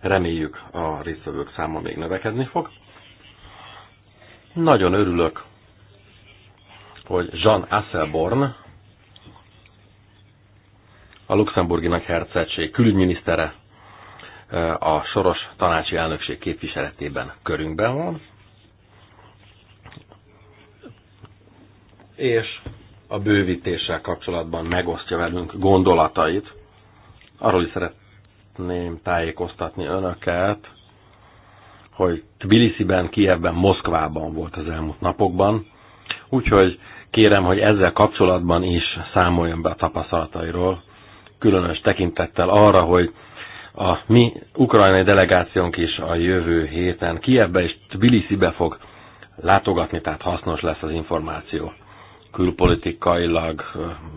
Reméljük a résztvevők száma még növekedni fog. Nagyon örülök, hogy Jean Asselborn, a luxemburgi nagyhercegség külügyminisztere a soros tanácsi elnökség képviseletében körünkben van, és a bővítéssel kapcsolatban megosztja velünk gondolatait. Arról is szeretném tájékoztatni önöket, hogy Tbilisiben, Kievben, Moszkvában volt az elmúlt napokban, úgyhogy kérem, hogy ezzel kapcsolatban is számoljon be a tapasztalatairól, különös tekintettel arra, hogy a mi ukrajnai delegációnk is a jövő héten Kievbe és Tbilisibe fog látogatni, tehát hasznos lesz az információ. Külpolitikailag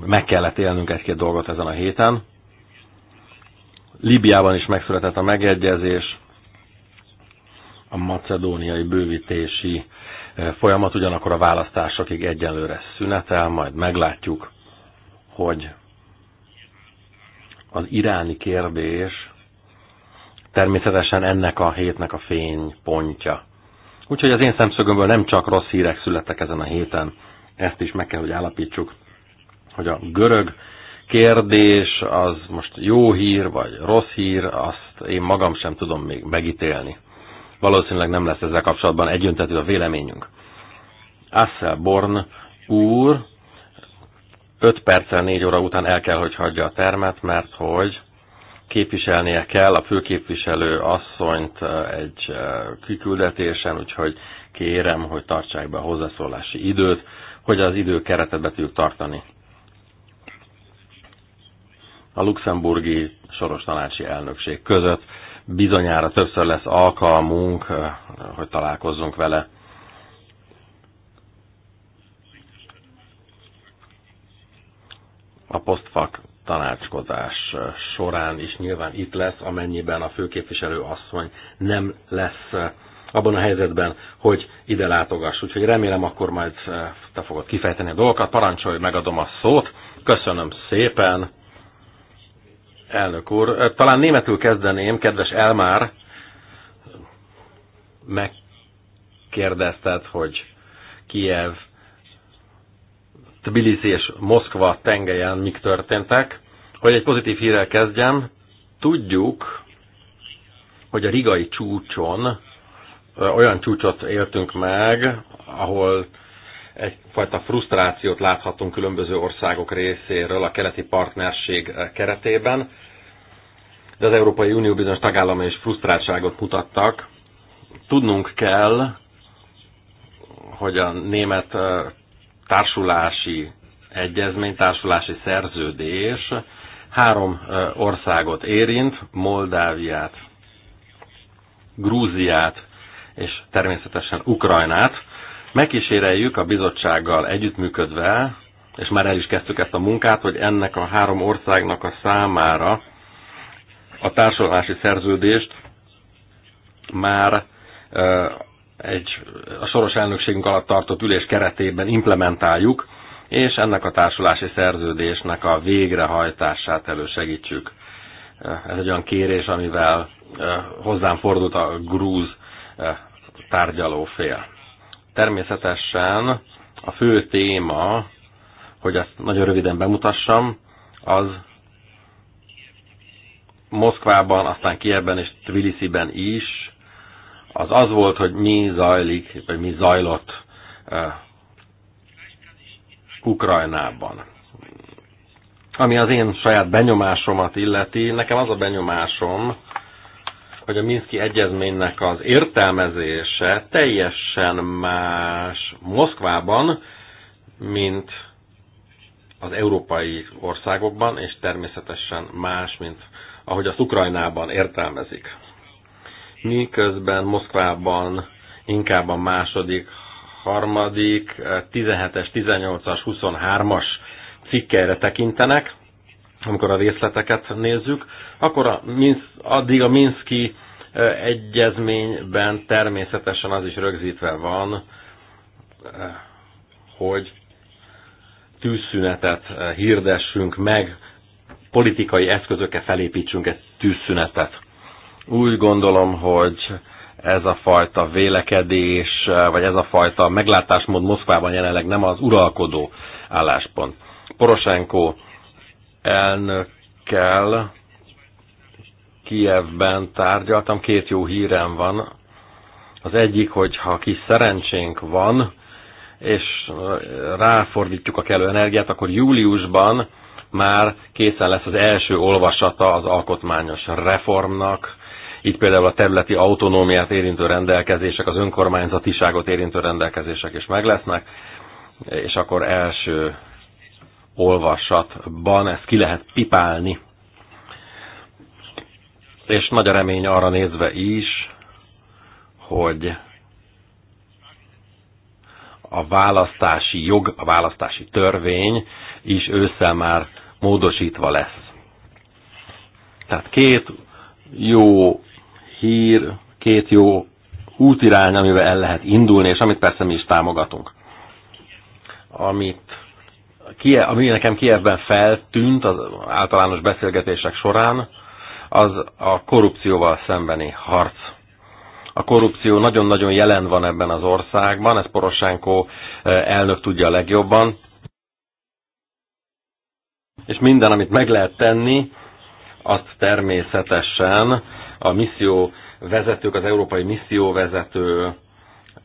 meg kellett élnünk egy-két dolgot ezen a héten. Libiában is megszületett a megegyezés, a macedóniai bővítési eh, folyamat, ugyanakkor a választásokig egyenlőre szünetel, majd meglátjuk, hogy az iráni kérdés természetesen ennek a hétnek a fénypontja. Úgyhogy az én szemszögömből nem csak rossz hírek születtek ezen a héten, ezt is meg kell, hogy állapítsuk, hogy a görög kérdés az most jó hír vagy rossz hír, azt én magam sem tudom még megítélni. Valószínűleg nem lesz ezzel kapcsolatban egyöntetű a véleményünk. Asselborn úr 5 perccel 4 óra után el kell, hogy hagyja a termet, mert hogy képviselnie kell a főképviselő asszonyt egy kiküldetésen, úgyhogy kérem, hogy tartsák be a hozzászólási időt, hogy az idő keretet be tudjuk tartani a luxemburgi soros tanácsi elnökség között. Bizonyára többször lesz alkalmunk, eh, hogy találkozzunk vele. A posztfak tanácskozás eh, során is nyilván itt lesz, amennyiben a főképviselő asszony nem lesz eh, abban a helyzetben, hogy ide látogass. Úgyhogy remélem akkor majd te fogod kifejteni a dolgokat. Parancsolj, megadom a szót. Köszönöm szépen. Elnök úr, talán németül kezdeném, kedves Elmár, megkérdezted, hogy Kiev, Tbilisi és Moszkva tengelyen mik történtek. Hogy egy pozitív hírrel kezdjem, tudjuk, hogy a rigai csúcson olyan csúcsot éltünk meg, ahol egyfajta frusztrációt láthatunk különböző országok részéről a keleti partnerség eh, keretében, de az Európai Unió bizonyos tagállamai is frusztráltságot mutattak. Tudnunk kell, hogy a német eh, társulási egyezmény, társulási szerződés három eh, országot érint, Moldáviát, Grúziát és természetesen Ukrajnát. Megkíséreljük a bizottsággal együttműködve, és már el is kezdtük ezt a munkát, hogy ennek a három országnak a számára a társadalási szerződést már egy a soros elnökségünk alatt tartott ülés keretében implementáljuk, és ennek a társulási szerződésnek a végrehajtását elősegítsük. Ez egy olyan kérés, amivel hozzám fordult a grúz tárgyalófél. Természetesen a fő téma, hogy ezt nagyon röviden bemutassam, az Moszkvában, aztán Kievben és Tbilisiben is, az az volt, hogy mi zajlik, vagy mi zajlott uh, Ukrajnában. Ami az én saját benyomásomat illeti, nekem az a benyomásom, hogy a Minszki egyezménynek az értelmezése teljesen más Moszkvában, mint az európai országokban, és természetesen más, mint ahogy azt Ukrajnában értelmezik. Miközben Moszkvában inkább a második, harmadik, 17-es, 18-as, 23-as cikkeire tekintenek, amikor a részleteket nézzük, akkor a Minsz, addig a Minszki egyezményben természetesen az is rögzítve van, hogy tűzszünetet hirdessünk meg, politikai eszközöket felépítsünk egy tűzszünetet. Úgy gondolom, hogy ez a fajta vélekedés, vagy ez a fajta meglátásmód Moszkvában jelenleg nem az uralkodó álláspont. Porosenko elnökkel Kievben tárgyaltam, két jó hírem van. Az egyik, hogy ha kis szerencsénk van, és ráfordítjuk a kellő energiát, akkor júliusban már készen lesz az első olvasata az alkotmányos reformnak, Itt például a területi autonómiát érintő rendelkezések, az önkormányzatiságot érintő rendelkezések is meg lesznek, és akkor első olvasatban ezt ki lehet pipálni és nagy a remény arra nézve is, hogy a választási jog, a választási törvény is ősszel már módosítva lesz. Tehát két jó hír, két jó útirány, amivel el lehet indulni, és amit persze mi is támogatunk. Amit ami nekem Kievben feltűnt az általános beszélgetések során, az a korrupcióval szembeni harc. A korrupció nagyon-nagyon jelen van ebben az országban, ezt Poroshenko eh, elnök tudja a legjobban. És minden, amit meg lehet tenni, azt természetesen a misszió vezetők, az európai misszió vezető,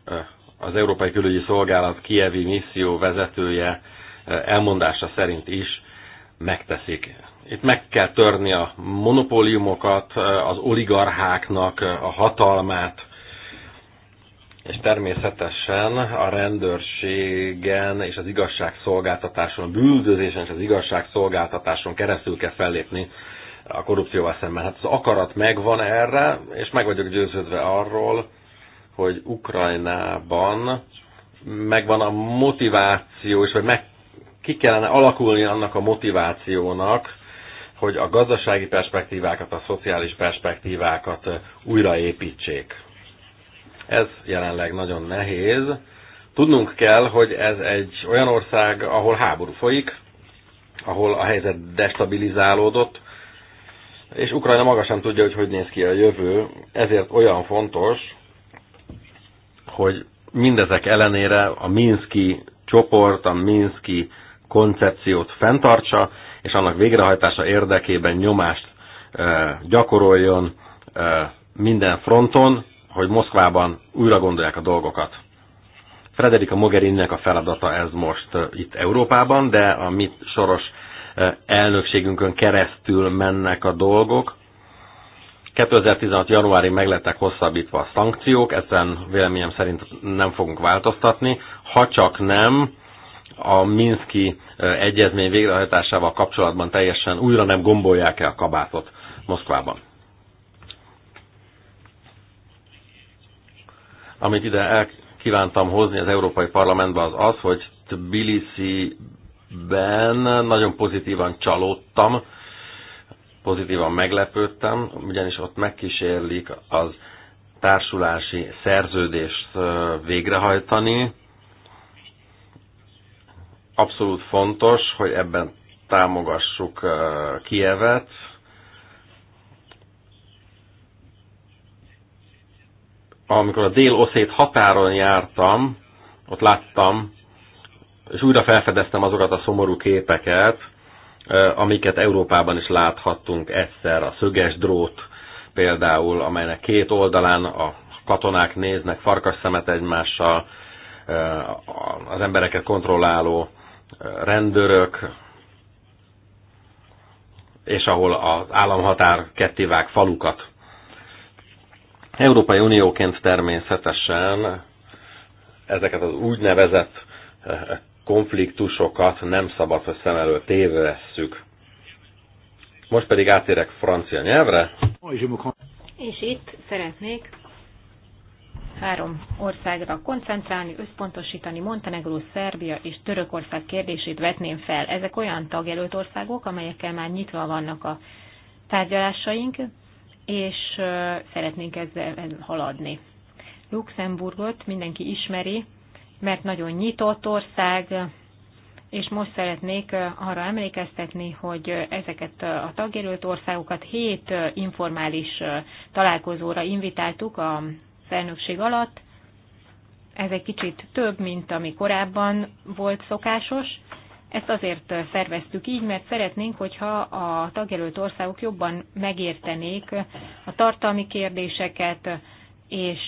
eh, az Európai Külügyi Szolgálat kievi misszió vezetője eh, elmondása szerint is megteszik. Itt meg kell törni a monopóliumokat, az oligarcháknak a hatalmát, és természetesen a rendőrségen és az igazságszolgáltatáson, a bűldözésen és az igazságszolgáltatáson keresztül kell fellépni a korrupcióval szemben. Hát az akarat megvan erre, és meg vagyok győződve arról, hogy Ukrajnában megvan a motiváció, és hogy meg ki kellene alakulni annak a motivációnak, hogy a gazdasági perspektívákat, a szociális perspektívákat újraépítsék. Ez jelenleg nagyon nehéz. Tudnunk kell, hogy ez egy olyan ország, ahol háború folyik, ahol a helyzet destabilizálódott, és Ukrajna maga sem tudja, hogy hogy néz ki a jövő, ezért olyan fontos, hogy mindezek ellenére a Minszki csoport, a Minszki koncepciót fenntartsa, és annak végrehajtása érdekében nyomást gyakoroljon minden fronton, hogy Moszkvában újra gondolják a dolgokat. Frederika Mogherinnek a feladata ez most itt Európában, de a mi soros elnökségünkön keresztül mennek a dolgok. 2016. januári lettek hosszabbítva a szankciók, ezen véleményem szerint nem fogunk változtatni, ha csak nem a Minszki egyezmény végrehajtásával kapcsolatban teljesen újra nem gombolják el a kabátot Moszkvában. Amit ide el kívántam hozni az Európai Parlamentbe az az, hogy Tbilisi-ben nagyon pozitívan csalódtam, pozitívan meglepődtem, ugyanis ott megkísérlik az társulási szerződést végrehajtani, abszolút fontos, hogy ebben támogassuk uh, Kievet. Amikor a dél-oszét határon jártam, ott láttam, és újra felfedeztem azokat a szomorú képeket, uh, amiket Európában is láthattunk egyszer, a szöges drót például, amelynek két oldalán a katonák néznek farkas szemet egymással, uh, az embereket kontrolláló rendőrök, és ahol az államhatár kettivág falukat. Európai Unióként természetesen ezeket az úgynevezett eh, konfliktusokat nem szabad, hogy szem elől tévesszük. Most pedig átérek francia nyelvre. És itt szeretnék három országra koncentrálni, összpontosítani, Montenegró, Szerbia és Törökország kérdését vetném fel. Ezek olyan tagjelölt országok, amelyekkel már nyitva vannak a tárgyalásaink, és szeretnénk ezzel haladni. Luxemburgot mindenki ismeri, mert nagyon nyitott ország, és most szeretnék arra emlékeztetni, hogy ezeket a tagjelölt országokat hét informális találkozóra invitáltuk a elnökség alatt. Ez egy kicsit több, mint ami korábban volt szokásos. Ezt azért szerveztük így, mert szeretnénk, hogyha a tagjelölt országok jobban megértenék a tartalmi kérdéseket, és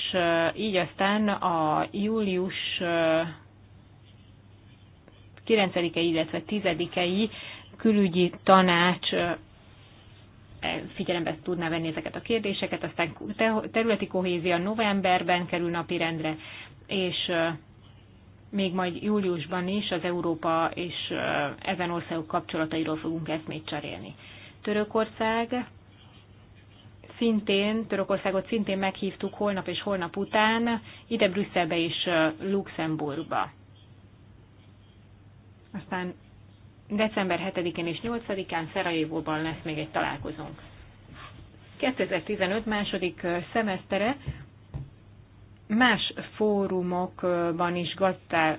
így aztán a július 9-e, illetve 10-ei külügyi tanács figyelembe tudná venni ezeket a kérdéseket, aztán területi kohézia novemberben kerül napirendre, és még majd júliusban is az Európa és ezen országok kapcsolatairól fogunk eszmét cserélni. Törökország szintén, Törökországot szintén meghívtuk holnap és holnap után, ide Brüsszelbe és Luxemburgba. Aztán december 7-én és 8-án Szerajévóban lesz még egy találkozónk. 2015 második szemesztere más fórumokban is gazdag,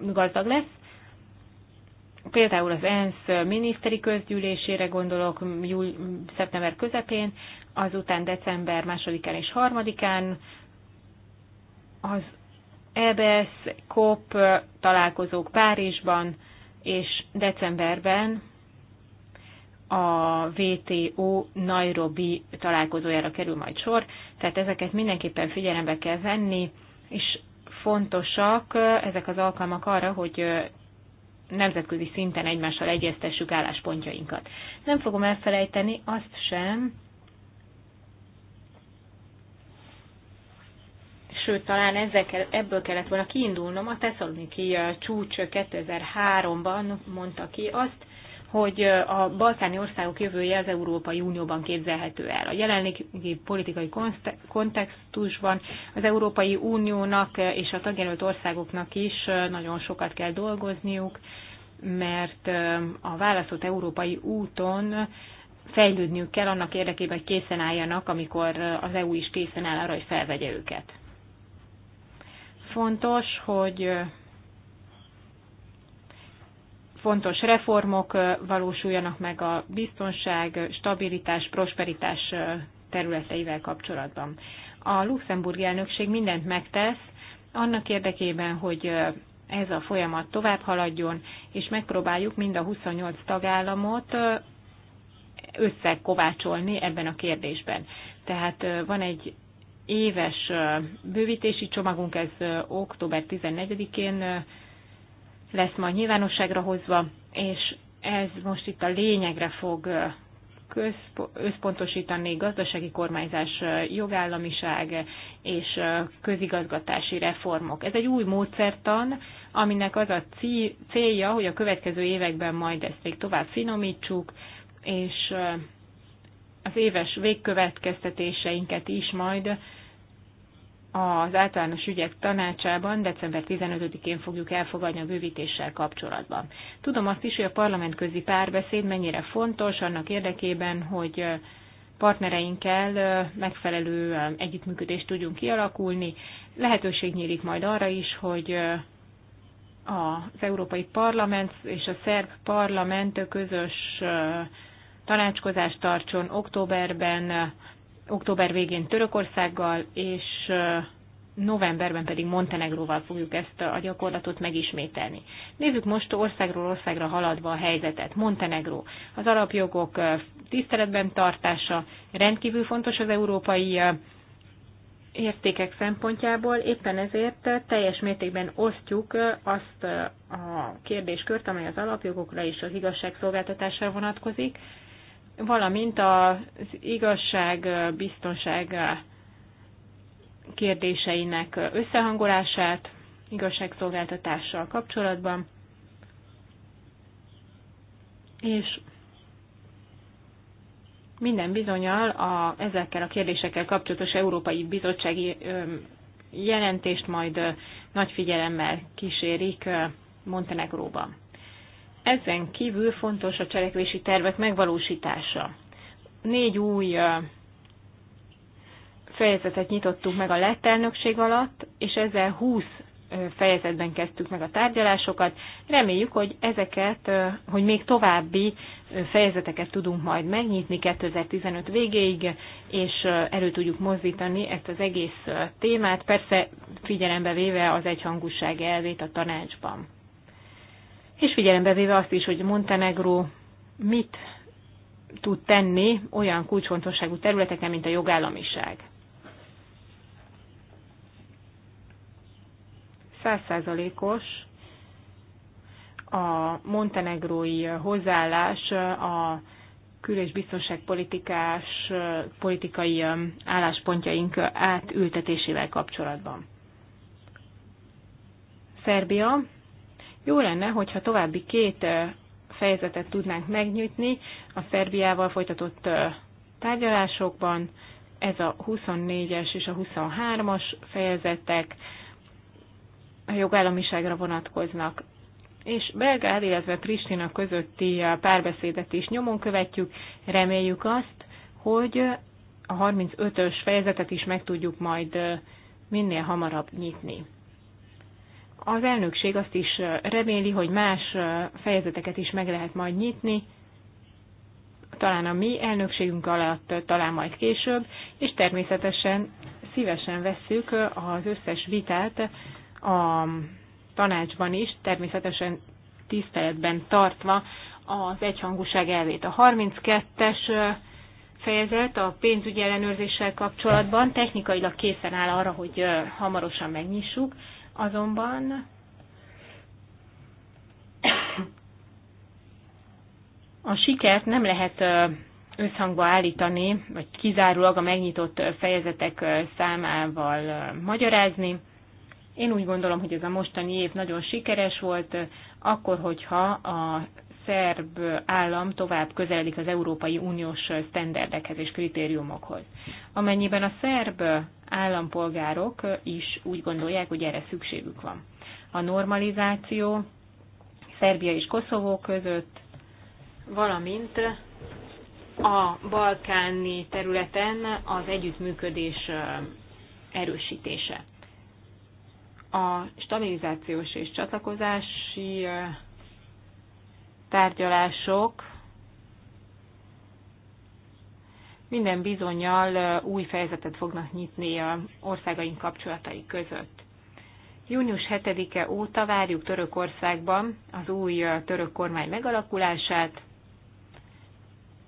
gazdag lesz, Például az ENSZ miniszteri közgyűlésére gondolok júl, szeptember közepén, azután december másodikán és harmadikán az EBS, e COP találkozók Párizsban, és decemberben a WTO Nairobi találkozójára kerül majd sor, tehát ezeket mindenképpen figyelembe kell venni, és fontosak ezek az alkalmak arra, hogy nemzetközi szinten egymással egyeztessük álláspontjainkat. Nem fogom elfelejteni azt sem, sőt talán ezekkel, ebből kellett volna kiindulnom, a Tesszaloniki csúcs 2003-ban mondta ki azt, hogy a balkáni országok jövője az Európai Unióban képzelhető el. A jelenlegi politikai kontextusban az Európai Uniónak és a tagjelölt országoknak is nagyon sokat kell dolgozniuk, mert a választott európai úton fejlődniük kell annak érdekében, hogy készen álljanak, amikor az EU is készen áll arra, hogy felvegye őket. Fontos, hogy fontos reformok valósuljanak meg a biztonság, stabilitás, prosperitás területeivel kapcsolatban. A luxemburgi elnökség mindent megtesz annak érdekében, hogy ez a folyamat tovább haladjon, és megpróbáljuk mind a 28 tagállamot összekovácsolni ebben a kérdésben. Tehát van egy éves bővítési csomagunk, ez október 14-én lesz majd nyilvánosságra hozva, és ez most itt a lényegre fog összpontosítani gazdasági kormányzás, jogállamiság és közigazgatási reformok. Ez egy új módszertan, aminek az a célja, hogy a következő években majd ezt még tovább finomítsuk, és az éves végkövetkeztetéseinket is majd az általános ügyek tanácsában december 15-én fogjuk elfogadni a bővítéssel kapcsolatban. Tudom azt is, hogy a parlamentközi párbeszéd mennyire fontos annak érdekében, hogy partnereinkkel megfelelő együttműködést tudjunk kialakulni. Lehetőség nyílik majd arra is, hogy az Európai Parlament és a Szerb Parlament közös tanácskozást tartson októberben október végén Törökországgal, és novemberben pedig Montenegróval fogjuk ezt a gyakorlatot megismételni. Nézzük most országról országra haladva a helyzetet. Montenegró. Az alapjogok tiszteletben tartása rendkívül fontos az európai értékek szempontjából, éppen ezért teljes mértékben osztjuk azt a kérdéskört, amely az alapjogokra és az igazságszolgáltatásra vonatkozik, valamint az igazság, biztonság kérdéseinek összehangolását igazságszolgáltatással kapcsolatban. És minden bizonyal a, ezekkel a kérdésekkel kapcsolatos Európai Bizottsági jelentést majd nagy figyelemmel kísérik Montenegróban. Ezen kívül fontos a cselekvési tervek megvalósítása. Négy új fejezetet nyitottuk meg a lett elnökség alatt, és ezzel 20 fejezetben kezdtük meg a tárgyalásokat. Reméljük, hogy ezeket, hogy még további fejezeteket tudunk majd megnyitni 2015 végéig, és elő tudjuk mozdítani ezt az egész témát, persze figyelembe véve az egyhangúság elvét a tanácsban és figyelembe véve azt is, hogy Montenegro mit tud tenni olyan kulcsfontosságú területeken, mint a jogállamiság. Százszázalékos a montenegrói hozzáállás a kül- és biztonságpolitikás politikai um, álláspontjaink átültetésével kapcsolatban. Szerbia jó lenne, hogyha további két fejezetet tudnánk megnyitni a Szerbiával folytatott tárgyalásokban, ez a 24-es és a 23-as fejezetek a jogállamiságra vonatkoznak, és Belgrád, illetve Pristina közötti párbeszédet is nyomon követjük. Reméljük azt, hogy a 35-ös fejezetet is meg tudjuk majd minél hamarabb nyitni. Az elnökség azt is reméli, hogy más fejezeteket is meg lehet majd nyitni, talán a mi elnökségünk alatt, talán majd később, és természetesen szívesen vesszük az összes vitát a tanácsban is, természetesen tiszteletben tartva az egyhangúság elvét. A 32-es fejezet a pénzügyi ellenőrzéssel kapcsolatban technikailag készen áll arra, hogy hamarosan megnyissuk, Azonban a sikert nem lehet összhangba állítani, vagy kizárólag a megnyitott fejezetek számával magyarázni. Én úgy gondolom, hogy ez a mostani év nagyon sikeres volt, akkor, hogyha a szerb állam tovább közeledik az Európai Uniós sztenderdekhez és kritériumokhoz. Amennyiben a szerb állampolgárok is úgy gondolják, hogy erre szükségük van. A normalizáció Szerbia és Koszovó között, valamint a balkáni területen az együttműködés erősítése. A stabilizációs és csatlakozási tárgyalások minden bizonyal új fejezetet fognak nyitni a országaink kapcsolatai között. Június 7-e óta várjuk Törökországban az új török kormány megalakulását.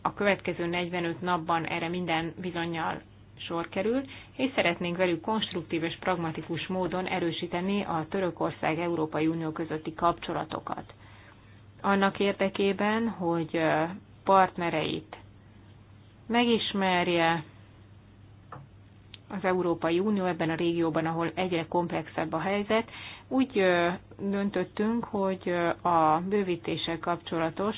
A következő 45 napban erre minden bizonyal sor kerül, és szeretnénk velük konstruktív és pragmatikus módon erősíteni a Törökország Európai Unió közötti kapcsolatokat. Annak érdekében, hogy partnereit megismerje az Európai Unió ebben a régióban, ahol egyre komplexebb a helyzet. Úgy döntöttünk, hogy a bővítéssel kapcsolatos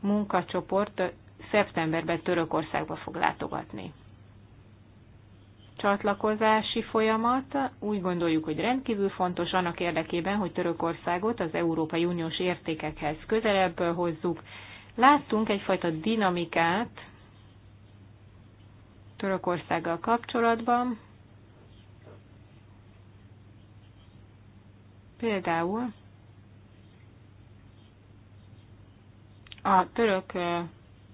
munkacsoport szeptemberben Törökországba fog látogatni. Csatlakozási folyamat úgy gondoljuk, hogy rendkívül fontos annak érdekében, hogy Törökországot az Európai Uniós értékekhez közelebb hozzuk. Láttunk egyfajta dinamikát Törökországgal kapcsolatban. Például a török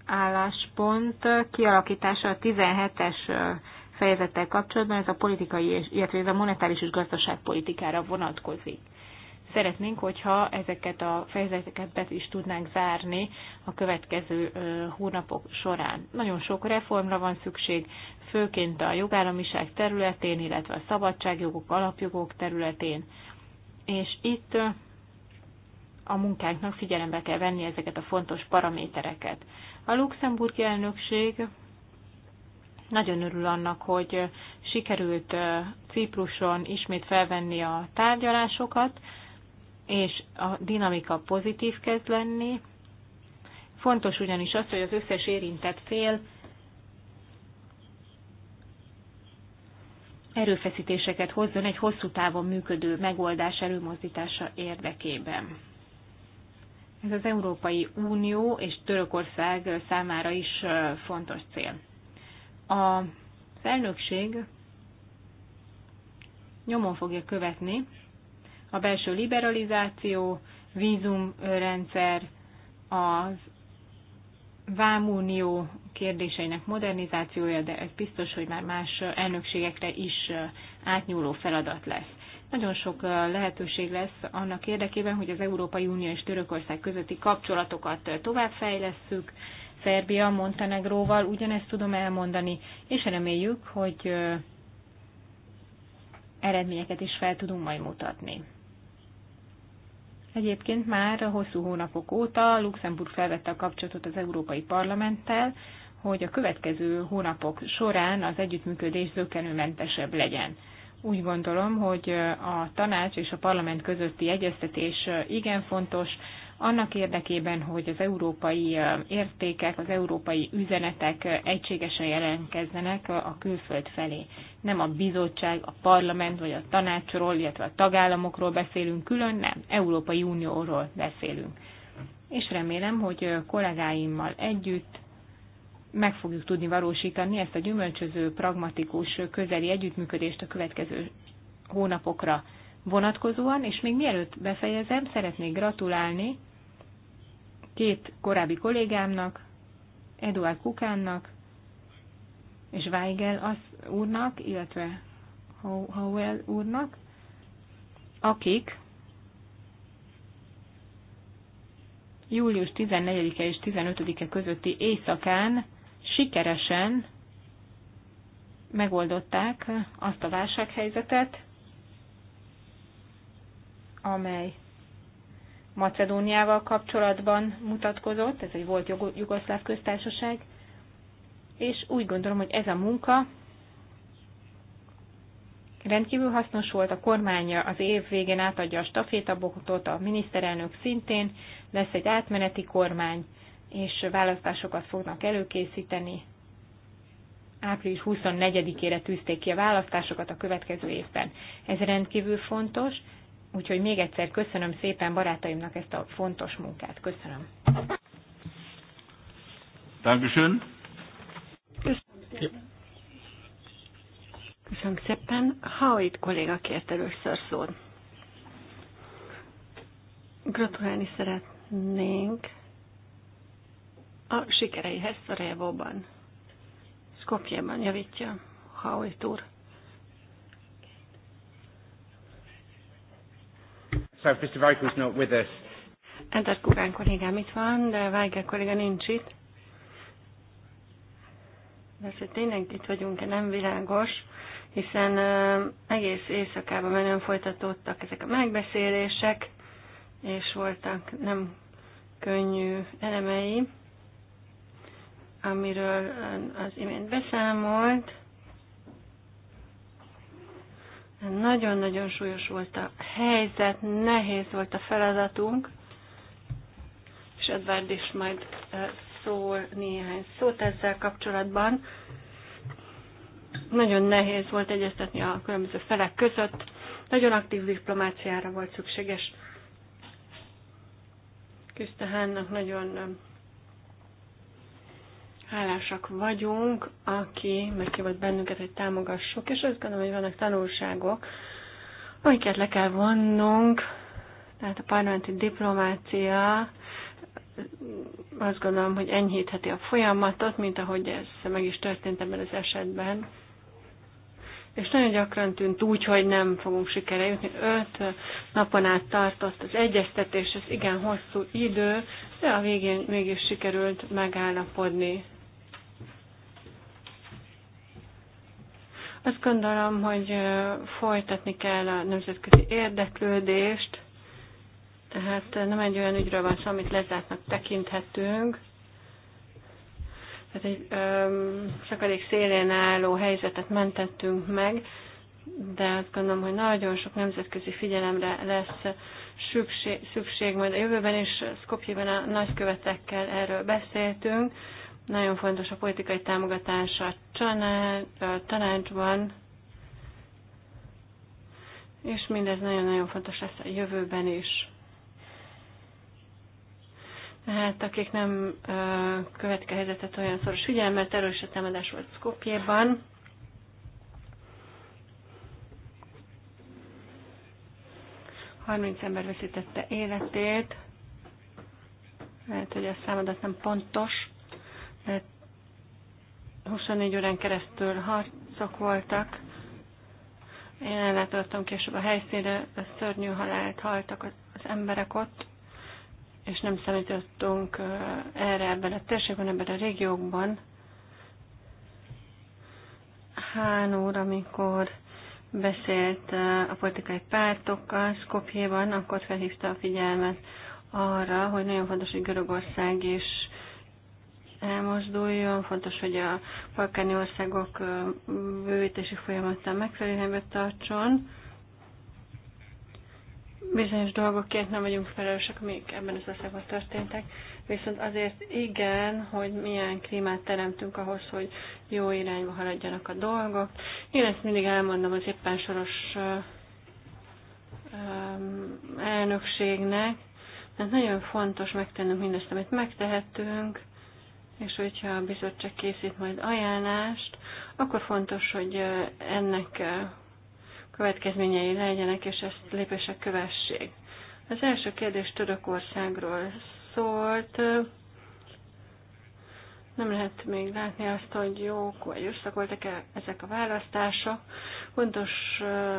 álláspont kialakítása a 17-es fejezettel kapcsolatban, ez a politikai, illetve ez a monetáris és gazdaságpolitikára vonatkozik. Szeretnénk, hogyha ezeket a fejezeteket be is tudnánk zárni a következő hónapok során. Nagyon sok reformra van szükség, főként a jogállamiság területén, illetve a szabadságjogok, alapjogok területén. És itt a munkánknak figyelembe kell venni ezeket a fontos paramétereket. A luxemburgi elnökség nagyon örül annak, hogy sikerült Cipruson ismét felvenni a tárgyalásokat, és a dinamika pozitív kezd lenni. Fontos ugyanis az, hogy az összes érintett fél erőfeszítéseket hozzon egy hosszú távon működő megoldás előmozdítása érdekében. Ez az Európai Unió és Törökország számára is fontos cél. A felnökség nyomon fogja követni a belső liberalizáció, vízumrendszer, az vámunió kérdéseinek modernizációja, de ez biztos, hogy már más elnökségekre is átnyúló feladat lesz. Nagyon sok lehetőség lesz annak érdekében, hogy az Európai Unió és Törökország közötti kapcsolatokat továbbfejlesszük. Szerbia, Montenegróval ugyanezt tudom elmondani, és reméljük, hogy eredményeket is fel tudunk majd mutatni. Egyébként már hosszú hónapok óta Luxemburg felvette a kapcsolatot az Európai Parlamenttel, hogy a következő hónapok során az együttműködés zökkenőmentesebb legyen. Úgy gondolom, hogy a tanács és a parlament közötti egyeztetés igen fontos, annak érdekében, hogy az európai értékek, az európai üzenetek egységesen jelentkezzenek a külföld felé. Nem a bizottság, a parlament vagy a tanácsról, illetve a tagállamokról beszélünk külön, nem, Európai Unióról beszélünk. És remélem, hogy kollégáimmal együtt meg fogjuk tudni valósítani ezt a gyümölcsöző, pragmatikus, közeli együttműködést a következő hónapokra vonatkozóan, és még mielőtt befejezem, szeretnék gratulálni két korábbi kollégámnak, Eduard Kukánnak és Weigel az úrnak, illetve Howell úrnak, akik július 14-e és 15-e közötti éjszakán sikeresen megoldották azt a válsághelyzetet, amely Macedóniával kapcsolatban mutatkozott, ez egy volt jugoszláv köztársaság, és úgy gondolom, hogy ez a munka rendkívül hasznos volt, a kormánya az év végén átadja a stafétabotot, a miniszterelnök szintén, lesz egy átmeneti kormány, és választásokat fognak előkészíteni. Április 24-ére tűzték ki a választásokat a következő évben. Ez rendkívül fontos, Úgyhogy még egyszer köszönöm szépen barátaimnak ezt a fontos munkát. Köszönöm. Dankeschön. Köszönöm szépen. Köszönöm szépen. Hauit kolléga kért először szót. Gratulálni szeretnénk a sikereihez Szarajevóban. Skopjában javítja Hauit úr. So if Mr. Weigel's not with us. Eder Kugán kollégám itt van, de Weigel kolléga nincs itt. De hogy tényleg itt vagyunk-e, nem világos, hiszen uh, egész éjszakában menően folytatódtak ezek a megbeszélések, és voltak nem könnyű elemei, amiről az imént beszámolt. Nagyon-nagyon súlyos volt a helyzet, nehéz volt a feladatunk, és Edward is majd szól néhány szót ezzel kapcsolatban. Nagyon nehéz volt egyeztetni a különböző felek között, nagyon aktív diplomáciára volt szükséges. Küzdte nagyon hálásak vagyunk, aki meghívott bennünket, hogy támogassuk, és azt gondolom, hogy vannak tanulságok, amiket le kell vonnunk, tehát a parlamenti diplomácia azt gondolom, hogy enyhítheti a folyamatot, mint ahogy ez meg is történt ebben az esetben. És nagyon gyakran tűnt úgy, hogy nem fogunk sikere jutni. Öt napon át tartott az egyeztetés, ez igen hosszú idő, de a végén mégis sikerült megállapodni. Azt gondolom, hogy folytatni kell a nemzetközi érdeklődést, tehát nem egy olyan ügyről van szó, amit lezártnak tekinthetünk, tehát egy szakadék szélén álló helyzetet mentettünk meg, de azt gondolom, hogy nagyon sok nemzetközi figyelemre lesz szükség, szükség majd a jövőben is Skopjében a nagykövetekkel erről beszéltünk, nagyon fontos a politikai támogatás a tanácsban, és mindez nagyon-nagyon fontos lesz a jövőben is. Tehát akik nem ö, követik a helyzetet olyan szoros figyelmet, is a támadás volt Skopjéban. Harminc ember veszítette életét. Lehet, hogy a számadat nem pontos, 24 órán keresztül harcok voltak. Én ellátogattam később a helyszínre, a szörnyű halált haltak az emberek ott, és nem számítottunk erre ebben a térségben, ebben a régiókban. Hán úr, amikor beszélt a politikai pártokkal Skopjéban, akkor felhívta a figyelmet arra, hogy nagyon fontos, hogy Görögország is elmozduljon. Fontos, hogy a balkáni országok bővítési folyamatán megfelelően tartson. Bizonyos dolgokért nem vagyunk felelősek, amik ebben az országban történtek, viszont azért igen, hogy milyen klímát teremtünk ahhoz, hogy jó irányba haladjanak a dolgok. Én ezt mindig elmondom az éppen soros elnökségnek, mert nagyon fontos megtennünk mindezt, amit megtehetünk, és hogyha a bizottság készít majd ajánlást, akkor fontos, hogy ennek következményei legyenek, és ezt lépések kövessék. Az első kérdés Törökországról szólt. Nem lehet még látni azt, hogy jók vagy rosszak voltak-e ezek a választások. Fontos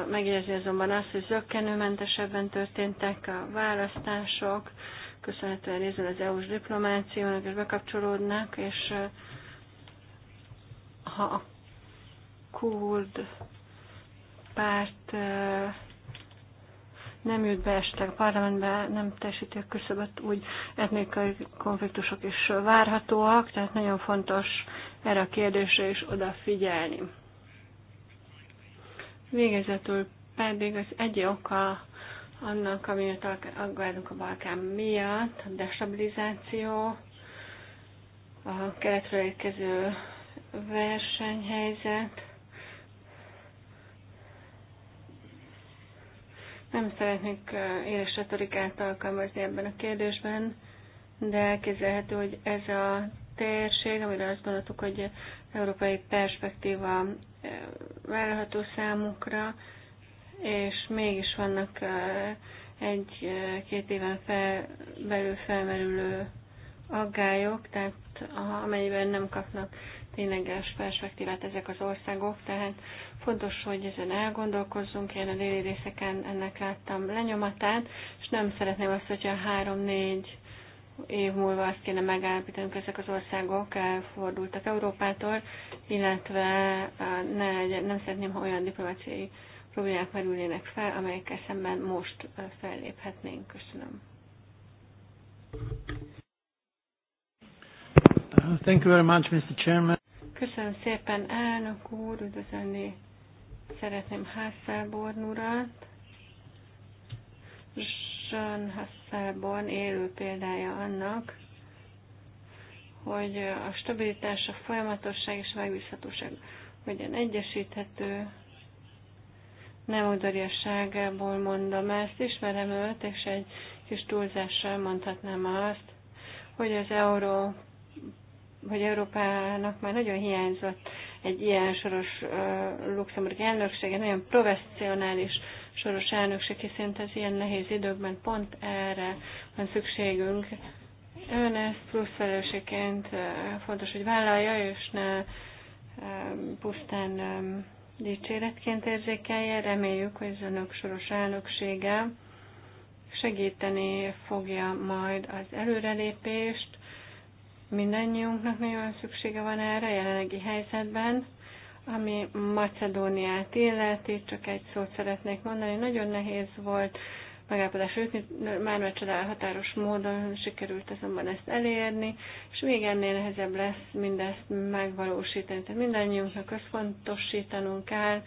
megjegyezni azonban azt, hogy zöggenőmentesebben történtek a választások, köszönhetően részben az EU-s diplomációnak és bekapcsolódnak, és ha a kurd párt nem jut be esetleg a parlamentbe, nem teljesíti a küszöböt, úgy etnikai konfliktusok is várhatóak, tehát nagyon fontos erre a kérdésre is odafigyelni. Végezetül pedig az egy oka annak, amiért aggódunk a Balkán miatt, a destabilizáció, a keletről érkező versenyhelyzet. Nem szeretnék éles retorikát alkalmazni ebben a kérdésben, de elképzelhető, hogy ez a térség, amire azt gondoltuk, hogy európai perspektíva vállalható számukra, és mégis vannak egy-két éven fel, belül felmerülő aggályok, tehát amelyben nem kapnak tényleges perspektívát ezek az országok, tehát fontos, hogy ezen elgondolkozzunk, én a déli részeken ennek láttam lenyomatát, és nem szeretném azt, hogyha három-négy év múlva azt kéne megállapítanunk, ezek az országok elfordultak Európától, illetve ne, nem szeretném, ha olyan diplomáciai problémák merülnének fel, amelyekkel szemben most felléphetnénk. Köszönöm. Thank you very much, Mr. Chairman. Köszönöm szépen, elnök úr, üdvözölni szeretném Hasselborn urat. John Hasselborn élő példája annak, hogy a stabilitás, a folyamatosság és a megbízhatóság hogyan egyesíthető, nem udvariasságából mondom ezt, ismerem őt, és egy kis túlzással mondhatnám azt, hogy az euró, hogy Európának már nagyon hiányzott egy ilyen soros uh, luxemburg elnöksége, nagyon professzionális soros elnökség, hiszen az ilyen nehéz időkben pont erre van szükségünk. Ön ezt plusz felelősségként uh, fontos, hogy vállalja, és ne uh, pusztán um, dicséretként érzékelje. Reméljük, hogy az önök soros elnöksége segíteni fogja majd az előrelépést. Mindennyiunknak nagyon szüksége van erre jelenlegi helyzetben, ami Macedóniát illeti, csak egy szót szeretnék mondani. Nagyon nehéz volt megállapodás jutni, már meg csodál határos módon sikerült azonban ezt elérni, és még ennél nehezebb lesz mindezt megvalósítani. Tehát mindannyiunknak összfontosítanunk kell,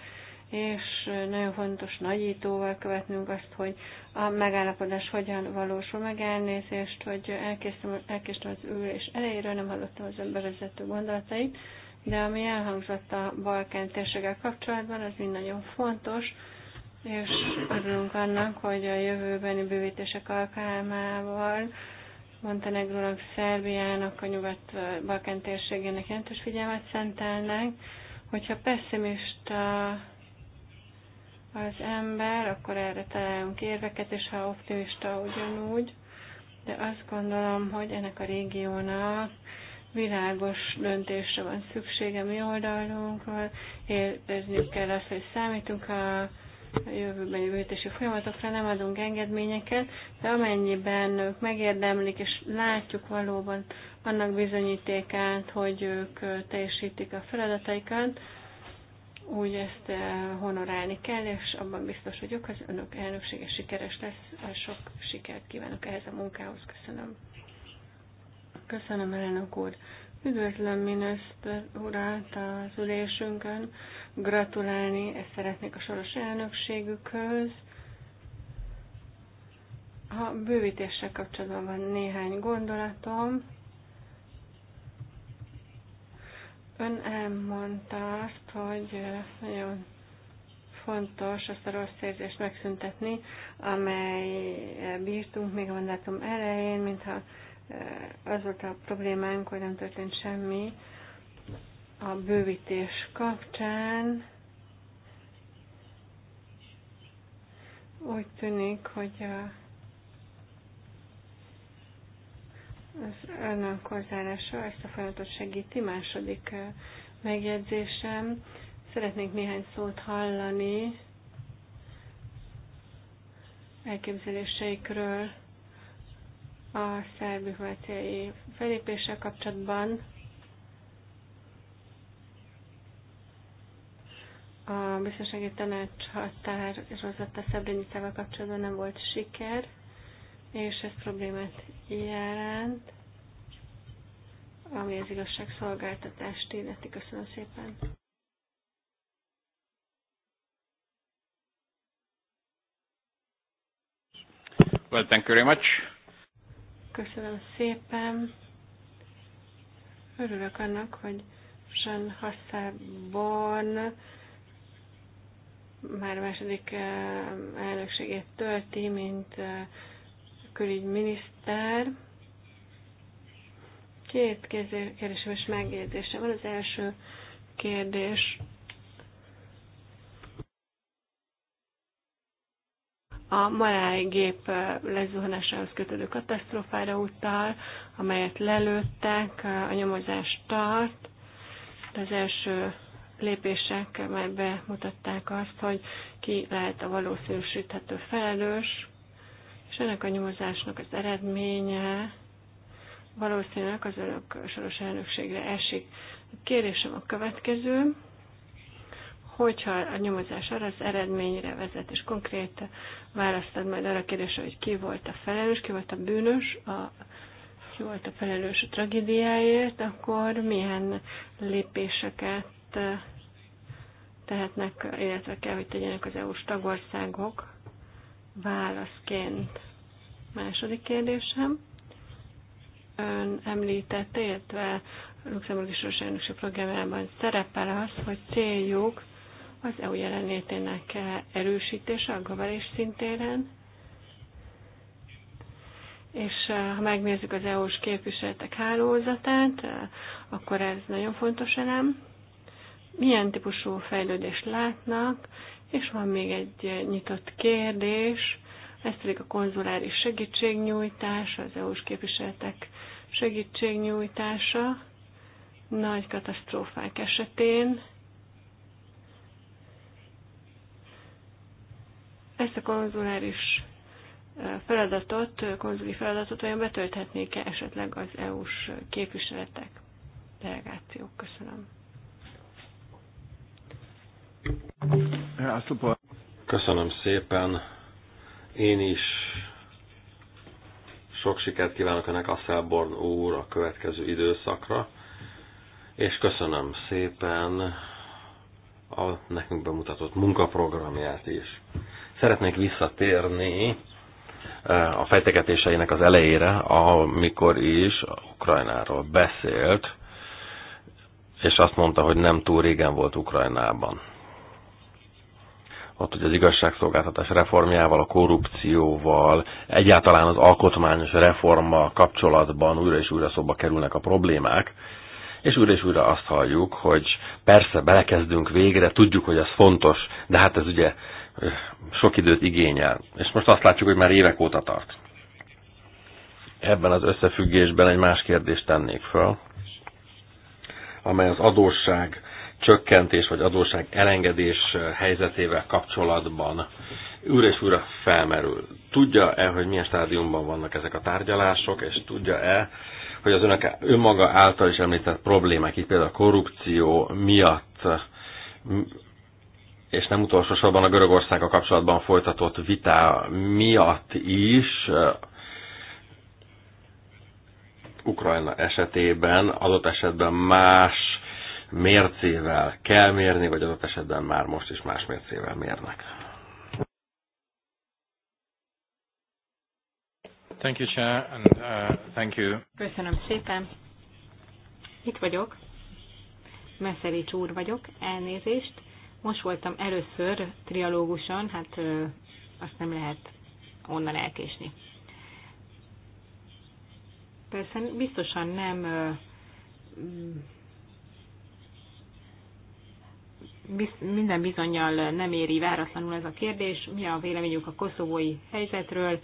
és nagyon fontos nagyítóval követnünk azt, hogy a megállapodás hogyan valósul meg elnézést, hogy elkésztem, elkésztem az ülés elejéről, nem hallottam az önbevezető gondolatait, de ami elhangzott a Balkán térséggel kapcsolatban, az mind nagyon fontos, és örülünk annak, hogy a jövőbeni bővítések alkalmával Montenegrónak, Szerbiának, a nyugat-balkán térségének jelentős figyelmet szentelnek. Hogyha pessimista az ember, akkor erre találunk érveket, és ha optimista ugyanúgy. De azt gondolom, hogy ennek a régiónak világos döntésre van szüksége mi oldalunkról, érezniük kell azt, hogy számítunk a a jövőben jövőtési folyamatokra nem adunk engedményeket, de amennyiben ők megérdemlik, és látjuk valóban annak bizonyítékát, hogy ők teljesítik a feladataikat, úgy ezt honorálni kell, és abban biztos vagyok, hogy az önök elnöksége sikeres lesz. Sok sikert kívánok ehhez a munkához. Köszönöm. Köszönöm, elnök úr. Üdvözlöm miniszter urat az ülésünkön. Gratulálni ezt szeretnék a soros elnökségükhöz. A bővítéssel kapcsolatban van néhány gondolatom. Ön elmondta azt, hogy nagyon fontos azt a rossz érzést megszüntetni, amely bírtunk még a mandátum elején, mintha az volt a problémánk, hogy nem történt semmi a bővítés kapcsán úgy tűnik, hogy a, az önök hozzáállása ezt a folyamatot segíti. Második megjegyzésem. Szeretnék néhány szót hallani elképzeléseikről a szerb-horváciai felépéssel kapcsolatban. A biztonsági tanács határozata Szebrenicával kapcsolatban nem volt siker, és ez problémát jelent, ami az igazságszolgáltatást illeti. Köszönöm szépen! Well, thank you very much. Köszönöm szépen. Örülök annak, hogy Zsön Hasselborn már második eh, elnökségét tölti, mint eh, külügyminiszter. Két kérdésem és megjegyzésem van. Az első kérdés a maláj gép eh, lezuhanásához kötődő katasztrófára utal, amelyet lelőttek, a nyomozás tart. Az első lépések már bemutatták azt, hogy ki lehet a valószínűsíthető felelős, és ennek a nyomozásnak az eredménye valószínűleg az önök soros elnökségre esik. A kérésem a következő, hogyha a nyomozás arra az eredményre vezet, és konkrét választad majd arra a kérdésre, hogy ki volt a felelős, ki volt a bűnös, a, ki volt a felelős a tragédiáért, akkor milyen lépéseket amit tehetnek, illetve kell, hogy tegyenek az EU-s tagországok válaszként. Második kérdésem. Ön említette, illetve Luxemburgi Soros Elnökség programjában szerepel az, hogy céljuk az EU jelenlétének erősítése a gavarés szintéren, és ha megnézzük az EU-s képviseletek hálózatát, akkor ez nagyon fontos elem milyen típusú fejlődést látnak, és van még egy nyitott kérdés, ez pedig a konzuláris segítségnyújtás, az EU-s képviseletek segítségnyújtása nagy katasztrófák esetén. Ezt a konzuláris feladatot, konzuli feladatot olyan betölthetnék-e esetleg az EU-s képviseletek, delegációk? Köszönöm. Köszönöm szépen. Én is sok sikert kívánok Önnek, Szelborn úr, a következő időszakra, és köszönöm szépen a nekünk bemutatott munkaprogramját is. Szeretnék visszatérni eh, a fejtegetéseinek az elejére, amikor is Ukrajnáról beszélt, és azt mondta, hogy nem túl régen volt Ukrajnában ott, hogy az igazságszolgáltatás reformjával, a korrupcióval, egyáltalán az alkotmányos reforma kapcsolatban újra és újra szóba kerülnek a problémák, és újra és újra azt halljuk, hogy persze belekezdünk végre, tudjuk, hogy ez fontos, de hát ez ugye sok időt igényel. És most azt látjuk, hogy már évek óta tart. Ebben az összefüggésben egy más kérdést tennék föl, amely az adósság csökkentés vagy adóság elengedés helyzetével kapcsolatban újra és újra felmerül. Tudja-e, hogy milyen stádiumban vannak ezek a tárgyalások, és tudja-e, hogy az önök önmaga által is említett problémák, így például a korrupció miatt, és nem utolsó sorban a Görögországgal kapcsolatban folytatott vitá miatt is, Ukrajna esetében adott esetben más mércével kell mérni, vagy adott esetben már most is más mércével mérnek. Thank you, Chair, and uh, thank you. Köszönöm szépen. Itt vagyok. Messzerics úr vagyok, elnézést. Most voltam először trialóguson, hát ö, azt nem lehet onnan elkésni. Persze biztosan nem ö, minden bizonyal nem éri váratlanul ez a kérdés. Mi a véleményük a koszovói helyzetről,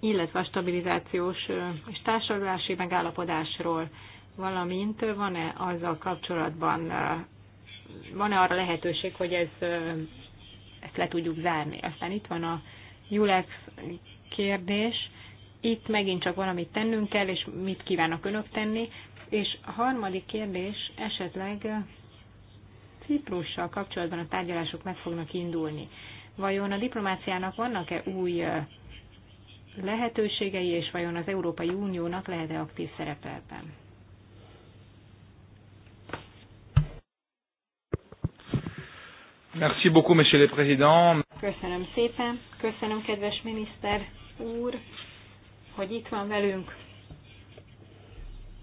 illetve a stabilizációs és társadalási megállapodásról, valamint van-e azzal kapcsolatban, van-e arra lehetőség, hogy ez, ezt le tudjuk zárni. Aztán itt van a Julex kérdés. Itt megint csak valamit tennünk kell, és mit kívánok önök tenni. És a harmadik kérdés esetleg Ciprussal kapcsolatban a tárgyalások meg fognak indulni. Vajon a diplomáciának vannak-e új lehetőségei, és vajon az Európai Uniónak lehet-e aktív szerepe ebben? Merci beaucoup, monsieur le président. Köszönöm szépen, köszönöm kedves miniszter úr, hogy itt van velünk.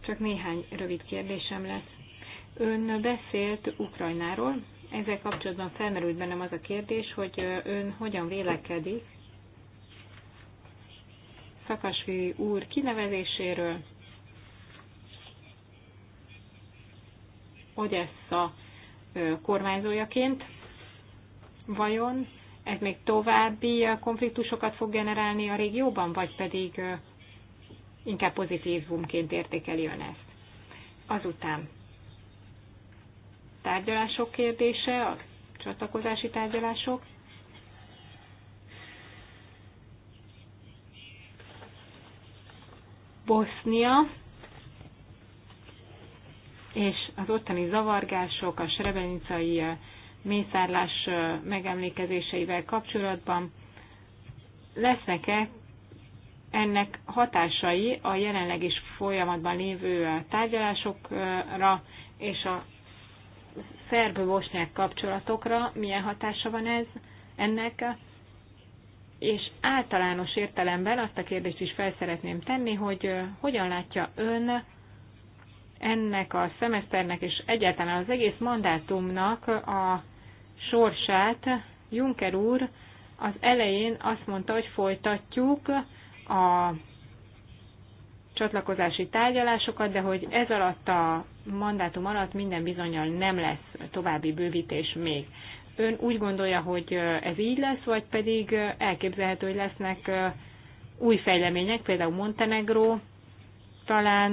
Csak néhány rövid kérdésem lesz. Ön beszélt Ukrajnáról. Ezzel kapcsolatban felmerült bennem az a kérdés, hogy ön hogyan vélekedik Szakasvi úr kinevezéséről, Odessa kormányzójaként. Vajon ez még további konfliktusokat fog generálni a régióban, vagy pedig inkább pozitívumként értékeli ön ezt? Azután tárgyalások kérdése, a csatlakozási tárgyalások. Bosznia és az ottani zavargások, a srebenicai mészárlás megemlékezéseivel kapcsolatban lesznek-e ennek hatásai a jelenleg is folyamatban lévő tárgyalásokra és a szerb-bosnyák kapcsolatokra milyen hatása van ez ennek, és általános értelemben azt a kérdést is felszeretném tenni, hogy hogyan látja ön ennek a szemeszternek és egyáltalán az egész mandátumnak a sorsát. Juncker úr az elején azt mondta, hogy folytatjuk a csatlakozási tárgyalásokat, de hogy ez alatt a mandátum alatt minden bizonyal nem lesz további bővítés még. Ön úgy gondolja, hogy ez így lesz, vagy pedig elképzelhető, hogy lesznek új fejlemények, például Montenegro, talán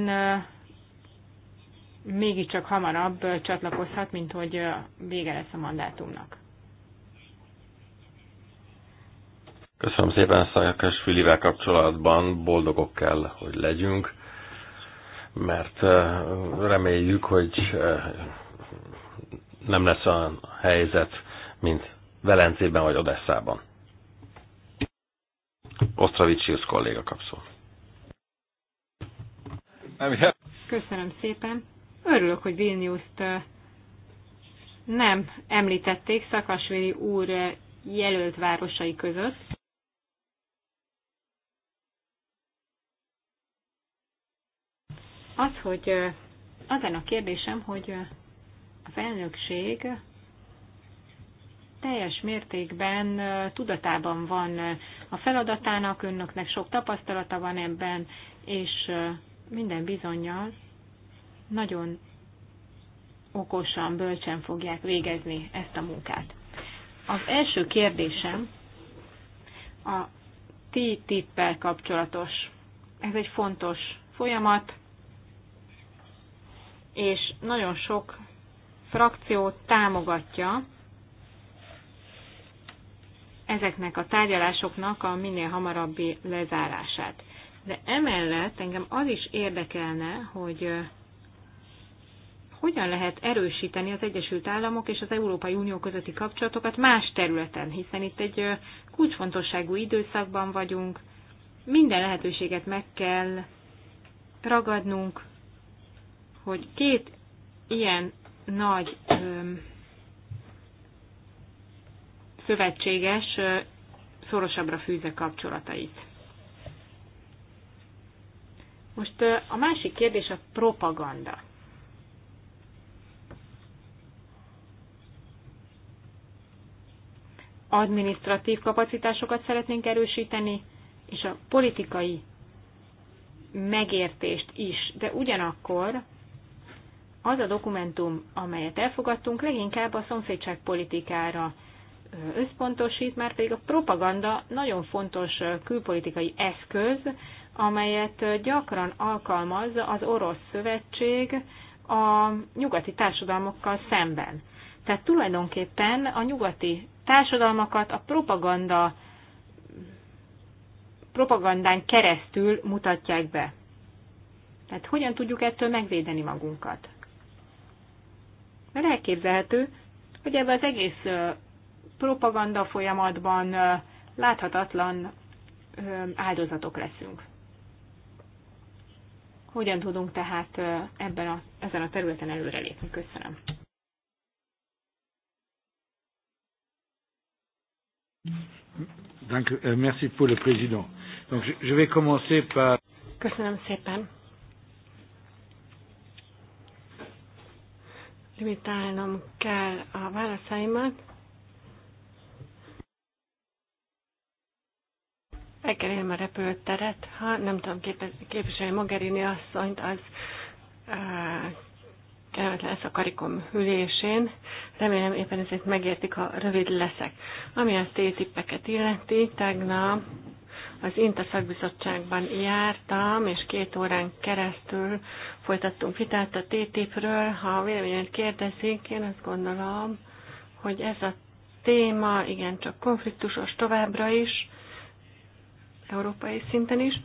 mégiscsak hamarabb csatlakozhat, mint hogy vége lesz a mandátumnak. Köszönöm szépen Szakes Filivel kapcsolatban, boldogok kell, hogy legyünk, mert reméljük, hogy nem lesz olyan helyzet, mint Velencében vagy Odesszában. Osztravicsius kolléga kapszó. Köszönöm szépen. Örülök, hogy vilnius nem említették Szakasvili úr jelölt városai között. az, hogy az a kérdésem, hogy a felnökség teljes mértékben tudatában van a feladatának, önöknek sok tapasztalata van ebben, és minden bizonyal nagyon okosan, bölcsen fogják végezni ezt a munkát. Az első kérdésem a ti tippel kapcsolatos. Ez egy fontos folyamat, és nagyon sok frakció támogatja ezeknek a tárgyalásoknak a minél hamarabbi lezárását. De emellett engem az is érdekelne, hogy hogyan lehet erősíteni az Egyesült Államok és az Európai Unió közötti kapcsolatokat más területen, hiszen itt egy kulcsfontosságú időszakban vagyunk, minden lehetőséget meg kell ragadnunk, hogy két ilyen nagy ö, szövetséges ö, szorosabbra fűzze kapcsolatait. Most ö, a másik kérdés a propaganda. Administratív kapacitásokat szeretnénk erősíteni, és a politikai megértést is, de ugyanakkor az a dokumentum, amelyet elfogadtunk, leginkább a politikára összpontosít, már pedig a propaganda nagyon fontos külpolitikai eszköz, amelyet gyakran alkalmaz az orosz szövetség a nyugati társadalmakkal szemben. Tehát tulajdonképpen a nyugati társadalmakat a propaganda propagandán keresztül mutatják be. Tehát hogyan tudjuk ettől megvédeni magunkat? Mert elképzelhető, hogy ebben az egész propaganda folyamatban láthatatlan áldozatok leszünk. Hogyan tudunk tehát ebben a, ezen a területen előrelépni? Köszönöm. Euh, merci pour le président. Donc, je vais commencer par... Köszönöm szépen. limitálnom kell a válaszaimat. El kell a repülőteret, ha nem tudom képviselni Mogherini asszonyt, az uh, lesz a karikom hülésén. Remélem éppen ezért megértik, ha rövid leszek. Ami a tétippeket illeti, tegnap az INTA szakbizottságban jártam, és két órán keresztül folytattunk vitát a TTIP-ről. Ha a véleményet kérdezik, én azt gondolom, hogy ez a téma igencsak konfliktusos továbbra is, európai szinten is.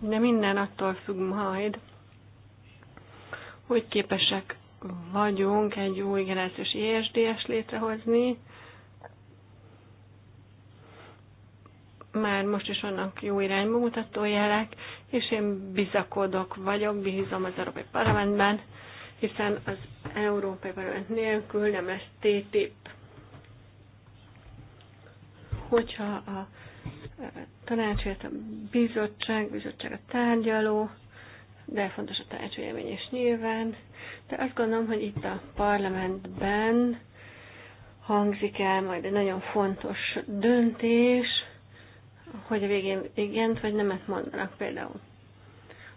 De minden attól függ majd, hogy képesek vagyunk egy új generációs ISDS létrehozni, már most is vannak jó irányba mutató jelek, és én bizakodok vagyok, bízom az Európai Parlamentben, hiszen az Európai Parlament nélkül nem lesz TTIP. Hogyha a tanács, a bizottság, bizottság a tárgyaló, de fontos a tanácsvélemény is nyilván. De azt gondolom, hogy itt a parlamentben hangzik el majd egy nagyon fontos döntés, hogy a végén igent vagy nemet mondanak például.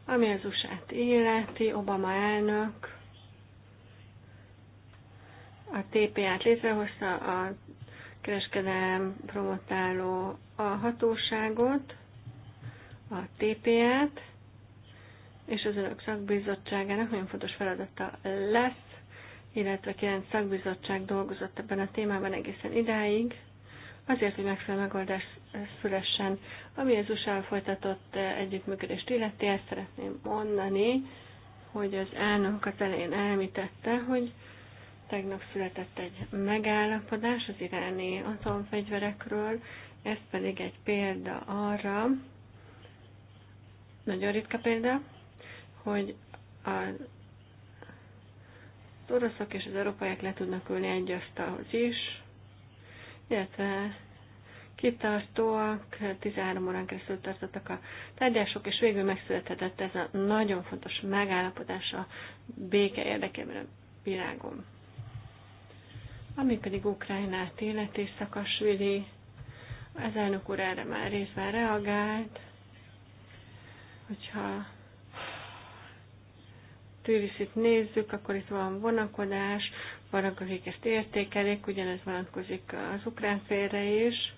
Ami az usa életi illeti, Obama elnök a TPA-t létrehozta, a kereskedelem promotáló a hatóságot, a TPA-t, és az önök szakbizottságának nagyon fontos feladata lesz, illetve 9 szakbizottság dolgozott ebben a témában egészen idáig azért, hogy megfelelő megoldás szülessen. Ami az usa folytatott eh, együttműködést illeti, ezt szeretném mondani, hogy az elnök az elején elmítette, hogy tegnap született egy megállapodás az iráni atomfegyverekről, ez pedig egy példa arra, nagyon ritka példa, hogy az oroszok és az európaiak le tudnak ülni egy asztalhoz is, illetve kitartóak, 13 órán keresztül tartottak a tárgyások, és végül megszülethetett ez a nagyon fontos megállapodás a béke érdekében a világon. Ami pedig Ukrajnát illeti, Szakasvili, az elnök úr erre már részben reagált, hogyha Tűriszit nézzük, akkor itt van vonakodás, vannak, akik ezt értékelik, ugyanez vonatkozik az ukrán félre is.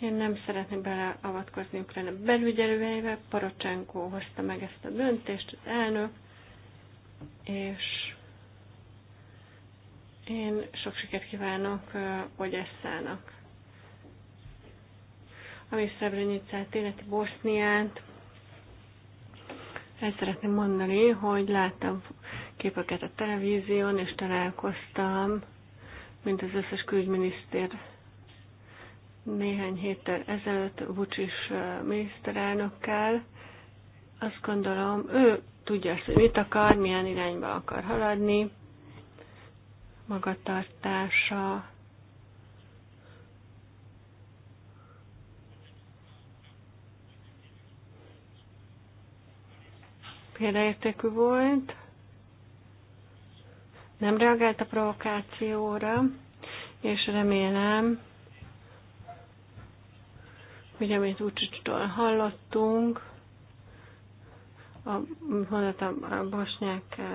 Én nem szeretnék beleavatkozni Ukrajna belügyelőjével, Parocsánkó hozta meg ezt a döntést, az elnök, és én sok sikert kívánok Ogyesszának. Ami Szebrenyicát életi Boszniát, el szeretném mondani, hogy láttam képeket a televízión, és találkoztam, mint az összes külügyminiszter néhány héttel ezelőtt Vucsis miniszterelnökkel. Azt gondolom, ő tudja azt, hogy mit akar, milyen irányba akar haladni, magatartása, példaértékű volt, nem reagált a provokációra, és remélem, hogy amit Ucsicstól hallottunk, a, mondott a, a bosnyák eh,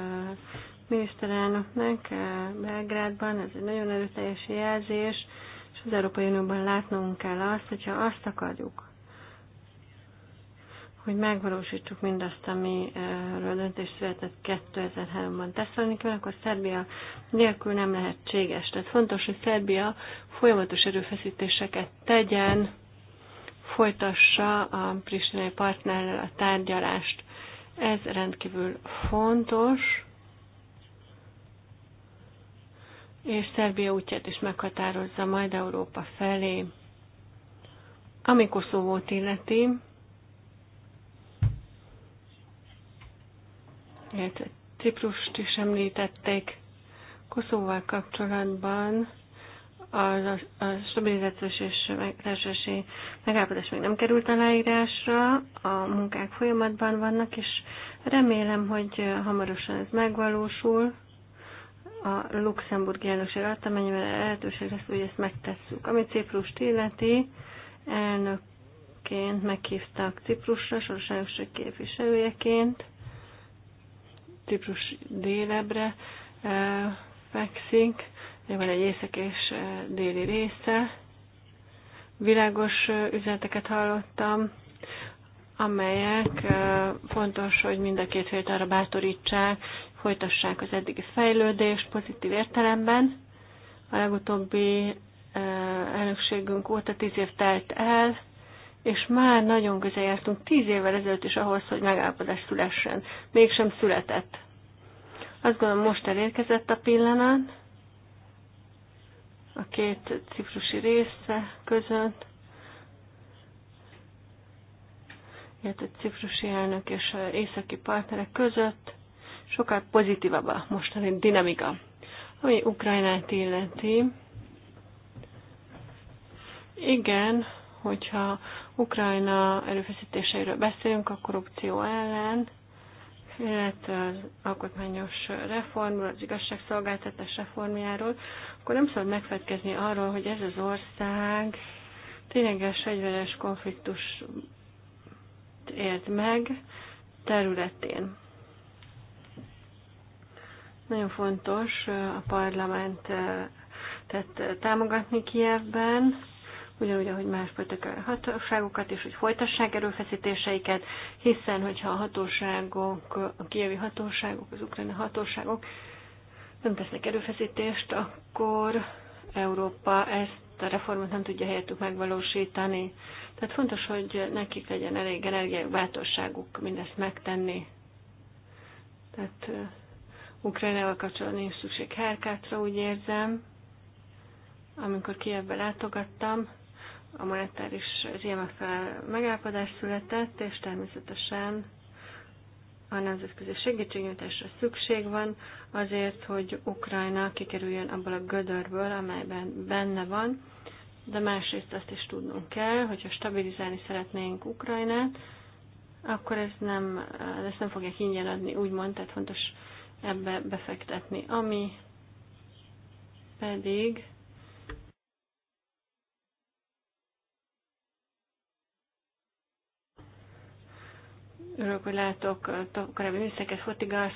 miniszterelnöknek eh, Belgrádban, ez egy nagyon erőteljes jelzés, és az Európai Unióban látnunk kell azt, hogyha azt akarjuk, hogy megvalósítsuk mindazt, amiről eh, döntés született 2003-ban Tesszalonikban, akkor Szerbia nélkül nem lehetséges. Tehát fontos, hogy Szerbia folyamatos erőfeszítéseket tegyen, folytassa a pristinai partnerrel a tárgyalást. Ez rendkívül fontos, és Szerbia útját is meghatározza majd Európa felé. amikor szó volt illeti, illetve Ciprust is említették. Koszovóval kapcsolatban az, a, a stabilizációs és társasági megállapodás még nem került aláírásra, a munkák folyamatban vannak, és remélem, hogy hamarosan ez megvalósul. A luxemburgi elnökség adta mennyire lehetőség lesz, hogy ezt megtesszük. Ami Ciprust illeti, elnökként meghívtak Ciprusra, soros elnökség képviselőjeként, Ciprus délebre eh, fekszik, van egy észak és eh, déli része. Világos eh, üzeneteket hallottam, amelyek fontos, hogy mind a két félt arra bátorítsák, folytassák az eddigi fejlődést pozitív értelemben. A legutóbbi elnökségünk óta tíz év telt el, és már nagyon közel jártunk tíz évvel ezelőtt is ahhoz, hogy megállapodás szülessen. Mégsem született. Azt gondolom, most elérkezett a pillanat a két ciprusi része között, illetve a ciprusi elnök és a északi partnerek között sokkal pozitívabb a mostani dinamika. Ami Ukrajnát illeti, igen, hogyha Ukrajna erőfeszítéseiről beszélünk a korrupció ellen, illetve az alkotmányos reformról, az igazságszolgáltatás reformjáról, akkor nem szabad megfedkezni arról, hogy ez az ország tényleges fegyveres konfliktus ért meg területén. Nagyon fontos a parlament tehát támogatni Kievben, ugyanúgy, ahogy más politikai hatóságokat is, hogy folytassák erőfeszítéseiket, hiszen, hogyha a hatóságok, a kievi hatóságok, az ukrajna hatóságok nem tesznek erőfeszítést, akkor Európa ezt a reformot nem tudja helyettük megvalósítani. Tehát fontos, hogy nekik legyen elég energiájuk, bátorságuk mindezt megtenni. Tehát Ukrajnával kapcsolatban nincs szükség Herkátra, úgy érzem. Amikor Kievbe látogattam, a monetáris GMFL megállapodás született, és természetesen a nemzetközi segítségnyújtásra szükség van azért, hogy Ukrajna kikerüljön abból a gödörből, amelyben benne van, de másrészt azt is tudnunk kell, hogyha stabilizálni szeretnénk Ukrajnát, akkor ez nem, ezt nem fogják ingyen adni, úgymond, tehát fontos ebbe befektetni. Ami pedig Örülök, hogy látok korábbi műszeket, Fotiga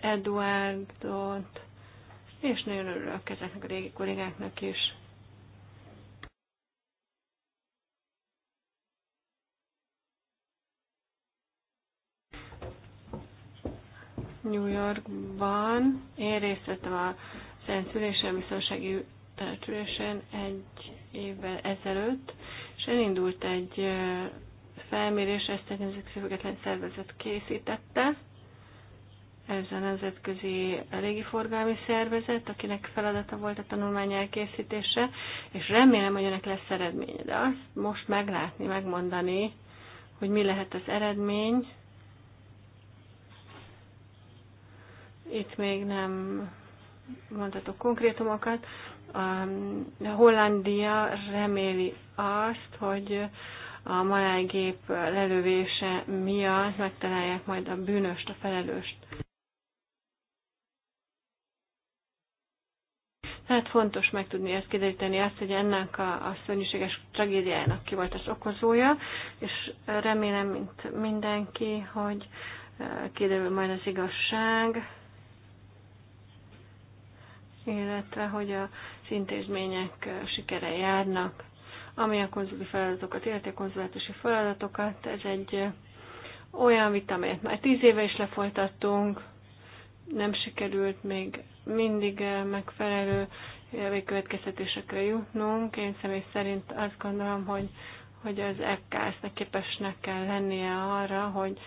Eduardot, és nagyon örülök ezeknek a régi kollégáknak is. New Yorkban én részt vettem a Szent Szülésen, biztonsági tanácsülésen egy évvel ezelőtt, és elindult egy felmérés, ezt egy nemzetközi független szervezet készítette. Ez a Nemzetközi Légiforgalmi Szervezet, akinek feladata volt a tanulmány elkészítése, és remélem, hogy ennek lesz eredménye. De azt most meglátni, megmondani, hogy mi lehet az eredmény, itt még nem mondhatok konkrétumokat. A Hollandia reméli azt, hogy a malágép lelövése miatt megtalálják majd a bűnöst, a felelőst. Tehát fontos megtudni ezt kideríteni, azt, hogy ennek a, a szörnyűséges tragédiának ki volt az okozója, és remélem, mint mindenki, hogy kiderül majd az igazság, illetve hogy az intézmények sikere járnak ami a konzuli feladatokat illeti, a konzulátusi feladatokat. Ez egy olyan vita, amelyet már tíz éve is lefolytattunk, nem sikerült még mindig megfelelő következtetésekre jutnunk. Én személy szerint azt gondolom, hogy, hogy az FKS-nek képesnek kell lennie arra, hogy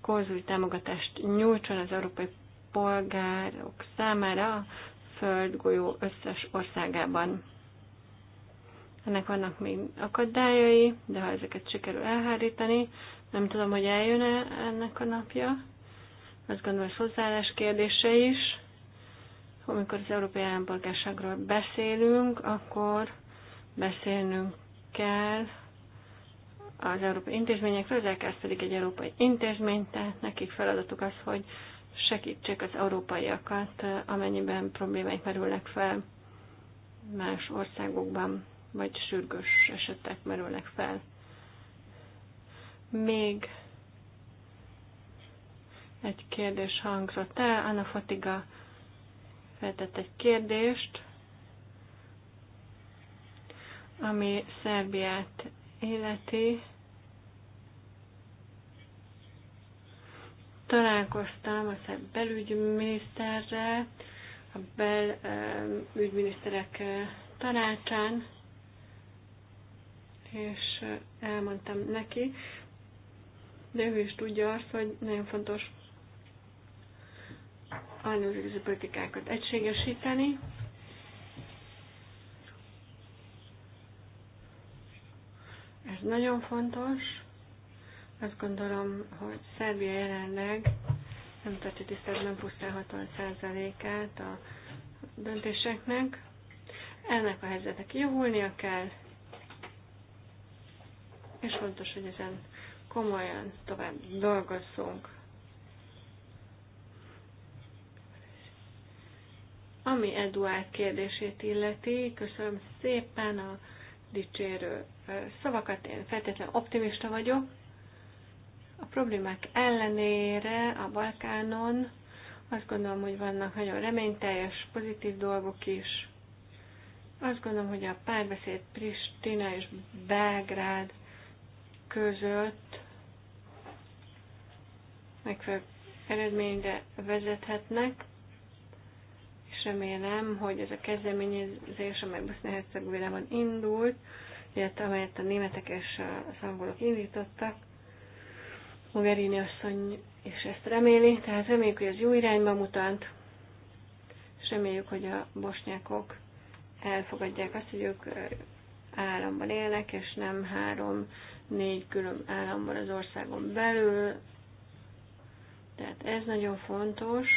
konzuli támogatást nyújtson az európai polgárok számára földgolyó összes országában. Ennek vannak még akadályai, de ha ezeket sikerül elhárítani, nem tudom, hogy eljön-e ennek a napja. Azt gondolom, hogy hozzáállás kérdése is. Amikor az európai állampolgárságról beszélünk, akkor beszélnünk kell az európai intézményekről, az LKS pedig egy európai intézmény, tehát nekik feladatuk az, hogy segítsék az európaiakat, amennyiben problémáik merülnek fel más országokban vagy sürgős esetek merülnek fel. Még egy kérdés hangzott el. Anna Fatiga feltett egy kérdést, ami Szerbiát életi. Találkoztam a szerb belügyminiszterrel, a belügyminiszterek tanácsán, és elmondtam neki, de ő is tudja azt, hogy nagyon fontos a nemzetközi politikákat egységesíteni, Ez nagyon fontos. Azt gondolom, hogy Szerbia jelenleg nem tartja tisztelben pusztán 60%-át a döntéseknek. Ennek a helyzetnek javulnia kell, fontos, hogy ezen komolyan tovább dolgozzunk. Ami Eduard kérdését illeti, köszönöm szépen a dicsérő szavakat, én feltétlenül optimista vagyok. A problémák ellenére a Balkánon azt gondolom, hogy vannak nagyon reményteljes, pozitív dolgok is. Azt gondolom, hogy a párbeszéd Pristina és Belgrád között megfelelő eredményre vezethetnek, és remélem, hogy ez a kezdeményezés, amely Bosznia-Hercegovinában indult, illetve amelyet a németek és az angolok indítottak, Mogherini asszony és ezt reméli, tehát reméljük, hogy ez jó irányba mutat, és reméljük, hogy a bosnyákok elfogadják azt, hogy ők államban élnek, és nem három négy külön államban az országon belül, tehát ez nagyon fontos.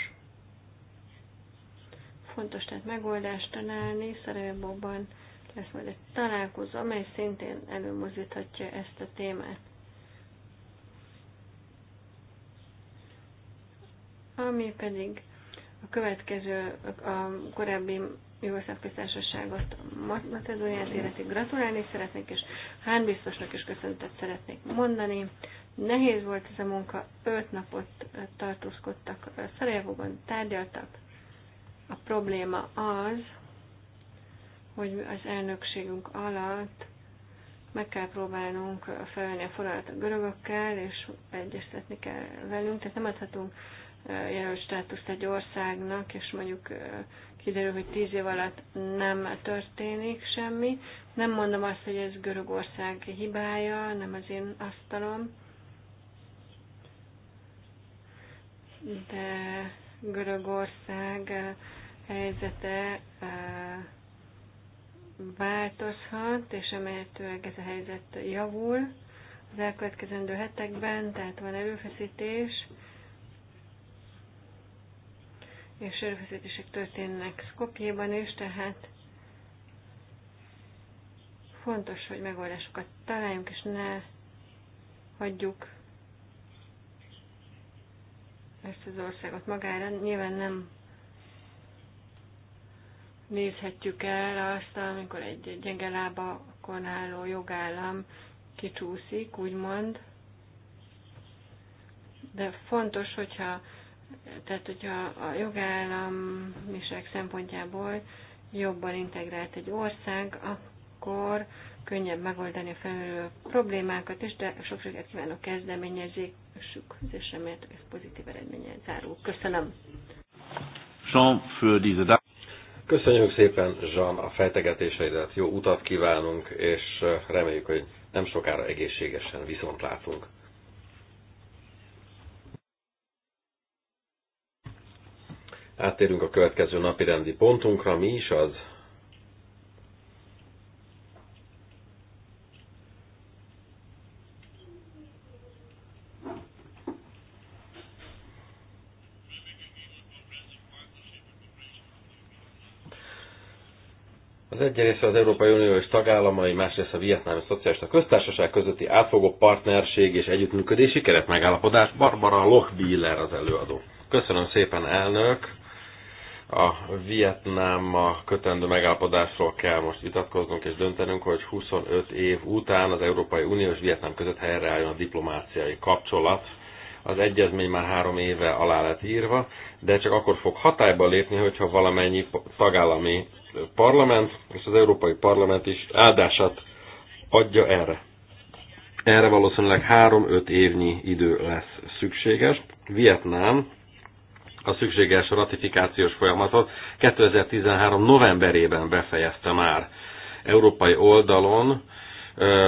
Fontos tehát megoldást találni, Szarajabóban lesz majd egy találkozó, amely szintén előmozdíthatja ezt a témát. Ami pedig a következő, a korábbi Jóország Köztársaságot, Macedóniát életi gratulálni szeretnék, és Hán biztosnak is köszöntet szeretnék mondani. Nehéz volt ez a munka, öt napot tartózkodtak Szarajevóban, tárgyaltak. A probléma az, hogy az elnökségünk alatt meg kell próbálnunk felvenni a forralat a görögökkel, és egyeztetni kell velünk, tehát nem adhatunk jelölt státuszt egy országnak, és mondjuk kiderül, hogy tíz év alatt nem történik semmi. Nem mondom azt, hogy ez Görögország hibája, nem az én asztalom, de Görögország eh, helyzete eh, változhat, és emelhetőleg ez a helyzet javul az elkövetkezendő hetekben, tehát van erőfeszítés, és erőfeszítések történnek Skopjéban is, tehát fontos, hogy megoldásokat találjunk, és ne hagyjuk ezt az országot magára. Nyilván nem nézhetjük el azt, amikor egy gyenge lábakon álló jogállam kicsúszik, úgymond. De fontos, hogyha tehát, hogyha a jogállamiság szempontjából jobban integrált egy ország, akkor könnyebb megoldani a felmerülő problémákat, és de sok sokat kívánok kezdeményezésük, és hogy ez pozitív eredménye zárul. Köszönöm. Jean, Köszönjük szépen, Jean, a fejtegetéseidet. Jó utat kívánunk, és eh, reméljük, hogy nem sokára egészségesen viszont látunk. Áttérünk a következő napi rendi pontunkra. Mi is az? Az egyrészt az Európai Unió és tagállamai, másrészt a Vietnámi Szocialista Köztársaság közötti átfogó partnerség és együttműködési keretmegállapodás. Barbara Lochbiller az előadó. Köszönöm szépen, elnök! a Vietnámmal kötendő megállapodásról kell most vitatkoznunk és döntenünk, hogy 25 év után az Európai Unió és Vietnám között helyreálljon a diplomáciai kapcsolat. Az egyezmény már három éve alá lett írva, de csak akkor fog hatályba lépni, hogyha valamennyi tagállami parlament és az Európai Parlament is áldását adja erre. Erre valószínűleg 3-5 évnyi idő lesz szükséges. Vietnám a szükséges ratifikációs folyamatot 2013. novemberében befejezte már. Európai oldalon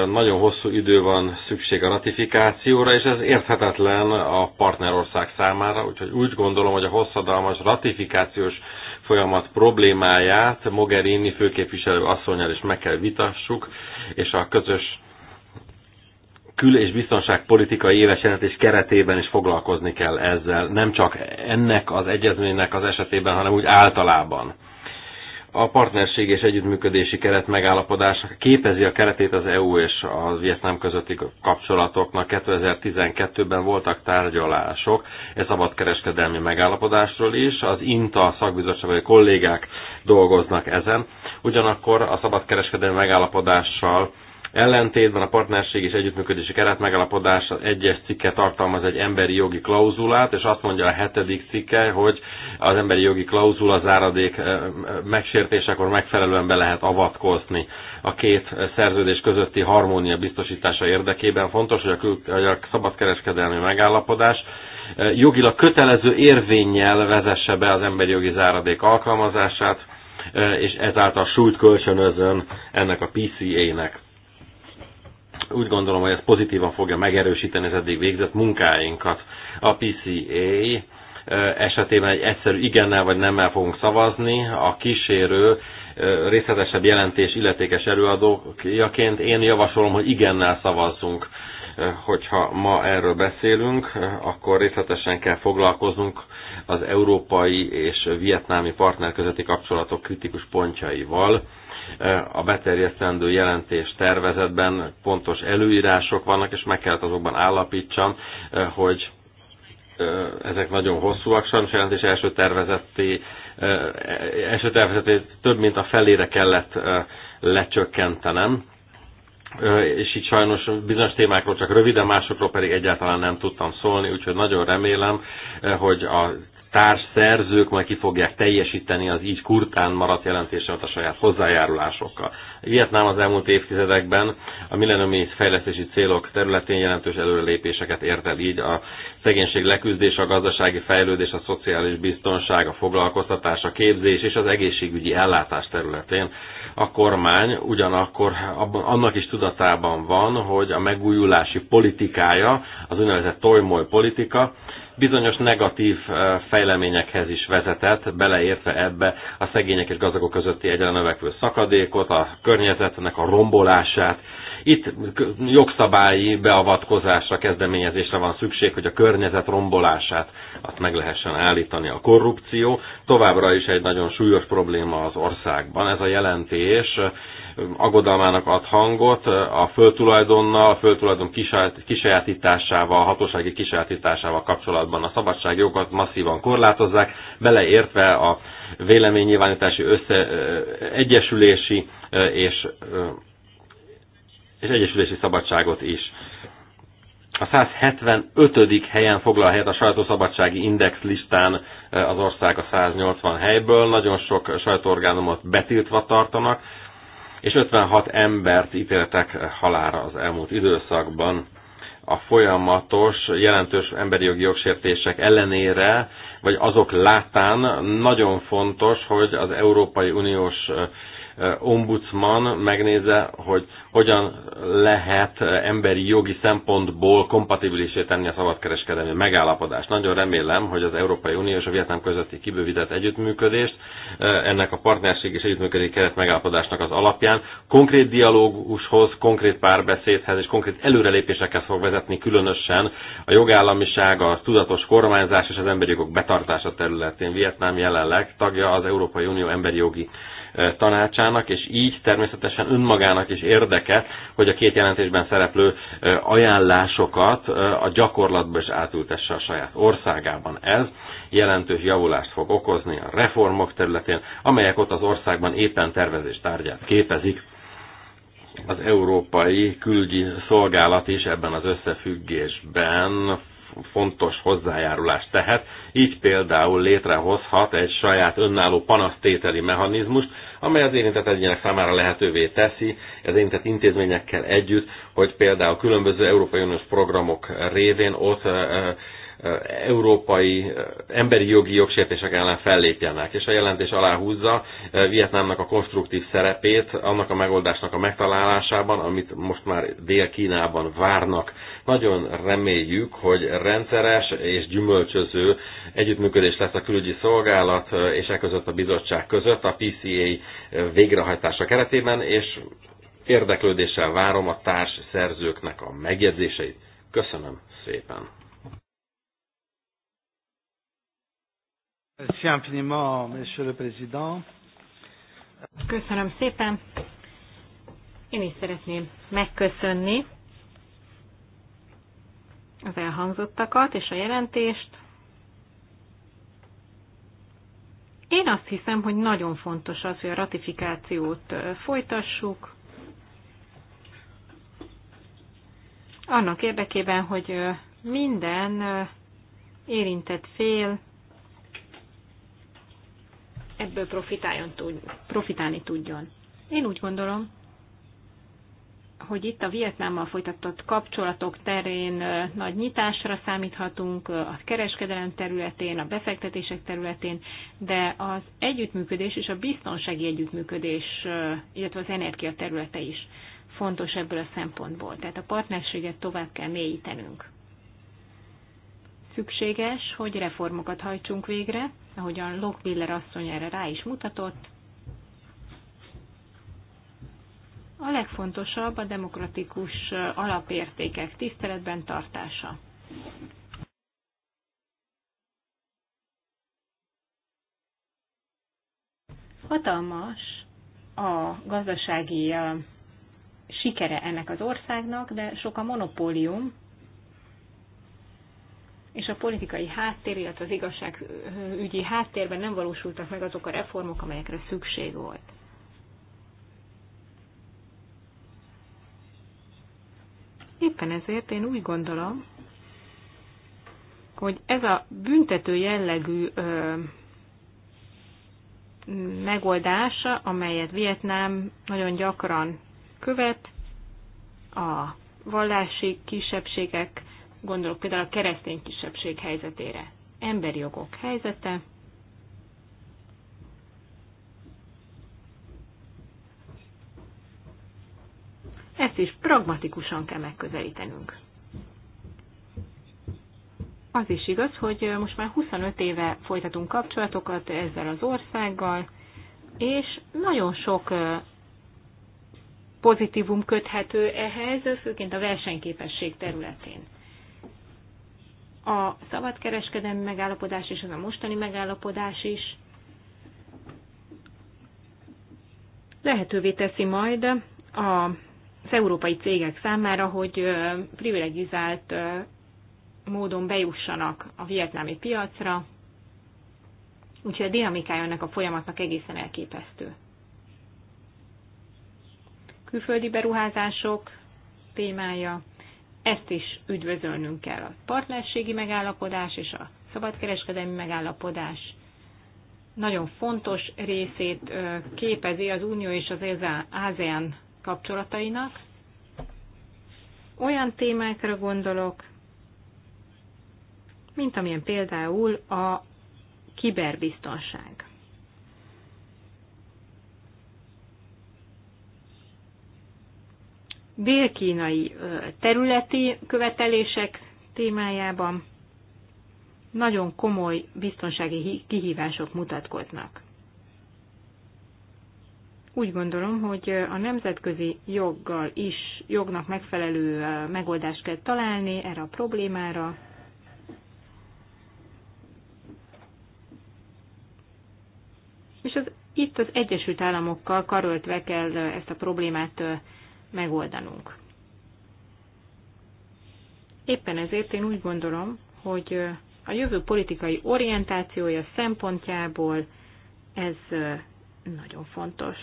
nagyon hosszú idő van szükség a ratifikációra, és ez érthetetlen a partnerország számára, úgyhogy úgy gondolom, hogy a hosszadalmas ratifikációs folyamat problémáját Mogherini főképviselő asszonyal is meg kell vitassuk, és a közös kül- és biztonságpolitikai éves jelentés keretében is foglalkozni kell ezzel, nem csak ennek az egyezménynek az esetében, hanem úgy általában. A partnerség és együttműködési keret megállapodása képezi a keretét az EU és az Vietnám közötti kapcsolatoknak. 2012-ben voltak tárgyalások ez szabadkereskedelmi megállapodásról is. Az INTA szakbizottságai kollégák dolgoznak ezen. Ugyanakkor a szabadkereskedelmi megállapodással Ellentétben a partnerség és együttműködési keret megállapodása egyes cikke tartalmaz egy emberi jogi klauzulát, és azt mondja a hetedik cikke, hogy az emberi jogi klauzula záradék megsértésekor megfelelően be lehet avatkozni. A két szerződés közötti harmónia biztosítása érdekében fontos, hogy a, kül- hogy a szabadkereskedelmi megállapodás jogilag kötelező érvényjel vezesse be az emberi jogi záradék alkalmazását, és ezáltal súlyt kölcsönözön ennek a PCA-nek úgy gondolom, hogy ez pozitívan fogja megerősíteni az eddig végzett munkáinkat. A PCA esetében egy egyszerű igennel vagy nemmel fogunk szavazni, a kísérő részletesebb jelentés illetékes előadójaként én javasolom, hogy igennel szavazzunk. Hogyha ma erről beszélünk, akkor részletesen kell foglalkoznunk az európai és vietnámi partner közötti kapcsolatok kritikus pontjaival Eh, a beterjesztendő jelentés tervezetben pontos előírások vannak, és meg kellett azokban állapítsam, eh, hogy eh, ezek nagyon hosszúak, sajnos jelentés első tervezeti, első tervezeti több mint a felére kellett lecsökkentenem, és így sajnos bizonyos témákról csak röviden, másokról pedig egyáltalán nem tudtam szólni, úgyhogy nagyon remélem, hogy a társszerzők majd ki fogják teljesíteni az így kurtán maradt jelentésemet a saját hozzájárulásokkal. Vietnám az elmúlt évtizedekben a millenniumi fejlesztési célok területén jelentős előrelépéseket ért el így a szegénység leküzdés, a gazdasági fejlődés, a szociális biztonság, a foglalkoztatás, a képzés és az egészségügyi ellátás területén. A kormány ugyanakkor abban, annak is tudatában van, hogy a megújulási politikája, az úgynevezett tojmoly politika, bizonyos negatív fejleményekhez is vezetett, beleértve ebbe a szegények és gazdagok közötti egyre növekvő szakadékot, a környezetnek a rombolását. Itt jogszabályi beavatkozásra, kezdeményezésre van szükség, hogy a környezet rombolását azt meg lehessen állítani. A korrupció továbbra is egy nagyon súlyos probléma az országban. Ez a jelentés agodalmának ad hangot, a földtulajdonnal, a földtulajdon kisajátításával, a hatósági kisajátításával kapcsolatban a szabadságjogokat masszívan korlátozzák, beleértve a véleménynyilvánítási össze, egyesülési és, és egyesülési szabadságot is. A 175. helyen foglal helyet a sajtószabadsági index listán eh, az ország a 180 helyből. Nagyon sok sajtóorgánumot betiltva tartanak és 56 embert ítéltek halára az elmúlt időszakban. A folyamatos, jelentős emberi jogi jogsértések ellenére, vagy azok látán nagyon fontos, hogy az Európai Uniós ombudsman megnézze, hogy hogyan lehet emberi jogi szempontból kompatibilisé tenni a szabadkereskedelmi megállapodást. Nagyon remélem, hogy az Európai Unió és a Vietnám közötti kibővített együttműködést eh, ennek a partnerség és együttműködési keret megállapodásnak az alapján konkrét dialógushoz, konkrét párbeszédhez és konkrét előrelépésekhez fog vezetni, különösen a jogállamiság, a tudatos kormányzás és az emberi jogok betartása területén. Vietnám jelenleg tagja az Európai Unió emberi jogi tanácsának, és így természetesen önmagának is érdeke, hogy a két jelentésben szereplő ajánlásokat a gyakorlatba is átültesse a saját országában. Ez jelentős javulást fog okozni a reformok területén, amelyek ott az országban éppen tervezés tárgyát képezik az Európai Külügyi Szolgálat is ebben az összefüggésben fontos hozzájárulást tehet, így például létrehozhat egy saját önálló panasztételi mechanizmust, amely az érintett egyének számára lehetővé teszi, az érintett intézményekkel együtt, hogy például különböző Európai Uniós programok révén ott eh, eh, európai emberi jogi jogsértések ellen fellépjenek. És a jelentés aláhúzza Vietnámnak a konstruktív szerepét annak a megoldásnak a megtalálásában, amit most már Dél-Kínában várnak. Nagyon reméljük, hogy rendszeres és gyümölcsöző együttműködés lesz a külügyi szolgálat és e között a bizottság között a PCA végrehajtása keretében, és érdeklődéssel várom a társ szerzőknek a megjegyzéseit. Köszönöm szépen! Köszönöm szépen. Én is szeretném megköszönni az elhangzottakat és a jelentést. Én azt hiszem, hogy nagyon fontos az, hogy a ratifikációt folytassuk. Annak érdekében, hogy minden érintett fél ebből profitáljon, profitálni tudjon. Én úgy gondolom, hogy itt a Vietnámmal folytatott kapcsolatok terén nagy nyitásra számíthatunk, a kereskedelem területén, a befektetések területén, de az együttműködés és a biztonsági együttműködés, illetve az energia területe is fontos ebből a szempontból. Tehát a partnerséget tovább kell mélyítenünk szükséges, hogy reformokat hajtsunk végre, ahogyan Lockbiller asszony erre rá is mutatott. A legfontosabb a demokratikus alapértékek tiszteletben tartása. Hatalmas a gazdasági sikere ennek az országnak, de sok a monopólium, és a politikai háttér, illetve az igazságügyi háttérben nem valósultak meg azok a reformok, amelyekre szükség volt. Éppen ezért én úgy gondolom, hogy ez a büntető jellegű ö, megoldása, amelyet Vietnám nagyon gyakran követ, a vallási kisebbségek gondolok például a keresztény kisebbség helyzetére, emberi jogok helyzete, Ezt is pragmatikusan kell megközelítenünk. Az is igaz, hogy most már 25 éve folytatunk kapcsolatokat ezzel az országgal, és nagyon sok pozitívum köthető ehhez, főként a versenyképesség területén a szabadkereskedelmi megállapodás és az a mostani megállapodás is lehetővé teszi majd a az európai cégek számára, hogy privilegizált módon bejussanak a vietnámi piacra, úgyhogy a dinamikája ennek a folyamatnak egészen elképesztő. Külföldi beruházások témája, ezt is üdvözölnünk kell a partnerségi megállapodás és a szabadkereskedelmi megállapodás nagyon fontos részét képezi az Unió és az ASEAN kapcsolatainak. Olyan témákra gondolok, mint amilyen például a kiberbiztonság. dél-kínai területi követelések témájában nagyon komoly biztonsági kihívások mutatkoznak. Úgy gondolom, hogy a nemzetközi joggal is jognak megfelelő megoldást kell találni erre a problémára. És az, itt az Egyesült Államokkal karöltve kell ezt a problémát megoldanunk. Éppen ezért én úgy gondolom, hogy a jövő politikai orientációja szempontjából ez nagyon fontos.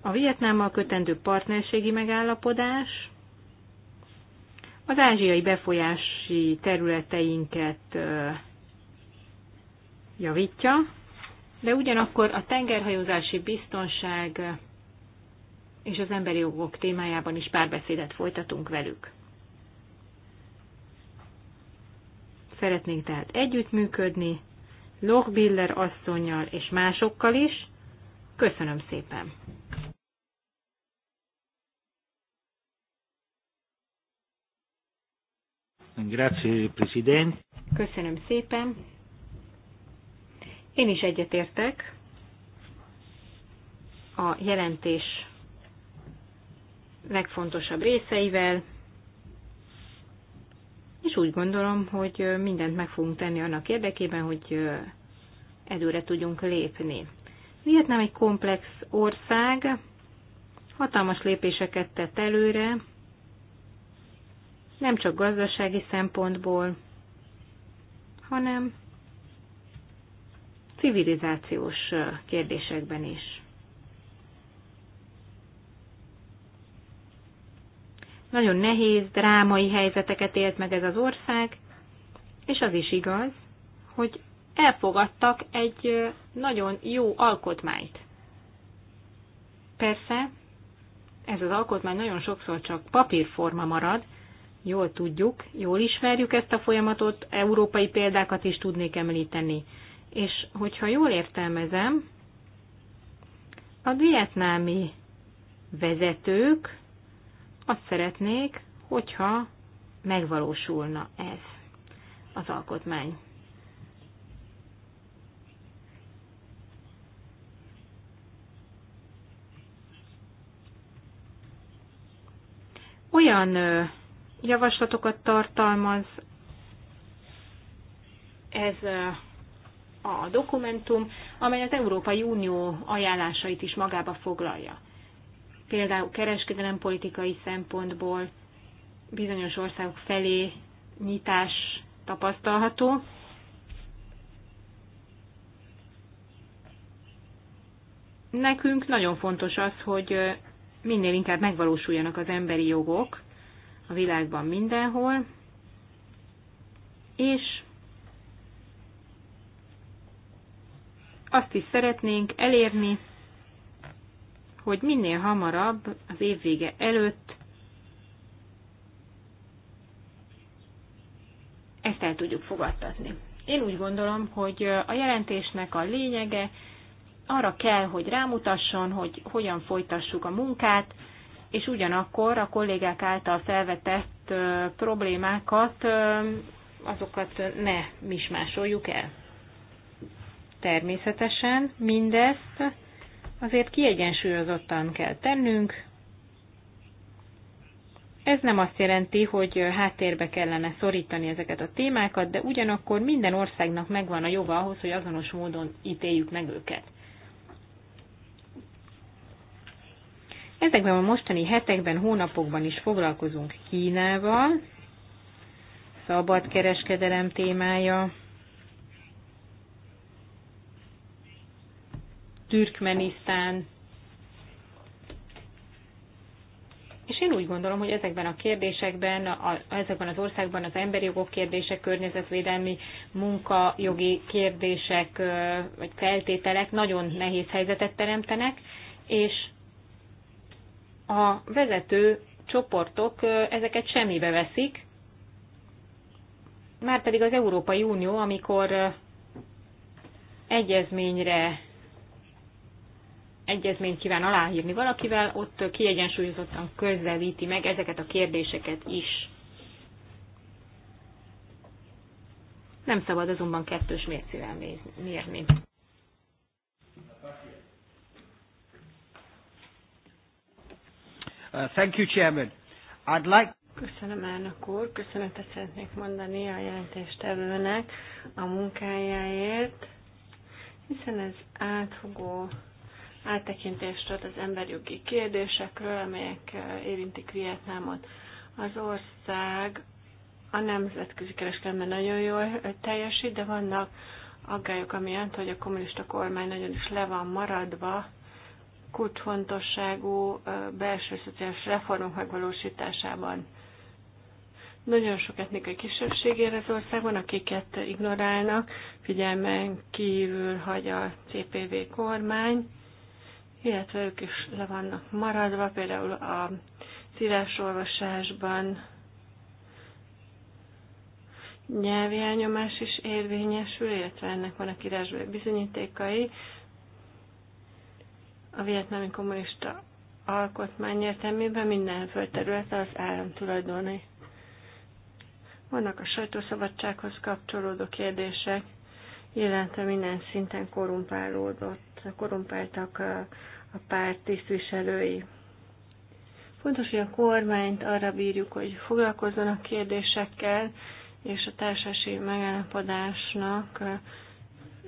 A Vietnámmal kötendő partnerségi megállapodás az ázsiai befolyási területeinket javítja, de ugyanakkor a tengerhajózási biztonság eh, és az emberi jogok témájában is párbeszédet folytatunk velük. Szeretnénk tehát együttműködni, Lochbiller asszonynal és másokkal is. Köszönöm szépen! Grazie, Presidente. Köszönöm szépen. Én is egyetértek a jelentés legfontosabb részeivel, és úgy gondolom, hogy mindent meg fogunk tenni annak érdekében, hogy előre tudjunk lépni. Vietnám egy komplex ország, hatalmas lépéseket tett előre, nem csak gazdasági szempontból, hanem civilizációs kérdésekben is. Nagyon nehéz, drámai helyzeteket élt meg ez az ország, és az is igaz, hogy elfogadtak egy nagyon jó alkotmányt. Persze, ez az alkotmány nagyon sokszor csak papírforma marad, jól tudjuk, jól ismerjük ezt a folyamatot, európai példákat is tudnék említeni és hogyha jól értelmezem, a vietnámi vezetők azt szeretnék, hogyha megvalósulna ez az alkotmány. Olyan javaslatokat tartalmaz ez a dokumentum, amely az Európai Unió ajánlásait is magába foglalja. Például politikai szempontból bizonyos országok felé nyitás tapasztalható, nekünk nagyon fontos az, hogy minél inkább megvalósuljanak az emberi jogok a világban mindenhol, és azt is szeretnénk elérni, hogy minél hamarabb az évvége előtt ezt el tudjuk fogadtatni. Én úgy gondolom, hogy a jelentésnek a lényege arra kell, hogy rámutasson, hogy hogyan folytassuk a munkát, és ugyanakkor a kollégák által felvetett problémákat, azokat ne mismásoljuk el. Természetesen mindezt azért kiegyensúlyozottan kell tennünk. Ez nem azt jelenti, hogy háttérbe kellene szorítani ezeket a témákat, de ugyanakkor minden országnak megvan a joga ahhoz, hogy azonos módon ítéljük meg őket. Ezekben a mostani hetekben, hónapokban is foglalkozunk Kínával, szabad kereskedelem témája, Türkmenisztán. És én úgy gondolom, hogy ezekben a kérdésekben, a, ezekben az országban az emberi jogok kérdések, környezetvédelmi, munkajogi kérdések vagy feltételek nagyon nehéz helyzetet teremtenek, és a vezető csoportok ezeket semmibe veszik, márpedig az Európai Unió, amikor egyezményre egyezményt kíván aláírni valakivel, ott kiegyensúlyozottan közelíti meg ezeket a kérdéseket is. Nem szabad azonban kettős mércével mérni. Uh, thank you, Chairman. I'd like Köszönöm, elnök úr. Köszönetet szeretnék mondani a jelentéstevőnek a munkájáért, hiszen ez átfogó áttekintést ad az emberjogi kérdésekről, amelyek eh, érintik Vietnámot. Az ország a nemzetközi kereskedelemben nagyon jól eh, teljesít, de vannak aggályok amiatt, hogy a kommunista kormány nagyon is le van maradva kulcsfontosságú eh, belső szociális reformok megvalósításában. Nagyon sok etnikai kisebbség él az országban, akiket ignorálnak, figyelmen kívül hagy a CPV kormány illetve ők is le vannak maradva, például a szívásolvasásban nyelvi elnyomás is érvényesül, illetve ennek a írásbeli bizonyítékai. A vietnámi kommunista alkotmány értelmében minden földterület az állam tulajdonai. Vannak a sajtószabadsághoz kapcsolódó kérdések, illetve minden szinten korumpálódott a korumpáltak a párt tisztviselői. Fontos, hogy a kormányt arra bírjuk, hogy foglalkozzon a kérdésekkel, és a társasi megállapodásnak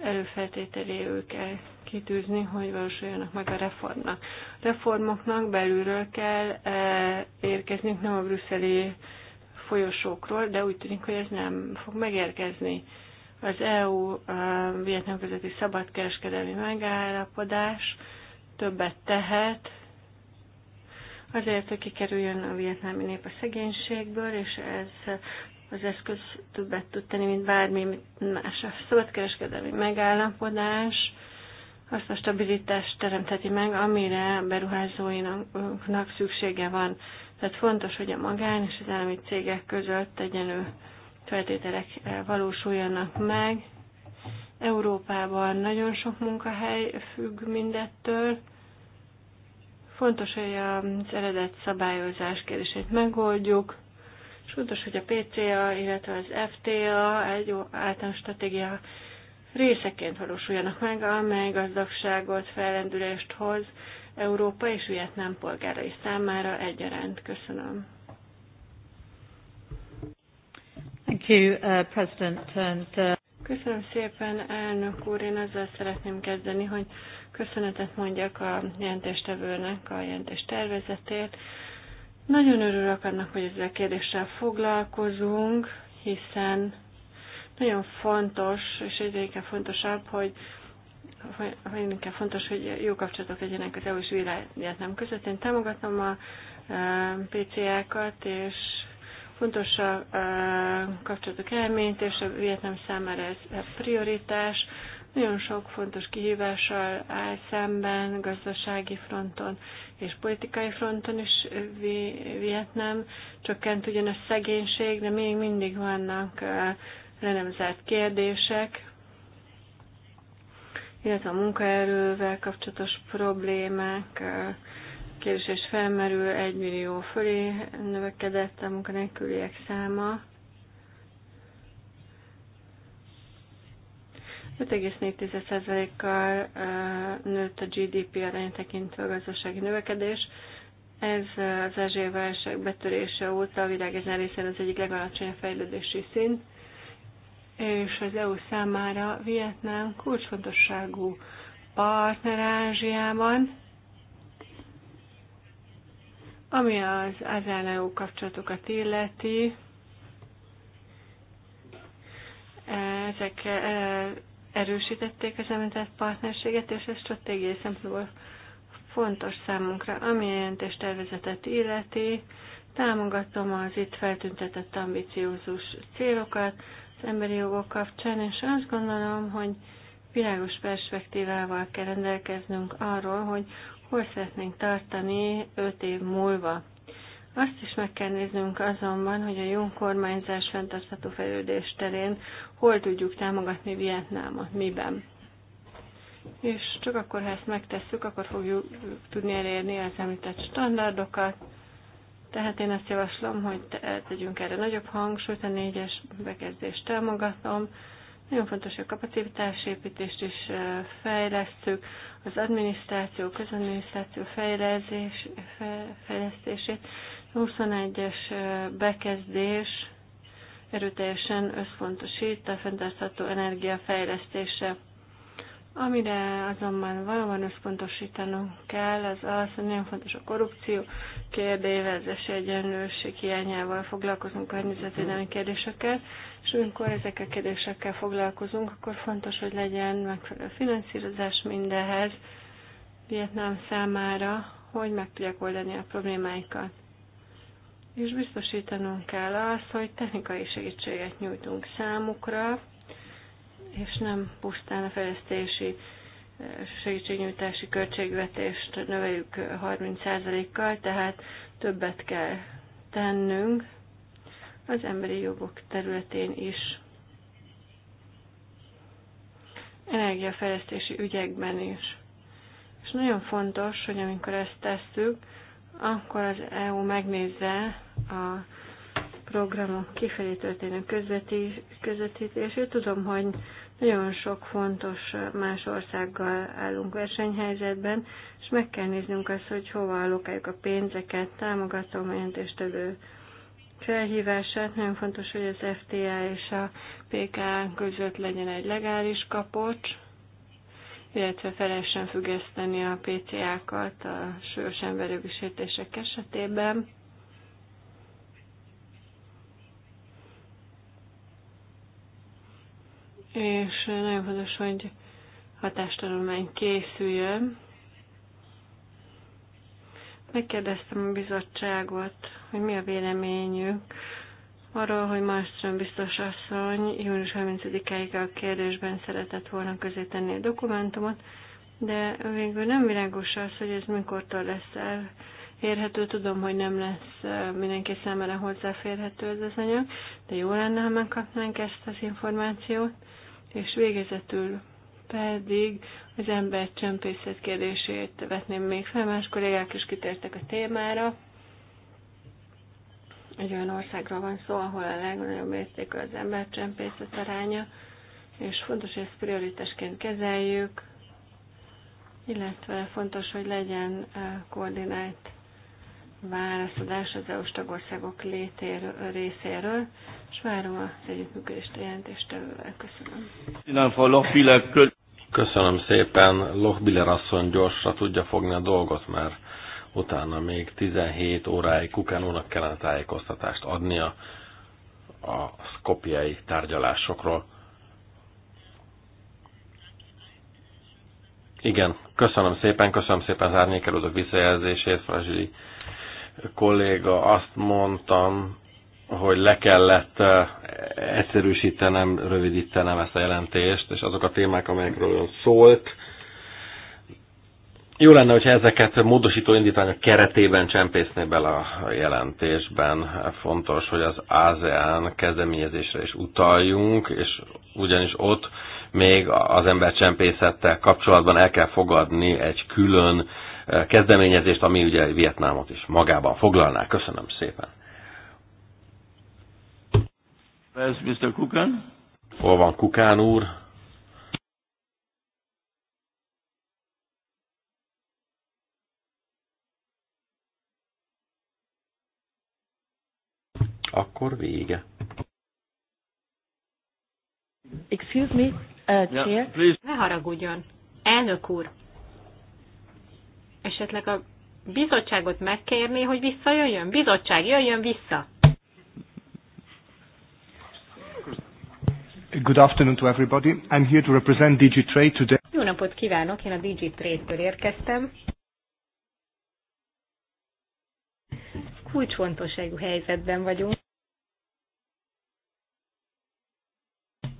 előfeltételéül kell kitűzni, hogy valósuljanak meg a reformnak. A reformoknak belülről kell érkezniük, nem a brüsszeli folyosókról, de úgy tűnik, hogy ez nem fog megérkezni. Az EU-Vietnám um, közötti szabadkereskedelmi megállapodás többet tehet, azért, hogy kikerüljön a vietnámi nép a szegénységből, és ez az eszköz többet tud tenni, mint bármi más. A szabadkereskedelmi megállapodás azt a stabilitást teremteti meg, amire beruházóinak szüksége van. Tehát fontos, hogy a magán és az állami cégek között egyenlő feltételek eh, valósuljanak meg. Európában nagyon sok munkahely függ mindettől. Fontos, hogy az eredet szabályozás kérdését megoldjuk, és fontos, hogy a PCA, illetve az FTA egy általános stratégia részeként valósuljanak meg, amely gazdagságot, fejlendülést hoz Európa és Vietnám polgárai számára egyaránt. Köszönöm. Thank you, uh, President. And, uh... Köszönöm szépen, elnök úr. Én ezzel szeretném kezdeni, hogy köszönetet mondjak a jelentéstevőnek a jelentés tervezetét. Nagyon örülök annak, hogy ezzel a kérdéssel foglalkozunk, hiszen nagyon fontos, és egyre inkább fontosabb, hogy hogy inkább fontos, hogy jó kapcsolatok legyenek az EU és nem között. Én támogatom a uh, PCA-kat, és Fontos a, kapcsolatok elményt, és a Vietnám számára ez prioritás. Nagyon sok fontos kihívással áll szemben, gazdasági fronton és politikai fronton is Vietnám. Csökkent ugyan a szegénység, de még mindig vannak le nem zárt kérdések, illetve a munkaerővel kapcsolatos problémák, kérdés felmerül, 1 millió fölé növekedett a munkanélküliek száma. 5,4%-kal nőtt a GDP arány tekintve a gazdasági növekedés. Ez az ázsiai válság betörése óta a világ ezen részén az egyik legalacsonyabb fejlődési szint, és az EU számára Vietnám kulcsfontosságú partner Ázsiában ami az asean kapcsolatokat illeti, ezek eh, erősítették az említett partnerséget, és ez stratégiai szempontból fontos számunkra. Ami jelentés tervezetet illeti, támogatom az itt feltüntetett ambiciózus célokat az emberi jogok kapcsán, és azt gondolom, hogy világos perspektívával kell rendelkeznünk arról, hogy hol szeretnénk tartani 5 év múlva. Azt is meg kell néznünk azonban, hogy a jó kormányzás fenntartható fejlődés terén hol tudjuk támogatni Vietnámot, miben. És csak akkor, ha ezt megtesszük, akkor fogjuk tudni elérni az említett standardokat. Tehát én azt javaslom, hogy tegyünk erre nagyobb hangsúlyt, a négyes bekezdést támogatom, nagyon fontos, hogy a kapacitásépítést is fejlesztjük, az adminisztráció, közadminisztráció fejlesztés, fejlesztését. 21-es bekezdés erőteljesen összfontosít a fenntartható energiafejlesztése. Amire azonban valóban összpontosítanunk kell, az az, hogy nagyon fontos a korrupció kérdével, az esélyegyenlőség hiányával foglalkozunk környezetvédelmi kérdésekkel, és amikor ezekkel a kérdésekkel foglalkozunk, akkor fontos, hogy legyen megfelelő finanszírozás mindehez Vietnám számára, hogy meg tudják oldani a problémáikat. És biztosítanunk kell azt, hogy technikai segítséget nyújtunk számukra, és nem pusztán a fejlesztési eh, segítségnyújtási költségvetést növeljük 30%-kal, tehát többet kell tennünk az emberi jogok területén is. Energiafejlesztési ügyekben is. És nagyon fontos, hogy amikor ezt tesszük, akkor az EU megnézze a programok kifelé történő közvetítését. Tudom, hogy nagyon sok fontos más országgal állunk versenyhelyzetben, és meg kell néznünk azt, hogy hova alokáljuk a pénzeket, támogatom a jelentéstevő felhívását. Nagyon fontos, hogy az FTA és a PK között legyen egy legális kapocs, illetve fel függeszteni a PCA-kat a súlyos emberi sértések esetében. és nagyon fontos, hogy hatástanulmány készüljön. Megkérdeztem a bizottságot, hogy mi a véleményük arról, hogy Malmström biztos asszony június 30 ig a kérdésben szeretett volna közé tenni a dokumentumot, de végül nem világos az, hogy ez mikortól lesz el érhető. Tudom, hogy nem lesz mindenki számára hozzáférhető ez az anyag, de jó lenne, ha megkapnánk ezt az információt. És végezetül pedig az ember csempészet kérdését vetném még fel, más kollégák is kitértek a témára. Egy olyan országról van szó, ahol a legnagyobb érték az csempészet aránya, és fontos, hogy ezt prioritásként kezeljük, illetve fontos, hogy legyen koordinált válaszadás az EU-s tagországok létér részéről, és várom az együttműködést a jelentéstevővel. Köszönöm. Köszönöm szépen. Lochbiller asszony gyorsra tudja fogni a dolgot, mert utána még 17 óráig Kukánónak kellene tájékoztatást adnia a szkopiai tárgyalásokról. Igen, köszönöm szépen, köszönöm szépen az árnyékelődő visszajelzését, Frazsili kolléga, azt mondtam, hogy le kellett eh, egyszerűsítenem, rövidítenem ezt a jelentést, és azok a témák, amelyekről ön szólt. Jó lenne, hogyha ezeket módosító indítványok keretében csempészné bele a jelentésben. Fontos, hogy az ASEAN kezdeményezésre is utaljunk, és ugyanis ott még az ember csempészettel kapcsolatban el kell fogadni egy külön eh, kezdeményezést, ami ugye Vietnámot is magában foglalná. Köszönöm szépen. Where's Mr. Kukan? Hol van Kukán úr? Akkor vége. Excuse me, uh, chair. Yeah, please. ne haragudjon. Elnök úr, esetleg a bizottságot megkérni, hogy visszajöjjön? Bizottság, jöjjön vissza! Good afternoon to everybody. I'm here to represent DG Trade today. Jó napot kívánok, én a DG Trade-ből érkeztem. Kulcsfontosságú helyzetben vagyunk.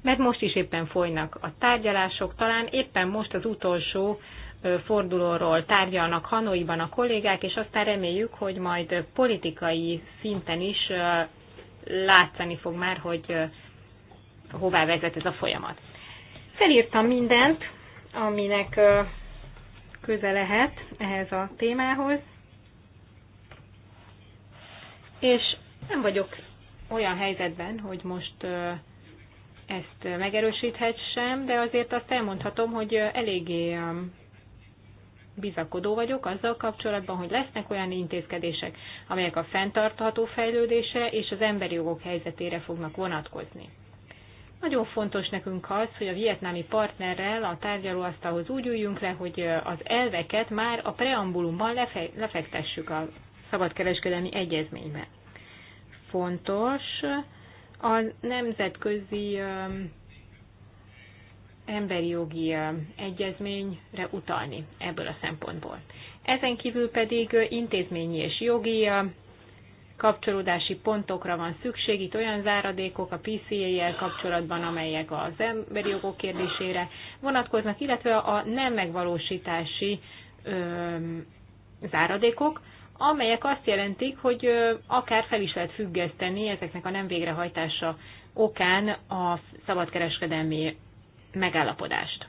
Mert most is éppen folynak a tárgyalások, talán éppen most az utolsó fordulóról tárgyalnak Hanoiban a kollégák, és aztán reméljük, hogy majd politikai szinten is látszani fog már, hogy hová vezet ez a folyamat. Felírtam mindent, aminek köze lehet ehhez a témához, és nem vagyok olyan helyzetben, hogy most ezt megerősíthetsem, de azért azt elmondhatom, hogy eléggé bizakodó vagyok azzal kapcsolatban, hogy lesznek olyan intézkedések, amelyek a fenntartható fejlődése és az emberi jogok helyzetére fognak vonatkozni. Nagyon fontos nekünk az, hogy a vietnámi partnerrel a tárgyalóasztalhoz úgy üljünk le, hogy az elveket már a preambulumban lefektessük a szabadkereskedelmi egyezményben. Fontos a nemzetközi emberi jogi egyezményre utalni ebből a szempontból. Ezen kívül pedig intézményi és jogi kapcsolódási pontokra van szükség, itt olyan záradékok a PCA-jel kapcsolatban, amelyek az emberi jogok kérdésére vonatkoznak, illetve a nem megvalósítási záradékok, amelyek azt jelentik, hogy akár fel is lehet függeszteni ezeknek a nem végrehajtása okán a szabadkereskedelmi megállapodást.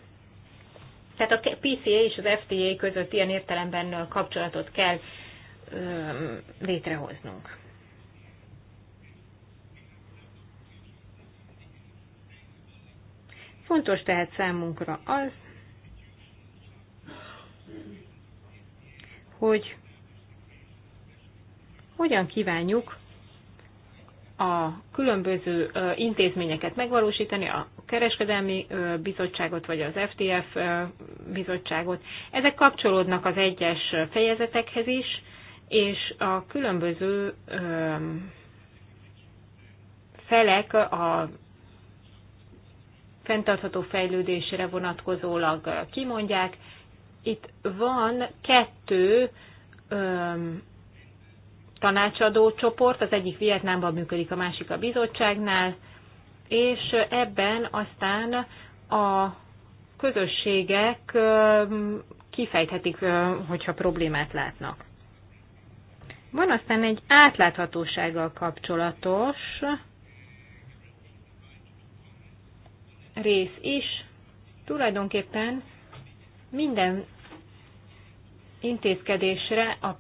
Tehát a PCA és az FTA között ilyen értelemben kapcsolatot kell létrehoznunk. Fontos tehát számunkra az, hogy hogyan kívánjuk a különböző intézményeket megvalósítani, a kereskedelmi bizottságot vagy az FTF bizottságot. Ezek kapcsolódnak az egyes fejezetekhez is, és a különböző felek a fenntartható fejlődésre vonatkozólag kimondják. Itt van kettő öm, tanácsadó csoport, az egyik Vietnámban működik, a másik a bizottságnál, és ebben aztán a közösségek kifejthetik, hogyha problémát látnak. Van aztán egy átláthatósággal kapcsolatos rész is tulajdonképpen minden intézkedésre a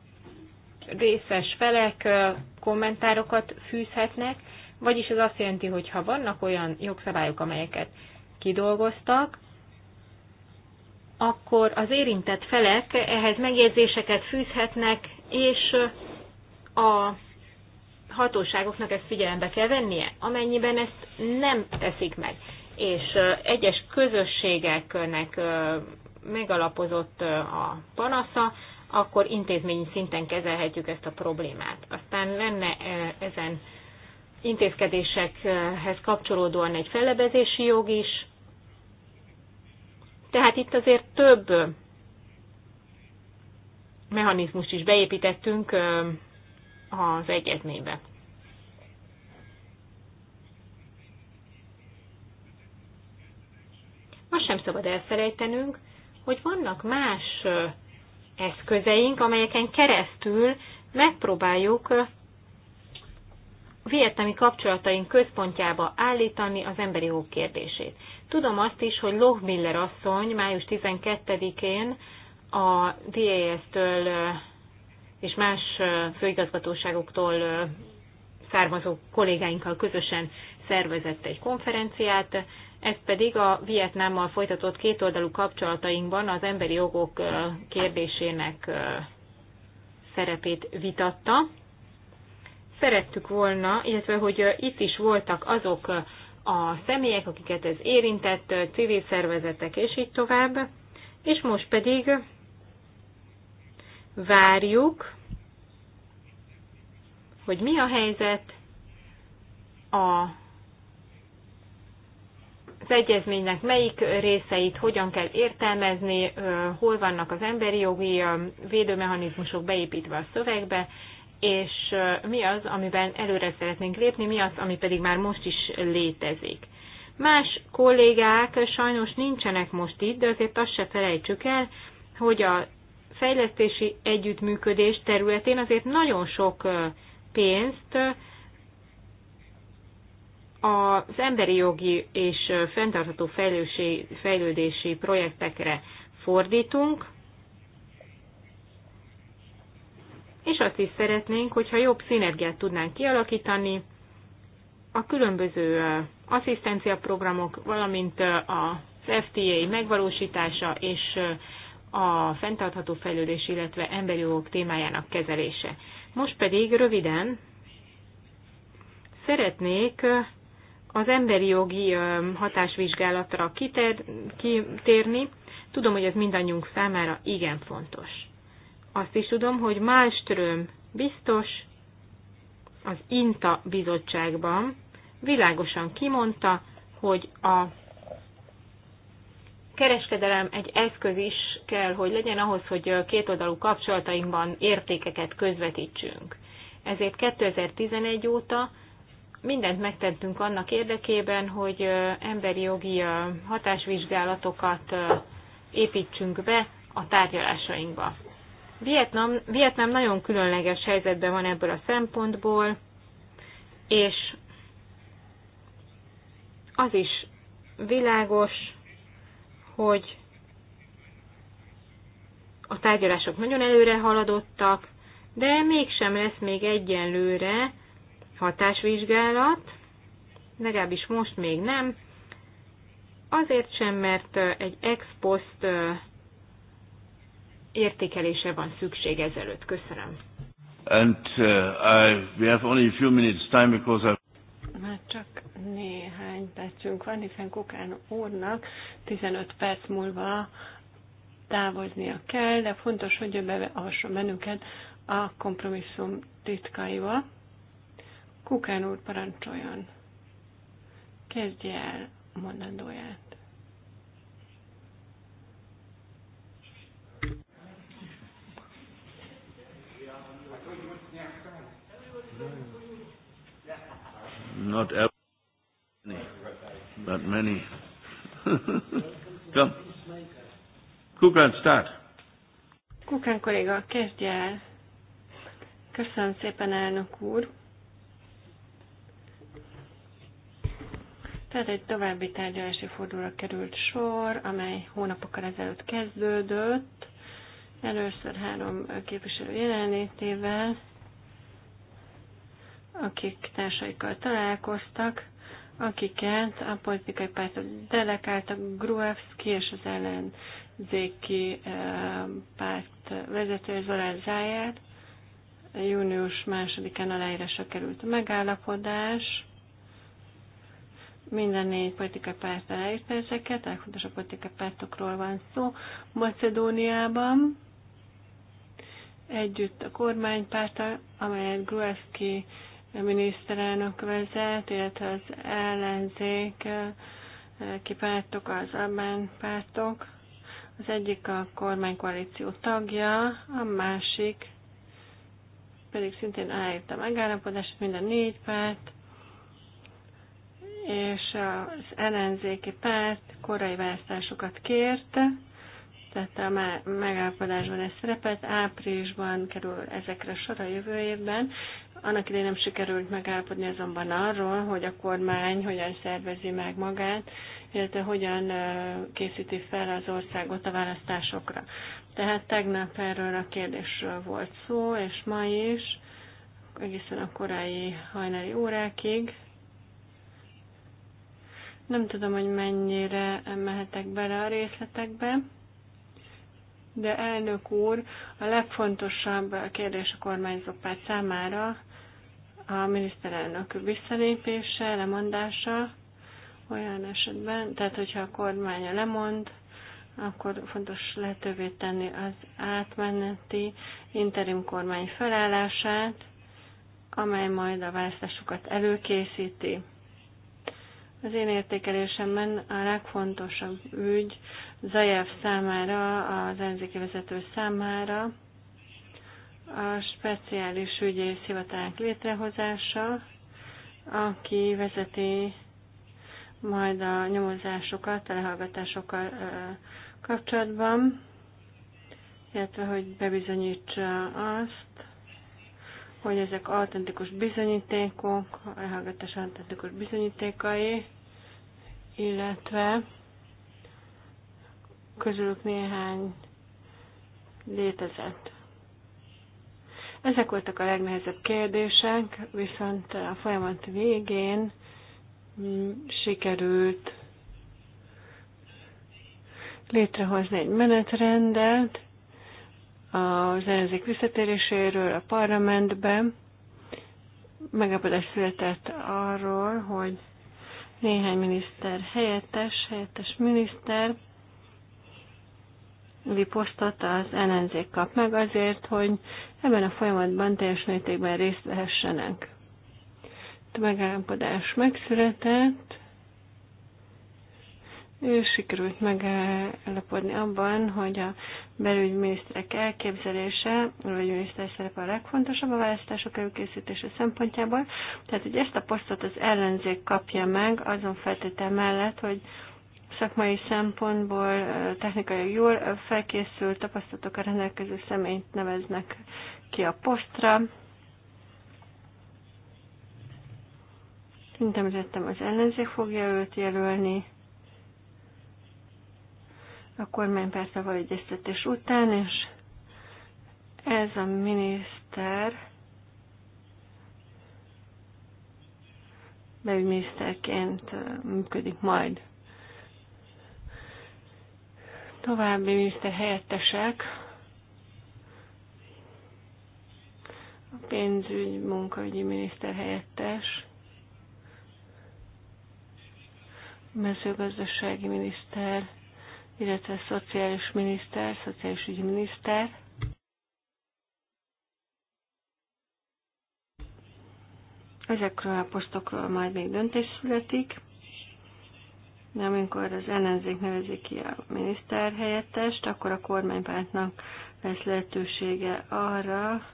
részes felek kommentárokat fűzhetnek, vagyis ez azt jelenti, hogy ha vannak olyan jogszabályok, amelyeket kidolgoztak, akkor az érintett felek ehhez megjegyzéseket fűzhetnek, és a hatóságoknak ezt figyelembe kell vennie, amennyiben ezt nem teszik meg és egyes közösségeknek megalapozott a panasza, akkor intézményi szinten kezelhetjük ezt a problémát. Aztán lenne ezen intézkedésekhez kapcsolódóan egy fellebezési jog is. Tehát itt azért több mechanizmust is beépítettünk az egyezménybe. Azt sem szabad elfelejtenünk, hogy vannak más eszközeink, amelyeken keresztül megpróbáljuk vietnami kapcsolataink központjába állítani az emberi jog kérdését. Tudom azt is, hogy Loh Miller asszony május 12-én a DAS-től és más főigazgatóságoktól származó kollégáinkkal közösen szervezett egy konferenciát, ez pedig a Vietnámmal folytatott kétoldalú kapcsolatainkban az emberi jogok kérdésének szerepét vitatta. Szerettük volna, illetve hogy itt is voltak azok a személyek, akiket ez érintett, civil szervezetek és így tovább, és most pedig várjuk, hogy mi a helyzet a az egyezménynek melyik részeit hogyan kell értelmezni, hol vannak az emberi jogi védőmechanizmusok beépítve a szövegbe, és mi az, amiben előre szeretnénk lépni, mi az, ami pedig már most is létezik. Más kollégák sajnos nincsenek most itt, de azért azt se felejtsük el, hogy a fejlesztési együttműködés területén azért nagyon sok pénzt az emberi jogi és fenntartható fejlődési, projektekre fordítunk, és azt is szeretnénk, hogyha jobb szinergiát tudnánk kialakítani a különböző asszisztencia programok, valamint az FTA megvalósítása és a fenntartható fejlődés, illetve emberi jogok témájának kezelése. Most pedig röviden szeretnék az emberi jogi hatásvizsgálatra kiter, kitérni. Tudom, hogy ez mindannyiunk számára igen fontos. Azt is tudom, hogy Málström biztos az INTA bizottságban világosan kimondta, hogy a kereskedelem egy eszköz is kell, hogy legyen ahhoz, hogy kétoldalú kapcsolatainkban értékeket közvetítsünk. Ezért 2011 óta mindent megtettünk annak érdekében, hogy emberi jogi hatásvizsgálatokat építsünk be a tárgyalásainkba. Vietnam, Vietnam nagyon különleges helyzetben van ebből a szempontból, és az is világos, hogy a tárgyalások nagyon előre haladottak, de mégsem lesz még egyenlőre hatásvizsgálat, legalábbis most még nem, azért sem, mert egy ex post értékelése van szükség ezelőtt. Köszönöm. And uh, I, we have only a few minutes time because I... Már csak néhány percünk van, hiszen Kokán úrnak 15 perc múlva távoznia kell, de fontos, hogy ő beavasson bennünket a kompromisszum titkaival. Kukán úr parancsoljon. Kezdje el a mondandóját. Not every, but many. Come. Kukán, start. Kukán kolléga, kezdje el. Köszönöm szépen, elnök úr. Tehát egy további tárgyalási fordulóra került sor, amely hónapokkal ezelőtt kezdődött, először három képviselő jelenlétével, akik társaikkal találkoztak, akiket a politikai pártok delegáltak, Gruevski és az ellenzéki eh, párt vezető Zorán Zájár. Június másodikán aláírásra került a megállapodás, minden négy politikai párt aláírta ezeket, a legfontosabb politikai pártokról van szó. Macedóniában együtt a kormánypárta, amelyet Gruevski miniszterelnök vezet, illetve az ellenzék eh, kipártok, az albán pártok. Az egyik a kormánykoalíció tagja, a másik pedig szintén aláírta megállapodást, mind a négy párt és az ellenzéki párt korai választásokat kért, tehát a megállapodásban ez szerepelt, áprilisban kerül ezekre sor a jövő évben. Annak idején nem sikerült megállapodni azonban arról, hogy a kormány hogyan szervezi meg magát, illetve hogyan készíti fel az országot a választásokra. Tehát tegnap erről a kérdésről volt szó, és ma is, egészen a korai hajnali órákig, nem tudom, hogy mennyire mehetek bele a részletekbe, de elnök úr, a legfontosabb kérdés a kormányzó párt számára a miniszterelnök visszalépése, lemondása olyan esetben, tehát hogyha a kormánya lemond, akkor fontos lehetővé tenni az átmeneti interim kormány felállását, amely majd a választásokat előkészíti. Az én értékelésemben a legfontosabb ügy Zajev számára, az enzéki vezető számára a speciális ügyész hivatalánk létrehozása, aki vezeti majd a nyomozásokat, a lehallgatásokkal kapcsolatban, illetve hogy bebizonyítsa azt, hogy ezek autentikus bizonyítékok, elhallgatás autentikus bizonyítékai, illetve közülük néhány létezett. Ezek voltak a legnehezebb kérdések, viszont a folyamat végén sikerült létrehozni egy menetrendet, az ellenzék visszatéréséről a parlamentben. Megállapodás született arról, hogy néhány miniszter helyettes, helyettes miniszter liposztot az ellenzék kap meg azért, hogy ebben a folyamatban teljes mértékben részt vehessenek. A megállapodás megszületett, ő sikerült megállapodni abban, hogy a belügyminiszterek elképzelése, a belügyminiszter szerepe a legfontosabb a választások előkészítése szempontjából. Tehát, hogy ezt a posztot az ellenzék kapja meg, azon feltétel mellett, hogy szakmai szempontból technikai jól felkészült tapasztalatokkal rendelkező személyt neveznek ki a posztra. Szerintem az ellenzék fogja őt jelölni a kormánypártával egyeztetés után, és ez a miniszter belügyminiszterként működik majd. További miniszter helyettesek a pénzügy, munkaügyi miniszter helyettes, a mezőgazdasági miniszter, illetve szociális miniszter, szociális ügyminiszter. Ezekről a posztokról majd még döntés születik, de amikor az ellenzék nevezi ki a miniszter helyettest, akkor a kormánypártnak lesz lehetősége arra,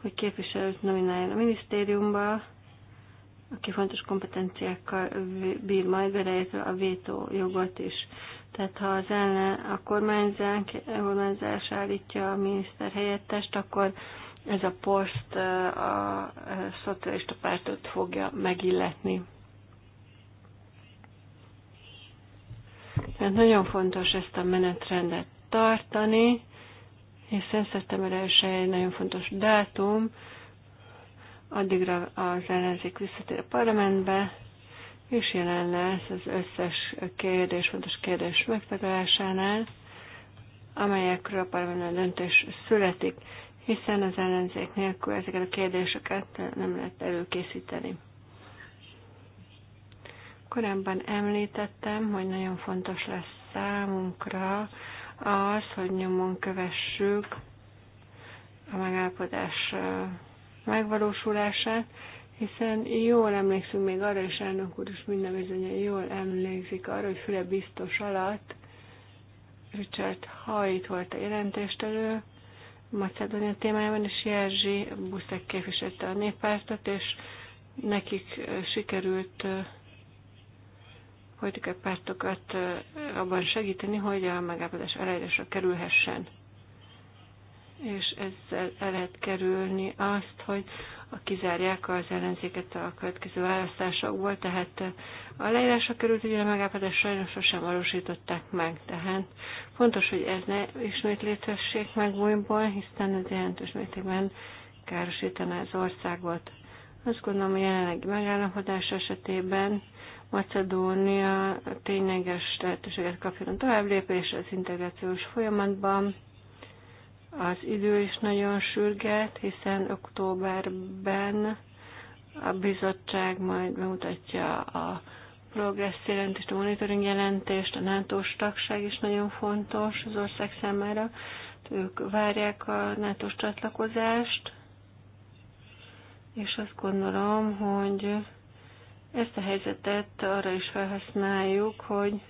hogy képviselőt nomináljon a minisztériumba, aki fontos kompetenciákkal bír majd, beleértve a vétó jogot is. Tehát ha az ellen a kormányzás állítja a miniszter helyettest, akkor ez a poszt a szocialista pártot fogja megilletni. Tehát nagyon fontos ezt a menetrendet tartani, hiszen szeptember 1 egy nagyon fontos dátum, addigra az ellenzék visszatér a parlamentbe, és jelen lesz az összes kérdés, fontos kérdés megtagadásánál, amelyekről a parlament döntés születik, hiszen az ellenzék nélkül ezeket a kérdéseket nem lehet előkészíteni. Korábban említettem, hogy nagyon fontos lesz számunkra az, hogy nyomon kövessük a megállapodás megvalósulását, hiszen jól emlékszünk még arra, és elnök úr is minden bizonyan jól emlékszik arra, hogy Füle biztos alatt Richard Hajt volt a jelentéstelő Macedónia témájában, és Jerzy Buszek képviselte a néppártot, és nekik sikerült politikai pártokat abban segíteni, hogy a megállapodás elérésre kerülhessen. És ezzel el lehet kerülni azt, hogy kizárják az ellenzéket a következő választásokból, tehát a leírásra került ügyre megállapodás sajnos sosem valósították meg, tehát fontos, hogy ez ne ismét létessék meg újból, hiszen ez jelentős mértékben károsítaná az országot. Azt gondolom, hogy jelenlegi megállapodás esetében Macedónia tényleges lehetőséget kapjon a tovább lépésre az integrációs folyamatban, az idő is nagyon sürget, hiszen októberben a bizottság majd bemutatja a progressz jelentést, a monitoring jelentést, a nato tagság is nagyon fontos az ország számára. Ők várják a nato csatlakozást, és azt gondolom, hogy ezt a helyzetet arra is felhasználjuk, hogy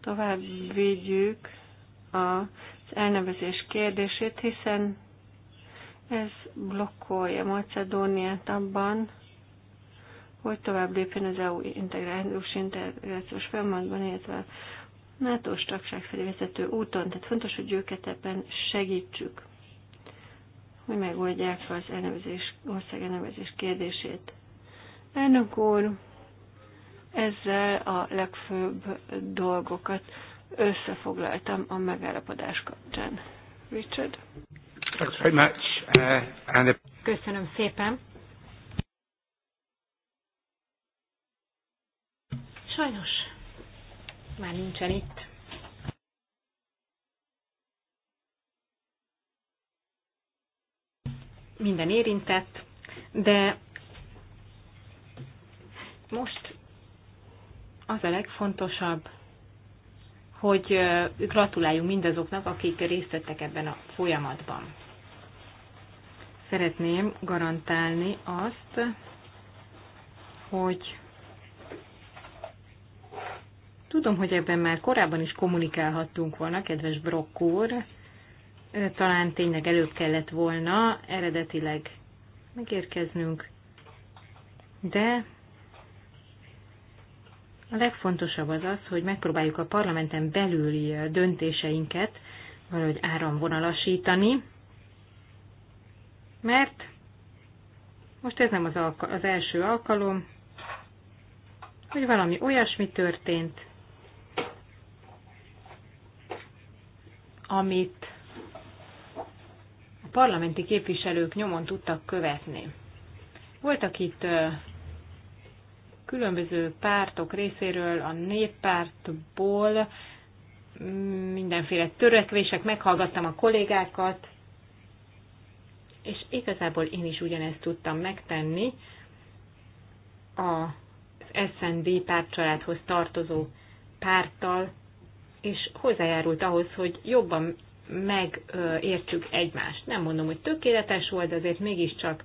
tovább vigyük a elnevezés kérdését, hiszen ez blokkolja Macedóniát abban, hogy tovább lépjen az EU integrációs integrációs folyamatban, illetve NATO-s tagság felé vezető úton. Tehát fontos, hogy őket ebben segítsük, hogy megoldják az elnevezés, ország elnevezés kérdését. Elnök úr, ezzel a legfőbb dolgokat összefoglaltam a megállapodás kapcsán. Richard? Thanks very much. Uh, and Köszönöm szépen. Sajnos már nincsen itt. Minden érintett, de most az a legfontosabb, hogy gratuláljunk mindazoknak, akik részt vettek ebben a folyamatban. Szeretném garantálni azt, hogy tudom, hogy ebben már korábban is kommunikálhattunk volna, kedves Brock úr, talán tényleg előbb kellett volna eredetileg megérkeznünk, de a legfontosabb az az, hogy megpróbáljuk a parlamenten belüli döntéseinket valahogy áramvonalasítani, mert most ez nem az, az első alkalom, hogy valami olyasmi történt, amit a parlamenti képviselők nyomon tudtak követni. Voltak itt különböző pártok részéről, a néppártból mindenféle törekvések, meghallgattam a kollégákat, és igazából én is ugyanezt tudtam megtenni az SND pártcsaládhoz tartozó párttal, és hozzájárult ahhoz, hogy jobban megértsük egymást. Nem mondom, hogy tökéletes volt, azért mégiscsak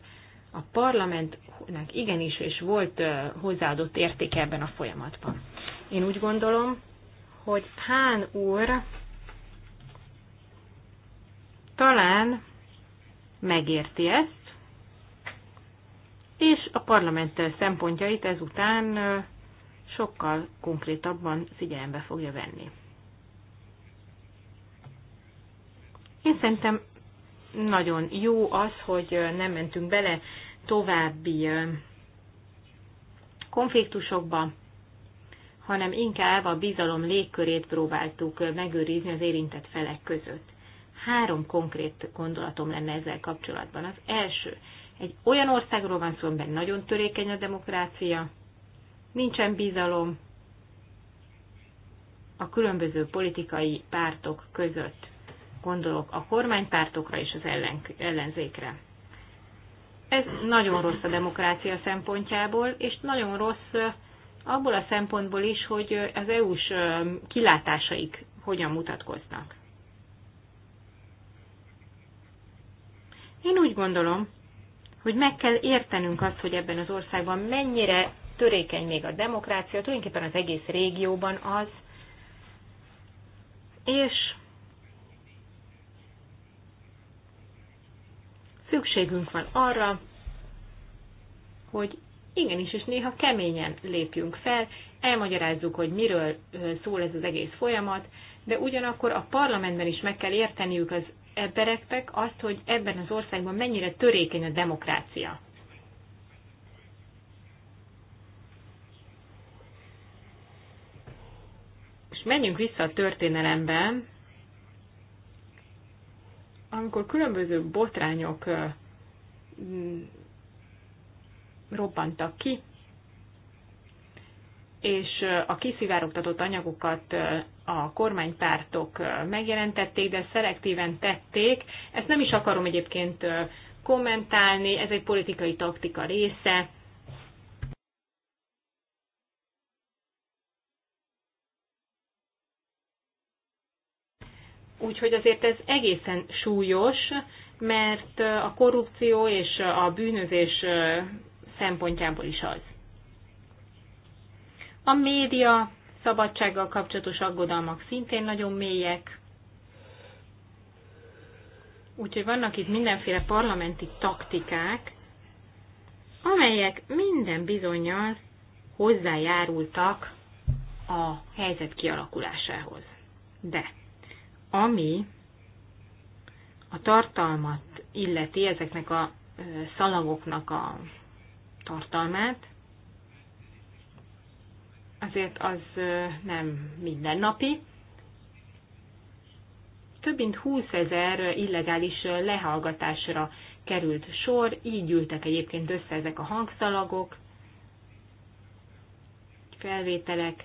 a parlamentnek igenis és volt hozzáadott értéke ebben a folyamatban. Én úgy gondolom, hogy Hán úr talán megérti ezt, és a parlament szempontjait ezután sokkal konkrétabban figyelembe fogja venni. Én szerintem nagyon jó az, hogy nem mentünk bele további konfliktusokba, hanem inkább a bizalom légkörét próbáltuk megőrizni az érintett felek között. Három konkrét gondolatom lenne ezzel kapcsolatban. Az első, egy olyan országról van szó, amiben nagyon törékeny a demokrácia, nincsen bizalom a különböző politikai pártok között gondolok a kormánypártokra és az ellen, ellenzékre. Ez nagyon rossz a demokrácia szempontjából, és nagyon rossz abból a szempontból is, hogy az EU-s kilátásaik hogyan mutatkoznak. Én úgy gondolom, hogy meg kell értenünk azt, hogy ebben az országban mennyire törékeny még a demokrácia, tulajdonképpen az egész régióban az, és Szükségünk van arra, hogy igenis, és néha keményen lépjünk fel, elmagyarázzuk, hogy miről szól ez az egész folyamat, de ugyanakkor a parlamentben is meg kell érteniük az embereknek azt, hogy ebben az országban mennyire törékeny a demokrácia. És menjünk vissza a történelemben, amikor különböző botrányok mm, robbantak ki, és a kiszivárogtatott anyagokat a kormánypártok megjelentették, de szelektíven tették. Ezt nem is akarom egyébként kommentálni, ez egy politikai taktika része, Úgyhogy azért ez egészen súlyos, mert a korrupció és a bűnözés szempontjából is az. A média szabadsággal kapcsolatos aggodalmak szintén nagyon mélyek, úgyhogy vannak itt mindenféle parlamenti taktikák, amelyek minden bizonyal hozzájárultak a helyzet kialakulásához. De ami a tartalmat illeti, ezeknek a szalagoknak a tartalmát, azért az nem mindennapi. Több mint 20 ezer illegális lehallgatásra került sor, így ültek egyébként össze ezek a hangszalagok, felvételek.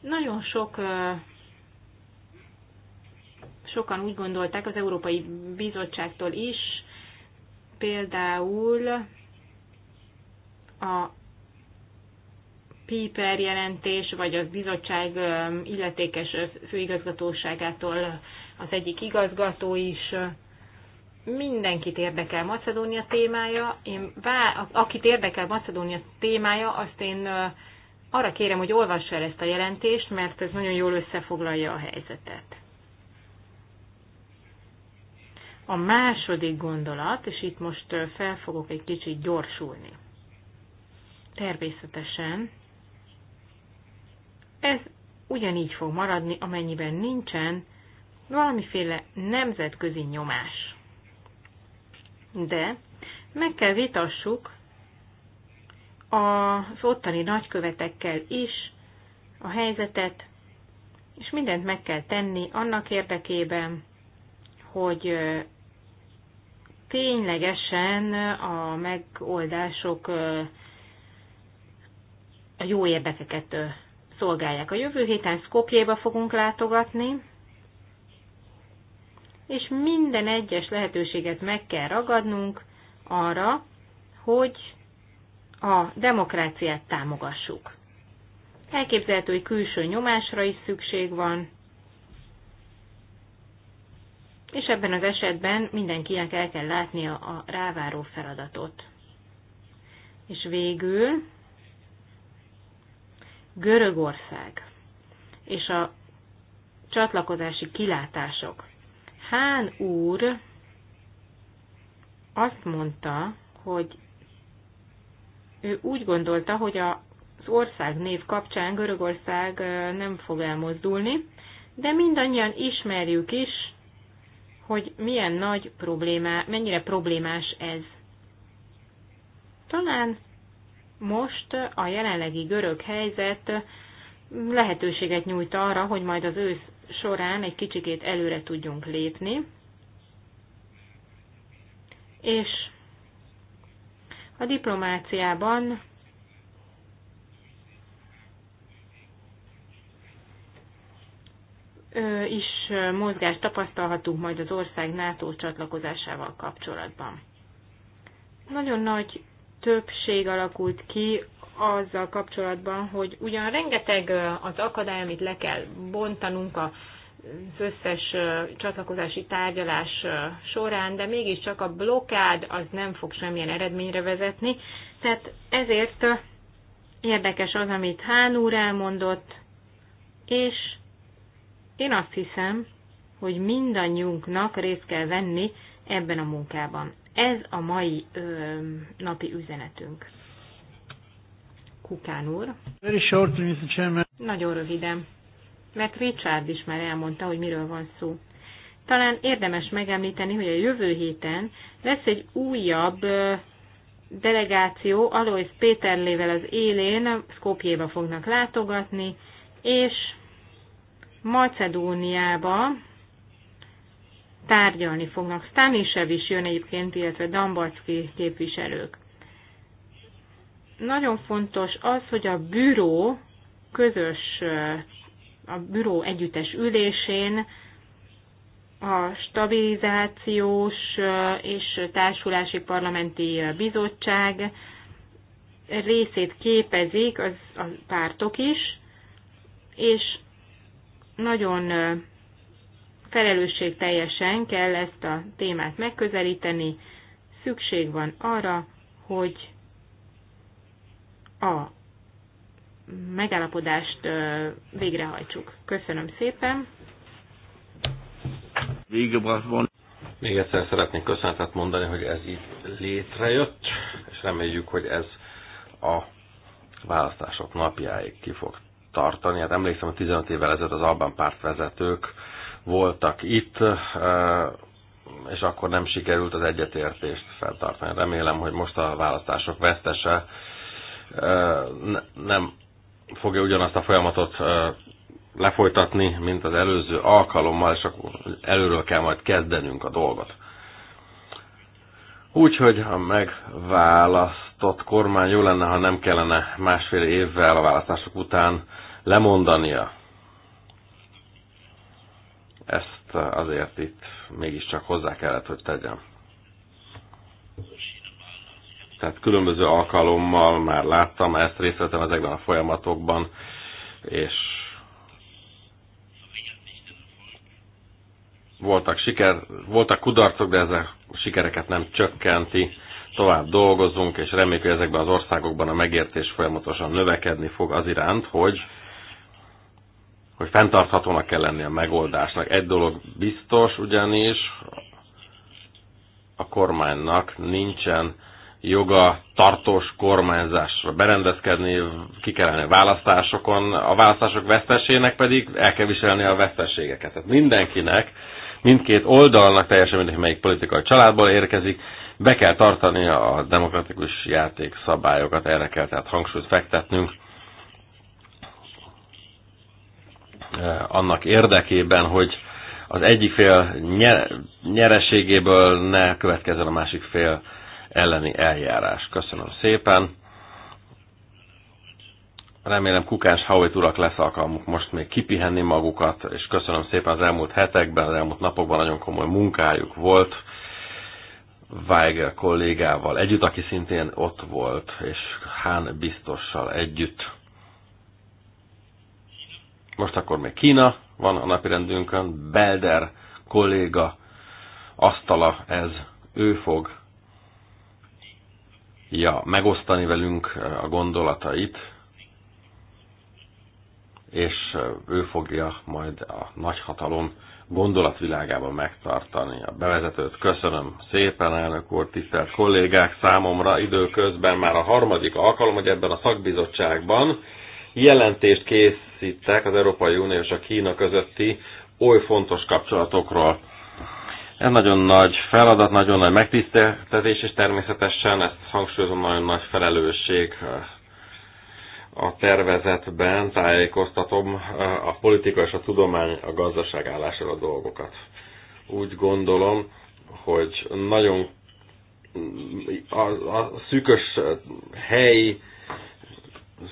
Nagyon sok sokan úgy gondolták az Európai Bizottságtól is, például a PIPER jelentés, vagy a bizottság illetékes főigazgatóságától az egyik igazgató is mindenkit érdekel Macedónia témája. Én, bá, akit érdekel Macedónia témája, azt én arra kérem, hogy olvassa el ezt a jelentést, mert ez nagyon jól összefoglalja a helyzetet. A második gondolat, és itt most fel fogok egy kicsit gyorsulni. Természetesen ez ugyanígy fog maradni, amennyiben nincsen valamiféle nemzetközi nyomás. De meg kell vitassuk az ottani nagykövetekkel is a helyzetet, és mindent meg kell tenni annak érdekében, hogy ténylegesen a megoldások a jó érdekeket szolgálják. A jövő héten Skopjéba fogunk látogatni, és minden egyes lehetőséget meg kell ragadnunk arra, hogy a demokráciát támogassuk. Elképzelhető, hogy külső nyomásra is szükség van, és ebben az esetben mindenkinek el kell látnia a ráváró feladatot. És végül Görögország és a csatlakozási kilátások. Hán úr azt mondta, hogy ő úgy gondolta, hogy az ország név kapcsán Görögország nem fog elmozdulni, de mindannyian ismerjük is hogy milyen nagy problémá, mennyire problémás ez. Talán most a jelenlegi görög helyzet lehetőséget nyújt arra, hogy majd az ősz során egy kicsikét előre tudjunk lépni, és a diplomáciában is mozgást tapasztalhatunk majd az ország NATO csatlakozásával kapcsolatban. Nagyon nagy többség alakult ki azzal kapcsolatban, hogy ugyan rengeteg az akadály, amit le kell bontanunk a az összes csatlakozási tárgyalás során, de mégiscsak a blokád az nem fog semmilyen eredményre vezetni. Tehát ezért érdekes az, amit Hán úr elmondott, és én azt hiszem, hogy mindannyiunknak részt kell venni ebben a munkában. Ez a mai ö, napi üzenetünk. Kukán úr. Very short, Mr. Chairman. Nagyon röviden, mert Richard is már elmondta, hogy miről van szó. Talán érdemes megemlíteni, hogy a jövő héten lesz egy újabb ö, delegáció, Alois Péterlével az élén Skopjéba fognak látogatni, és Macedóniába tárgyalni fognak. Stanisev is jön egyébként, illetve Dambacki képviselők. Nagyon fontos az, hogy a büró közös, a büró együttes ülésén a stabilizációs és társulási parlamenti bizottság részét képezik az, a pártok is, és nagyon felelősségteljesen kell ezt a témát megközelíteni. Szükség van arra, hogy a megállapodást végrehajtsuk. Köszönöm szépen. Még egyszer szeretnék köszönetet mondani, hogy ez így létrejött, és reméljük, hogy ez a választások napjáig ki fog tartani. Hát emlékszem, hogy 15 évvel ezelőtt az Albán pártvezetők voltak itt, e, és akkor nem sikerült az egyetértést feltartani. Remélem, hogy most a választások vesztese e, nem fogja ugyanazt a folyamatot e, lefolytatni, mint az előző alkalommal, és akkor előről kell majd kezdenünk a dolgot. Úgyhogy a megválasztott kormány jó lenne, ha nem kellene másfél évvel a választások után lemondania. Ezt azért itt mégiscsak hozzá kellett, hogy tegyem. Tehát különböző alkalommal már láttam, ezt részt vettem ezekben a folyamatokban, és voltak siker, voltak kudarcok, de ezek a sikereket nem csökkenti. Tovább dolgozunk, és reméljük, hogy ezekben az országokban a megértés folyamatosan növekedni fog az iránt, hogy hogy fenntarthatónak kell lenni a megoldásnak. Egy dolog biztos ugyanis, a kormánynak nincsen joga tartós kormányzásra berendezkedni, ki kell a választásokon, a választások vesztesének pedig el kell viselni a vesztességeket. Tehát mindenkinek, mindkét oldalnak, teljesen mindegy, melyik politikai családból érkezik, be kell tartani a demokratikus játékszabályokat, erre kell tehát hangsúlyt fektetnünk. Eh, annak érdekében, hogy az egyik fél nyereségéből ne következzen a másik fél elleni eljárás. Köszönöm szépen. Remélem kukás Howitt urak lesz alkalmuk most még kipihenni magukat, és köszönöm szépen az elmúlt hetekben, az elmúlt napokban nagyon komoly munkájuk volt. Weiger kollégával együtt, aki szintén ott volt, és Hán biztossal együtt most akkor még Kína van a napirendünkön, Belder kolléga asztala ez, ő fog ja, megosztani velünk a gondolatait, és ő fogja majd a nagyhatalom gondolatvilágában megtartani a bevezetőt. Köszönöm szépen, elnök úr, tisztelt kollégák, számomra időközben már a harmadik alkalom, hogy ebben a szakbizottságban jelentést kész készítek az Európai Unió és a Kína közötti oly fontos kapcsolatokról. Ez nagyon nagy feladat, nagyon nagy megtiszteltetés, és természetesen ezt hangsúlyozom, nagyon nagy felelősség eh, a tervezetben tájékoztatom eh, a politika és a tudomány a gazdaság állására a dolgokat. Úgy gondolom, hogy nagyon mm, a, a szűkös eh, helyi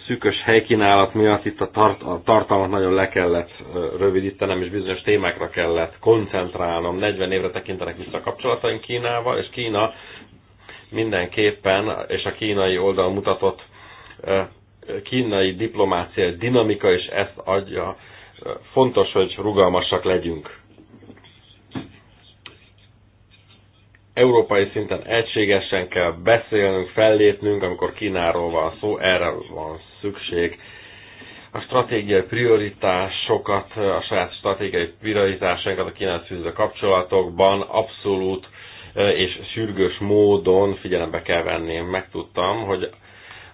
szűkös helykínálat miatt itt a, tart, a tartalmat nagyon le kellett rövidítenem, és bizonyos témákra kellett koncentrálnom. 40 évre tekintenek vissza a kapcsolataink Kínával, és Kína mindenképpen, és a kínai oldal mutatott kínai diplomácia dinamika, és ezt adja, fontos, hogy rugalmasak legyünk. európai szinten egységesen kell beszélnünk, fellépnünk, amikor Kínáról van szó, erre van szükség. A stratégiai prioritásokat, a saját stratégiai prioritásainkat a kínai fűző kapcsolatokban abszolút és sürgős módon figyelembe kell venni. Én megtudtam, hogy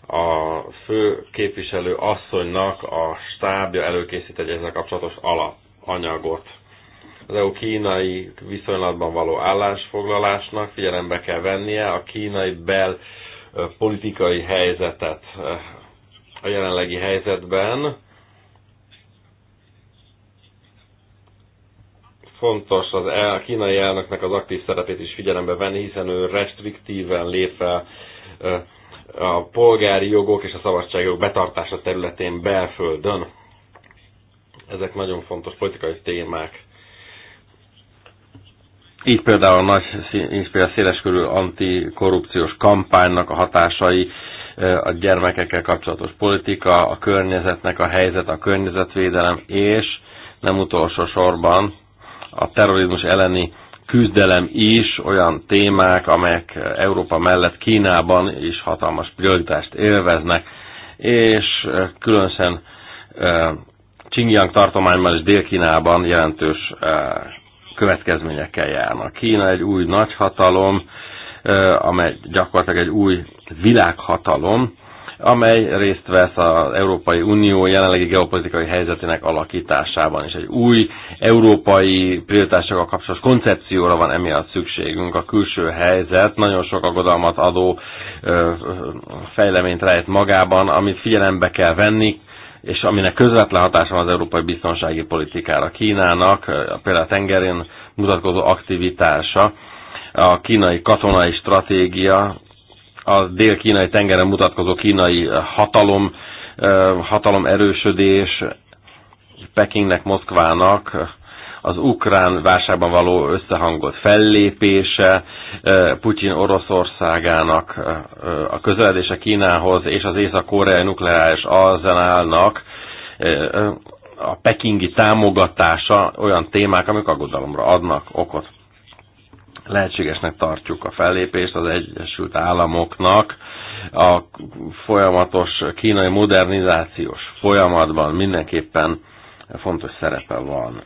a fő képviselő asszonynak a stábja előkészít egy ezzel kapcsolatos alapanyagot az EU-kínai viszonylatban való állásfoglalásnak figyelembe kell vennie a kínai bel politikai helyzetet a jelenlegi helyzetben. Fontos az el, kínai elnöknek az aktív szerepét is figyelembe venni, hiszen ő restriktíven lép fel a polgári jogok és a szabadságok betartása területén belföldön. Ezek nagyon fontos politikai témák így például a nagy, így például széleskörű antikorrupciós kampánynak a hatásai, a gyermekekkel kapcsolatos politika, a környezetnek a helyzet, a környezetvédelem, és nem utolsó sorban a terrorizmus elleni küzdelem is olyan témák, amelyek Európa mellett Kínában is hatalmas prioritást élveznek, és különösen Xinjiang tartományban és Dél-Kínában jelentős következményekkel járnak. Kína egy új nagyhatalom, amely gyakorlatilag egy új világhatalom, amely részt vesz az Európai Unió jelenlegi geopolitikai helyzetének alakításában, és egy új európai prioritásokkal kapcsolatos koncepcióra van emiatt szükségünk. A külső helyzet nagyon sok aggodalmat adó fejleményt rejt magában, amit figyelembe kell venni, és aminek közvetlen hatása van az európai biztonsági politikára. Kínának például a tengerén mutatkozó aktivitása, a kínai katonai stratégia, a dél-kínai tengeren mutatkozó kínai hatalom, hatalom erősödés, Pekingnek, Moszkvának az ukrán válságban való összehangolt fellépése, Putyin Oroszországának a közeledése Kínához és az észak-koreai nukleáris arzenálnak a pekingi támogatása olyan témák, amik aggodalomra adnak okot. Lehetségesnek tartjuk a fellépést az Egyesült Államoknak, a folyamatos kínai modernizációs folyamatban mindenképpen fontos szerepe van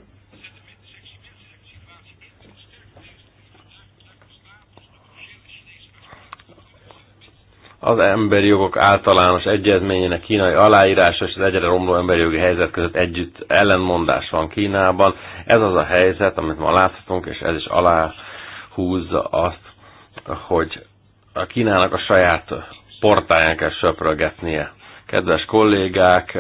az emberi jogok általános egyezményének kínai aláírása és az egyre romló emberi jogi helyzet között együtt ellenmondás van Kínában. Ez az a helyzet, amit ma láthatunk, és ez is aláhúzza azt, hogy a Kínának a saját portáján kell söprögetnie. Kedves kollégák,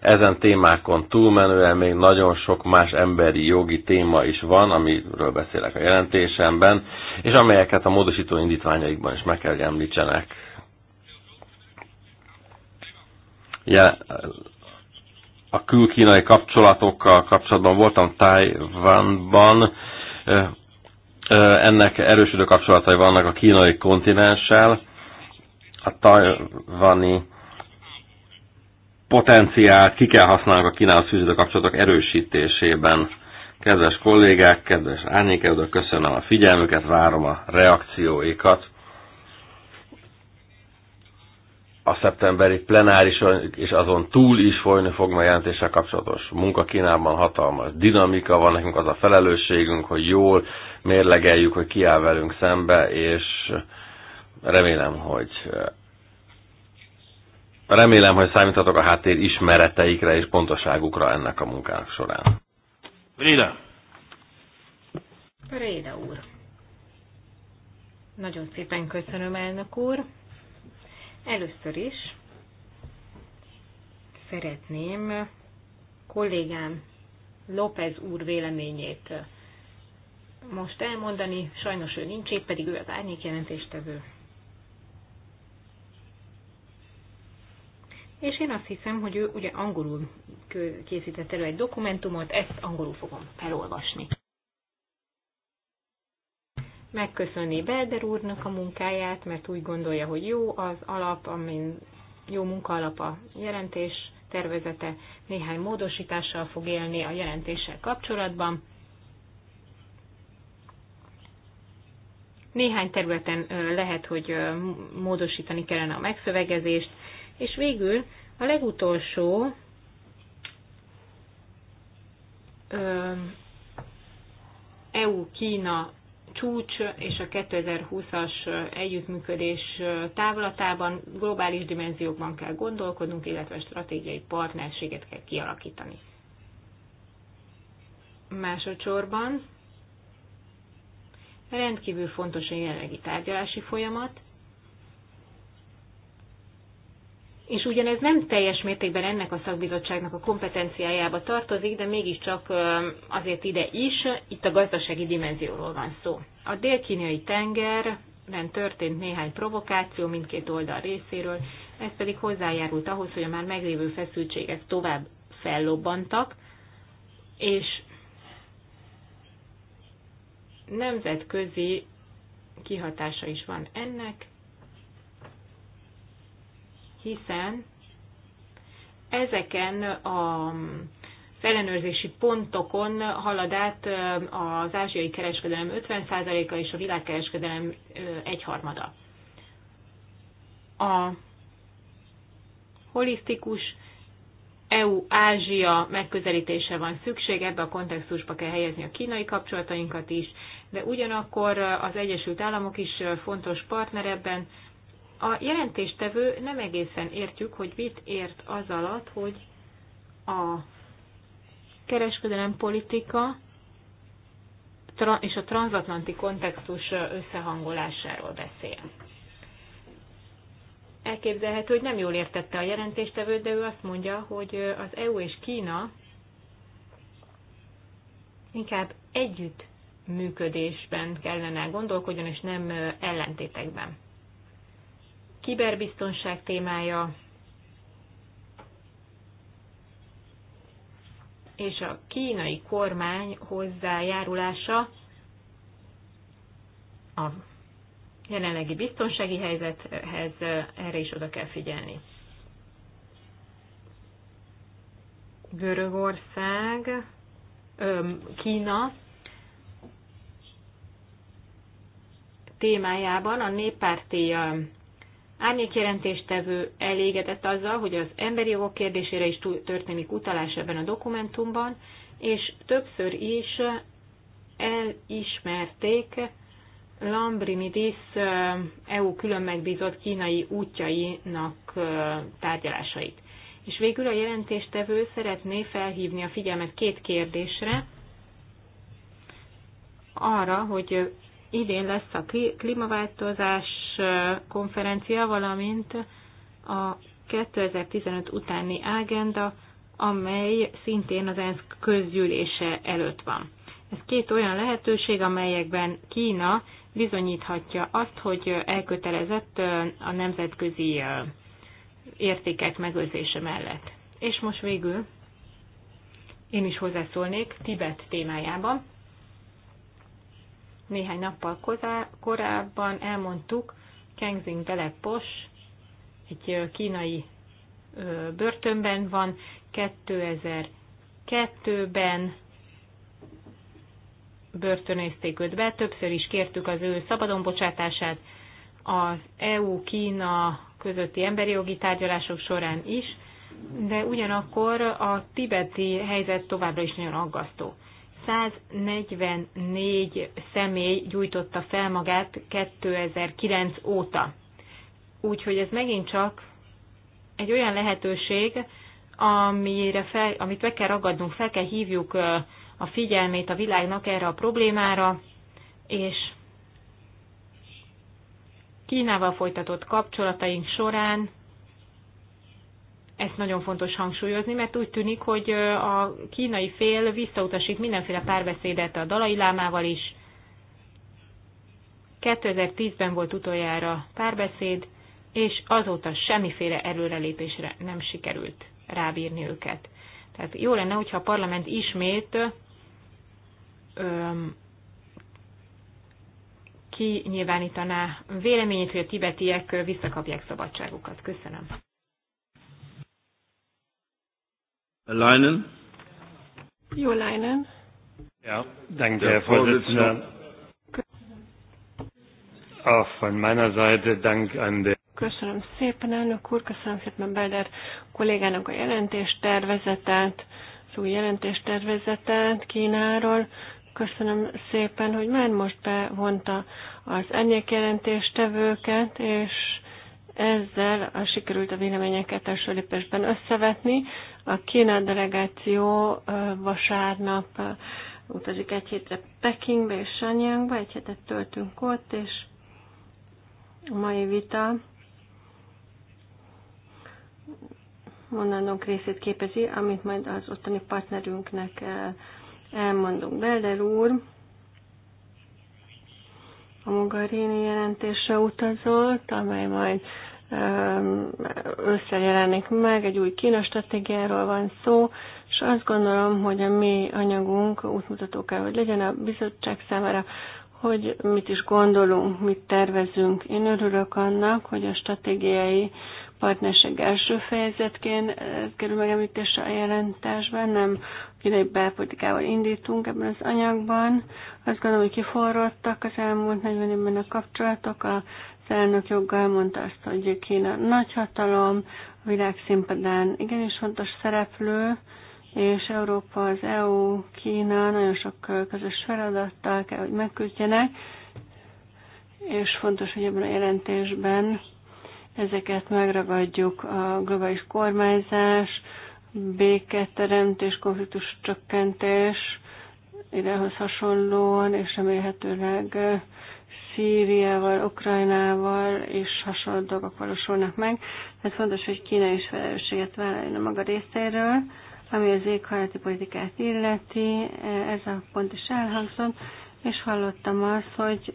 ezen témákon túlmenően még nagyon sok más emberi jogi téma is van, amiről beszélek a jelentésemben, és amelyeket a módosító indítványaikban is meg kell, említsenek. Ja, a külkínai kapcsolatokkal kapcsolatban voltam Tajvanban, ennek erősödő kapcsolatai vannak a kínai kontinenssel, a tajvani potenciált ki kell használnunk a kínálat fűződő kapcsolatok erősítésében. Kedves kollégák, kedves árnyékező, köszönöm a figyelmüket, várom a reakcióikat. A szeptemberi plenáris és azon túl is folyni fog a jelentéssel kapcsolatos munka Kínában hatalmas dinamika van, nekünk az a felelősségünk, hogy jól mérlegeljük, hogy kiáll velünk szembe, és remélem, hogy Remélem, hogy számíthatok a háttér ismereteikre és pontoságukra ennek a munkának során. Réda! Réda úr. Nagyon szépen köszönöm, elnök úr. Először is szeretném kollégám López úr véleményét most elmondani. Sajnos ő nincs, épp pedig ő az árnyékjelentéstevő. jelentéstevő. és én azt hiszem, hogy ő ugye angolul készített elő egy dokumentumot, ezt angolul fogom felolvasni. Megköszönni Belder úrnak a munkáját, mert úgy gondolja, hogy jó az alap, amin jó munka alap a jelentés tervezete, néhány módosítással fog élni a jelentéssel kapcsolatban. Néhány területen lehet, hogy módosítani kellene a megszövegezést, és végül a legutolsó EU-Kína csúcs és a 2020-as együttműködés távlatában globális dimenziókban kell gondolkodnunk, illetve stratégiai partnerséget kell kialakítani. Másodszorban rendkívül fontos a jelenlegi tárgyalási folyamat, és ugyanez nem teljes mértékben ennek a szakbizottságnak a kompetenciájába tartozik, de mégiscsak azért ide is, itt a gazdasági dimenzióról van szó. A dél-kínai tengeren történt néhány provokáció mindkét oldal részéről, ez pedig hozzájárult ahhoz, hogy a már meglévő feszültségek tovább fellobbantak, és nemzetközi kihatása is van ennek, hiszen ezeken a felenőrzési pontokon halad át az ázsiai kereskedelem 50%-a és a világkereskedelem egyharmada. A holisztikus EU-Ázsia megközelítése van szükség, ebbe a kontextusba kell helyezni a kínai kapcsolatainkat is, de ugyanakkor az Egyesült Államok is fontos partner ebben, a jelentéstevő nem egészen értjük, hogy mit ért az alatt, hogy a kereskedelem politika és a transatlanti kontextus összehangolásáról beszél. Elképzelhető, hogy nem jól értette a jelentéstevőt, de ő azt mondja, hogy az EU és Kína inkább együtt működésben kellene gondolkodjon, és nem ellentétekben kiberbiztonság témája, és a kínai kormány hozzájárulása a jelenlegi biztonsági helyzethez erre is oda kell figyelni. Görögország, Kína témájában a néppárti jelentéstevő elégedett azzal, hogy az emberi jogok kérdésére is történik utalás ebben a dokumentumban, és többször is elismerték Lambrinidis EU külön megbízott kínai útjainak tárgyalásait. És végül a jelentéstevő szeretné felhívni a figyelmet két kérdésre, arra, hogy idén lesz a klímaváltozás konferencia, valamint a 2015 utáni ágenda, amely szintén az ENSZ közgyűlése előtt van. Ez két olyan lehetőség, amelyekben Kína bizonyíthatja azt, hogy elkötelezett a nemzetközi értékek megőrzése mellett. És most végül én is hozzászólnék Tibet témájában. Néhány nappal korábban elmondtuk, Kengzing Beleg Pos egy kínai börtönben van, 2002-ben börtönözték őt be, többször is kértük az ő szabadonbocsátását az EU-Kína közötti emberi jogi tárgyalások során is, de ugyanakkor a tibeti helyzet továbbra is nagyon aggasztó. 144 személy gyújtotta fel magát 2009 óta. Úgyhogy ez megint csak egy olyan lehetőség, amire fel, amit meg kell ragadnunk, fel kell hívjuk a figyelmét a világnak erre a problémára, és Kínával folytatott kapcsolataink során ezt nagyon fontos hangsúlyozni, mert úgy tűnik, hogy a kínai fél visszautasít mindenféle párbeszédet a dalai lámával is. 2010-ben volt utoljára párbeszéd, és azóta semmiféle előrelépésre nem sikerült rábírni őket. Tehát jó lenne, hogyha a parlament ismét öm, kinyilvánítaná véleményét, hogy a tibetiek visszakapják szabadságukat. Köszönöm. Leinen. Jo Leinen. Ja, danke, Herr Vorsitzender. Auch von meiner Seite Dank an den Köszönöm szépen, elnök úr, köszönöm szépen Belder kollégának a jelentéstervezetet, az új jelentéstervezetet Kínáról. Köszönöm szépen, hogy már most bevonta az ennyek jelentéstevőket, és ezzel a sikerült a véleményeket első lépésben összevetni. A Kína delegáció vasárnap utazik egy hétre Pekingbe és Sanyangba, egy hetet töltünk ott, és a mai vita mondanunk részét képezi, amit majd az ottani partnerünknek elmondunk. Belder úr a Mogarini jelentése utazott, amely majd összejelenik meg, egy új kínos stratégiáról van szó, és azt gondolom, hogy a mi anyagunk útmutató kell, hogy legyen a bizottság számára, hogy mit is gondolunk, mit tervezünk. Én örülök annak, hogy a stratégiai partnerség első fejezetként eh, kerül megemlítésre a jelentésben, nem idei belpolitikával indítunk ebben az anyagban. Azt gondolom, hogy kiforrottak az elmúlt 40 évben a kapcsolatok, a miniszterelnök joggal mondta azt, hogy Kína nagy hatalom, a világszínpadán igenis fontos szereplő, és Európa, az EU, Kína nagyon sok közös feladattal kell, hogy megküzdjenek, és fontos, hogy ebben a jelentésben ezeket megragadjuk a globális kormányzás, béketeremtés, konfliktus csökkentés, idehoz hasonlóan, és remélhetőleg Szíriával, Ukrajnával és hasonló dolgok valósulnak meg. Ez fontos, hogy Kína is felelősséget vállaljon a maga részéről, ami az éghajlati politikát illeti, ez a pont is elhangzott, és hallottam azt, hogy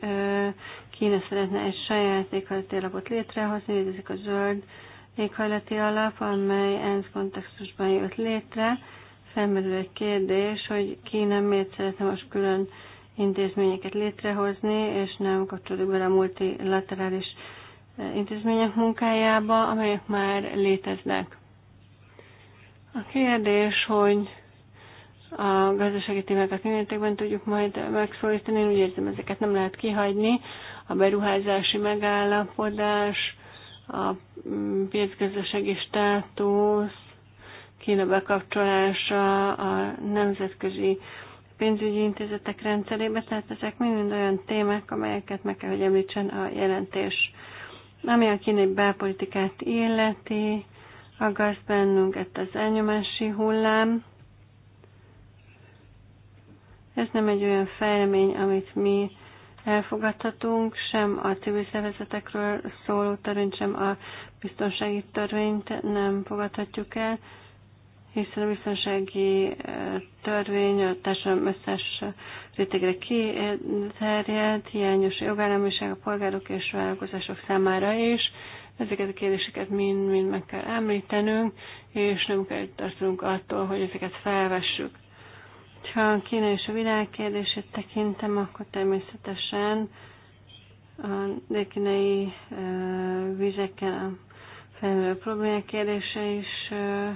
Kína szeretne egy saját éghajlati alapot létrehozni, ezek a zöld éghajlati alap, amely ENSZ kontextusban jött létre. Felmerül egy kérdés, hogy Kína miért szeretne most külön intézményeket létrehozni, és nem kapcsolódik bele a multilaterális e, intézmények munkájába, amelyek már léteznek. A kérdés, hogy a gazdasági témákat mértékben tudjuk majd megszólítani, úgy érzem, ezeket nem lehet kihagyni. A beruházási megállapodás, a mm, pénzgazdasági státusz, Kína bekapcsolása, a nemzetközi pénzügyi intézetek rendszerébe, tehát ezek mind olyan témák, amelyeket meg kell, hogy említsen a jelentés. Ami a kínai belpolitikát illeti, aggaszt bennünket az elnyomási hullám. Ez nem egy olyan fejlemény, amit mi elfogadhatunk, sem a civil szervezetekről szóló törvényt, sem a biztonsági törvényt nem fogadhatjuk el hiszen a biztonsági eh, törvény a társadalom összes rétegre kiterjedt, hiányos jogállamiság a polgárok és a vállalkozások számára is. Ezeket a kérdéseket mind-mind meg kell említenünk, és nem kell tartunk attól, hogy ezeket felvessük. Ha a Kína és a világ kérdését tekintem, akkor természetesen a kínai eh, vizeken a felmerülő problémák kérdése is eh,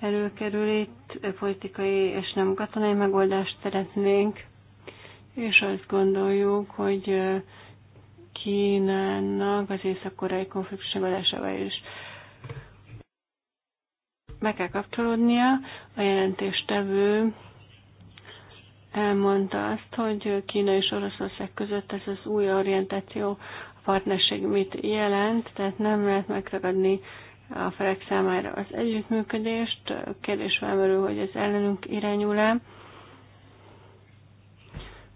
előkerül itt, politikai és nem katonai megoldást szeretnénk, és azt gondoljuk, hogy Kínának az észak-koreai konfliktus megoldásával is be kell kapcsolódnia. A jelentéstevő elmondta azt, hogy Kína és Oroszország között ez az új orientáció, a partnerség mit jelent, tehát nem lehet megtagadni a felek számára az együttműködést. Kérdés felmerül, hogy ez ellenünk irányul-e,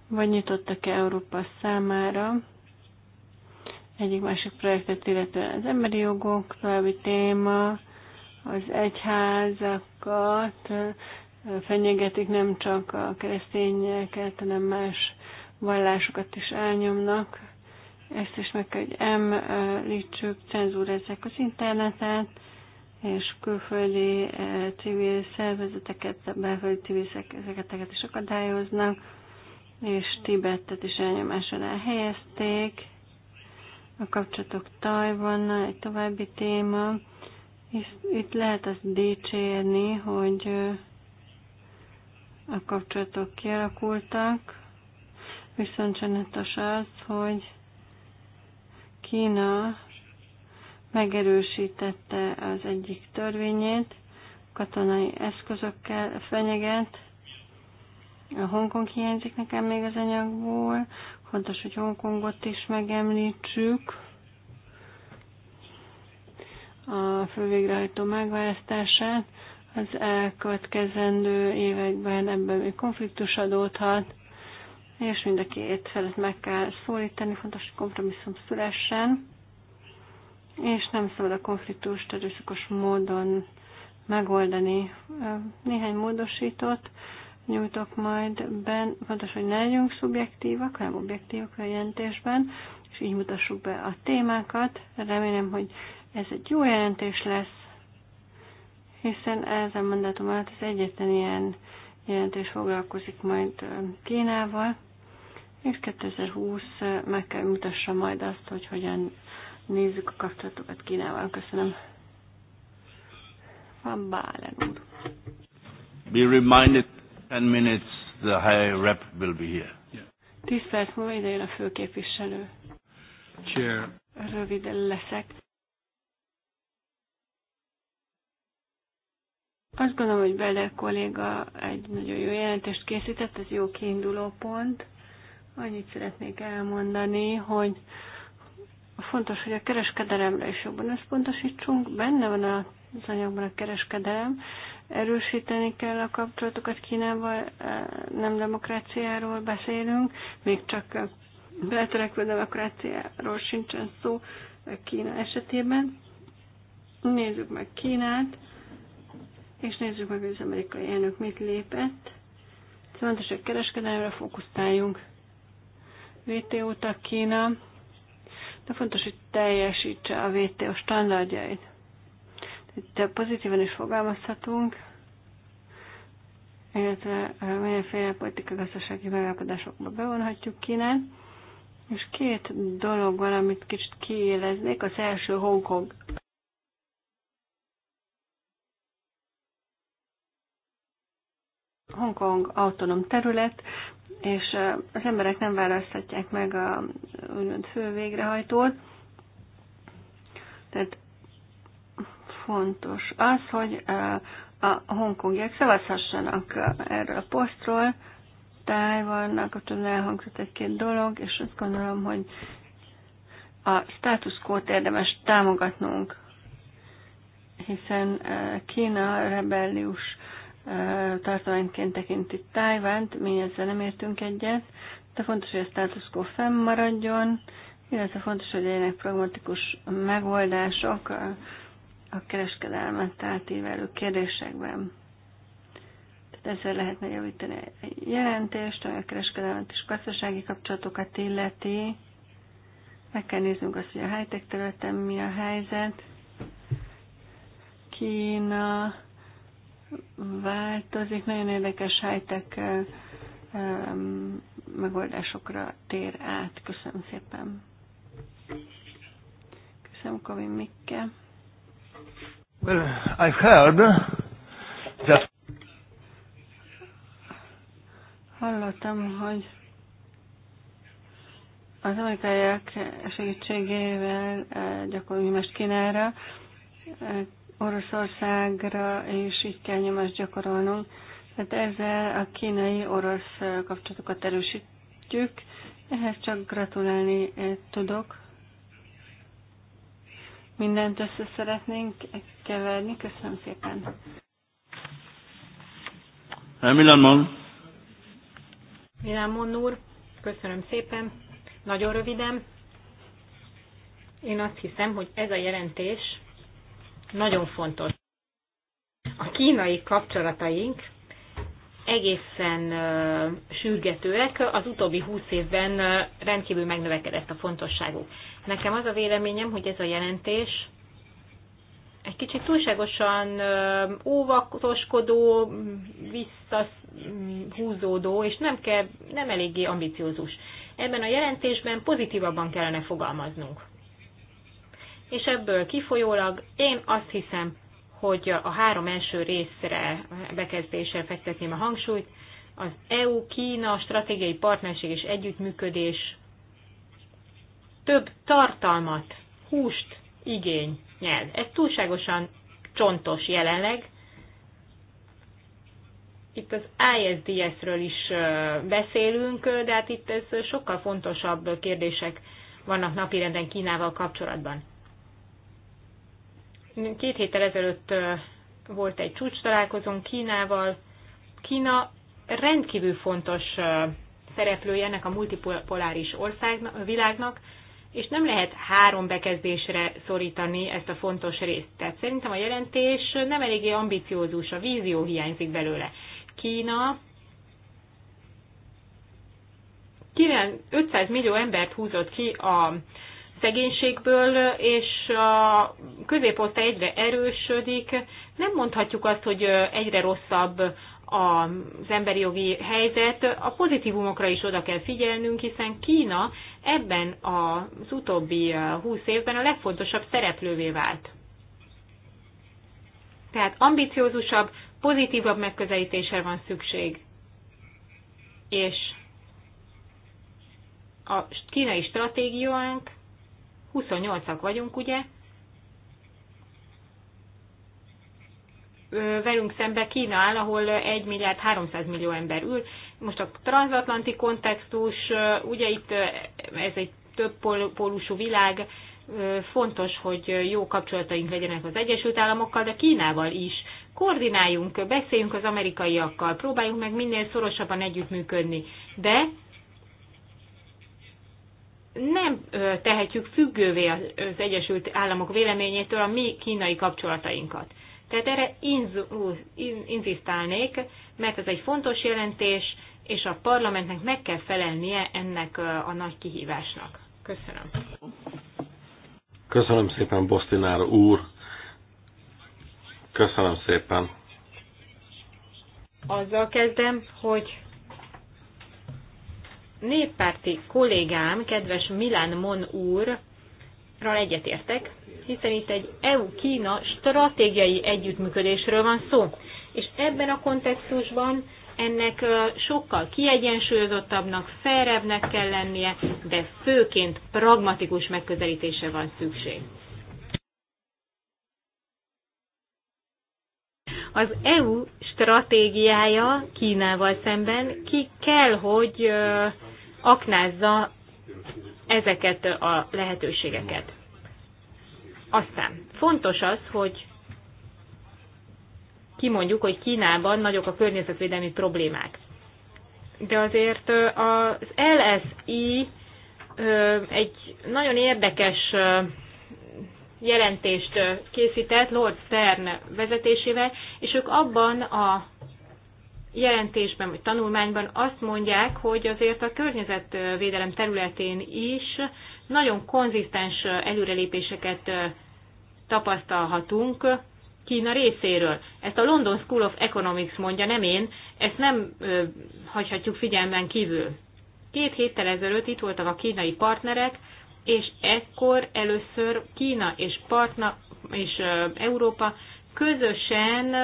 vagy nyitottak-e Európa számára egyik-másik projektet, illetően az emberi jogok, további téma, az egyházakat fenyegetik nem csak a keresztényeket, hanem más vallásokat is elnyomnak ezt is meg kell, hogy említsük, cenzúrezzek az internetet, és külföldi eh, civil szervezeteket, belföldi civil szervezeteket is akadályoznak, és Tibetet is elnyomás alá helyezték. A kapcsolatok Tajvanna egy további téma. Itt lehet azt dicsérni, hogy eh, a kapcsolatok kialakultak, viszont sajnos az, hogy Kína megerősítette az egyik törvényét, katonai eszközökkel fenyeget. A Hongkong hiányzik nekem még az anyagból, fontos, hogy Hongkongot is megemlítsük. A fővégrehajtó megválasztását az elkövetkezendő években ebben még konfliktus adódhat és mind a két felet meg kell szólítani, fontos, hogy kompromisszum szülessen, és nem szabad a konfliktust erőszakos módon megoldani. Néhány módosított nyújtok majd ben, fontos, hogy ne legyünk szubjektívak, hanem objektívak a jelentésben, és így mutassuk be a témákat. Remélem, hogy ez egy jó jelentés lesz, hiszen ez a mandátum alatt az egyetlen ilyen jelentés foglalkozik majd Kínával. És 2020 meg kell mutassa majd azt, hogy hogyan nézzük a kapcsolatokat Kínával. Köszönöm. Van Bálen úr. Be reminded 10 minutes the high rep will be here. Yeah. perc múlva ide jön a főképviselő. Chair. Röviden leszek. Azt gondolom, hogy Bele kolléga egy nagyon jó jelentést készített, ez jó kiinduló pont. Annyit szeretnék elmondani, hogy fontos, hogy a kereskedelemre is jobban összpontosítsunk. Benne van az anyagban a kereskedelem, erősíteni kell a kapcsolatokat Kínával, eh, nem demokráciáról beszélünk, még csak eh, beletörekvő demokráciáról sincsen szó eh, Kína esetében. Nézzük meg Kínát, és nézzük meg, hogy az amerikai elnök mit lépett. Szóval fontos, hogy kereskedelemre fókuszáljunk. VT utak Kína, de fontos, hogy teljesítse a WTO standardjait. Itt pozitívan is fogalmazhatunk, illetve mindenféle politika-gazdasági megállapodásokba bevonhatjuk Kínát. És két dolog van, amit kicsit kiéleznék. Az első Hongkong. Hongkong autonóm terület, és az emberek nem választhatják meg a úgymond fő végrehajtót. Tehát fontos az, hogy a hongkongiak szavazhassanak erről a posztról, Tájvannak kapcsolatban elhangzott egy-két dolog, és azt gondolom, hogy a status quo érdemes támogatnunk, hiszen Kína rebellius tartományként tekinti Tájvánt, mi ezzel nem értünk egyet, de fontos, hogy a status quo fennmaradjon, illetve fontos, hogy legyenek pragmatikus megoldások a, a kereskedelmet átívelő kérdésekben. Tehát ezzel lehetne javítani egy jelentést, ami a kereskedelmet és gazdasági kapcsolatokat illeti. Meg kell néznünk azt, hogy a high-tech területen mi a helyzet. Kína, változik, nagyon érdekes high megoldásokra tér át. Köszönöm szépen. Köszönöm, Kavin Mikke. Well, I've heard that... Hallottam, hogy az amerikaiak segítségével gyakorlunk most Kínára Oroszországra és így kell nyomást gyakorolnunk. Tehát ezzel a kínai-orosz kapcsolatokat erősítjük. Ehhez csak gratulálni eh, tudok. Mindent össze szeretnénk keverni. Köszönöm szépen. Milan Mon. Milan Mon úr, köszönöm szépen. Nagyon röviden. Én azt hiszem, hogy ez a jelentés nagyon fontos. A kínai kapcsolataink egészen uh, sürgetőek, az utóbbi húsz évben uh, rendkívül megnövekedett a fontosságuk. Nekem az a véleményem, hogy ez a jelentés egy kicsit túlságosan uh, óvatoskodó, visszahúzódó, és nem, kell, nem eléggé ambiciózus. Ebben a jelentésben pozitívabban kellene fogalmaznunk és ebből kifolyólag én azt hiszem, hogy a három első részre bekezdésre fektetném a hangsúlyt, az EU-Kína stratégiai partnerség és együttműködés több tartalmat, húst igény nyel. Ez túlságosan csontos jelenleg. Itt az ISDS-ről is beszélünk, de hát itt ez sokkal fontosabb kérdések vannak napirenden Kínával kapcsolatban. Két héttel ezelőtt volt egy csúcs találkozón Kínával. Kína rendkívül fontos szereplője ennek a multipoláris ország, világnak, és nem lehet három bekezdésre szorítani ezt a fontos részt. Tehát szerintem a jelentés nem eléggé ambiciózus, a vízió hiányzik belőle. Kína 500 millió embert húzott ki a szegénységből, és a középosztá egyre erősödik. Nem mondhatjuk azt, hogy egyre rosszabb az emberi jogi helyzet. A pozitívumokra is oda kell figyelnünk, hiszen Kína ebben az utóbbi 20 évben a legfontosabb szereplővé vált. Tehát ambiciózusabb, pozitívabb megközelítésre van szükség. És a kínai stratégiánk 28-ak vagyunk, ugye? Velünk szembe Kína áll, ahol 1 milliárd 300 millió ember ül. Most a transatlanti kontextus, ugye itt ez egy több pólusú világ, fontos, hogy jó kapcsolataink legyenek az Egyesült Államokkal, de Kínával is. Koordináljunk, beszéljünk az amerikaiakkal, próbáljunk meg minél szorosabban együttműködni. De nem tehetjük függővé az Egyesült Államok véleményétől a mi kínai kapcsolatainkat. Tehát erre inzisztálnék, mert ez egy fontos jelentés, és a parlamentnek meg kell felelnie ennek a nagy kihívásnak. Köszönöm. Köszönöm szépen, Bosztinár úr. Köszönöm szépen. Azzal kezdem, hogy néppárti kollégám, kedves Milán Mon úrral egyetértek, hiszen itt egy EU-Kína stratégiai együttműködésről van szó. És ebben a kontextusban ennek sokkal kiegyensúlyozottabbnak, felrebbnek kell lennie, de főként pragmatikus megközelítése van szükség. Az EU stratégiája Kínával szemben ki kell, hogy aknázza ezeket a lehetőségeket. Aztán fontos az, hogy kimondjuk, hogy Kínában nagyok a környezetvédelmi problémák. De azért az LSI egy nagyon érdekes jelentést készített Lord Stern vezetésével, és ők abban a jelentésben vagy tanulmányban azt mondják, hogy azért a környezetvédelem területén is nagyon konzisztens előrelépéseket tapasztalhatunk Kína részéről. Ezt a London School of Economics mondja, nem én, ezt nem ö, hagyhatjuk figyelmen kívül. Két héttel ezelőtt itt voltak a kínai partnerek, és ekkor először Kína és, partna, és ö, Európa közösen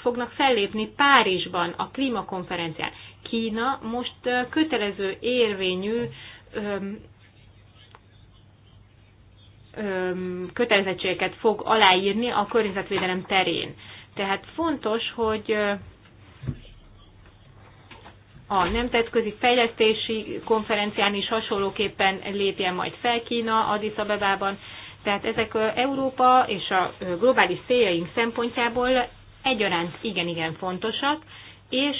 fognak fellépni Párizsban a klímakonferencián. Kína most kötelező érvényű öm, öm, kötelezettségeket fog aláírni a környezetvédelem terén. Tehát fontos, hogy a Nemzetközi Fejlesztési Konferencián is hasonlóképpen lépjen majd fel Kína Addis Abebában, tehát ezek Európa és a globális céljaink szempontjából egyaránt igen-igen fontosak, és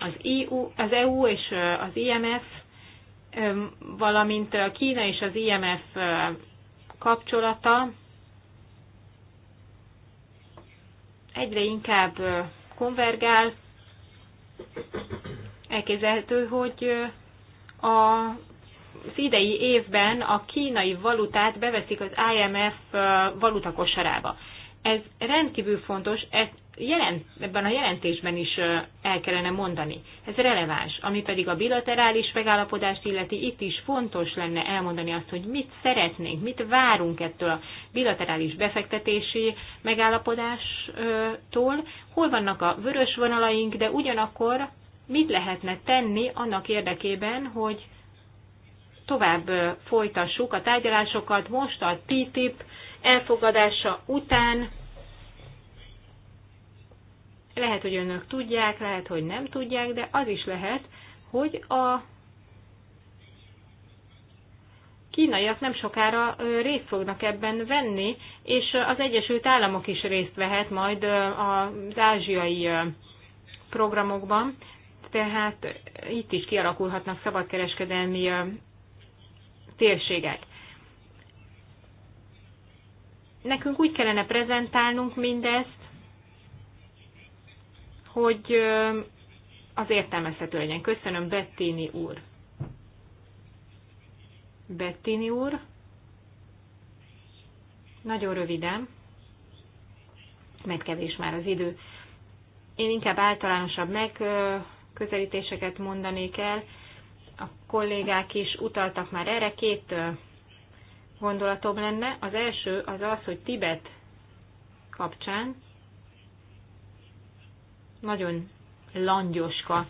az EU, az EU és az IMF, valamint Kína és az IMF kapcsolata egyre inkább konvergál. Elképzelhető, hogy a idei évben a kínai valutát beveszik az IMF valutakosarába. Ez rendkívül fontos, ezt jelent, ebben a jelentésben is el kellene mondani. Ez releváns. Ami pedig a bilaterális megállapodást illeti, itt is fontos lenne elmondani azt, hogy mit szeretnénk, mit várunk ettől a bilaterális befektetési megállapodástól, hol vannak a vörös vonalaink, de ugyanakkor mit lehetne tenni annak érdekében, hogy tovább folytassuk a tárgyalásokat most a TTIP elfogadása után. Lehet, hogy önök tudják, lehet, hogy nem tudják, de az is lehet, hogy a kínaiak nem sokára részt fognak ebben venni, és az Egyesült Államok is részt vehet majd az ázsiai programokban, tehát itt is kialakulhatnak szabadkereskedelmi térségek. Nekünk úgy kellene prezentálnunk mindezt, hogy az értelmezhető legyen. Köszönöm, Bettini úr. Bettini úr. Nagyon röviden, mert kevés már az idő. Én inkább általánosabb megközelítéseket mondanék el, a kollégák is utaltak már erre, két gondolatom lenne. Az első az az, hogy Tibet kapcsán nagyon langyoska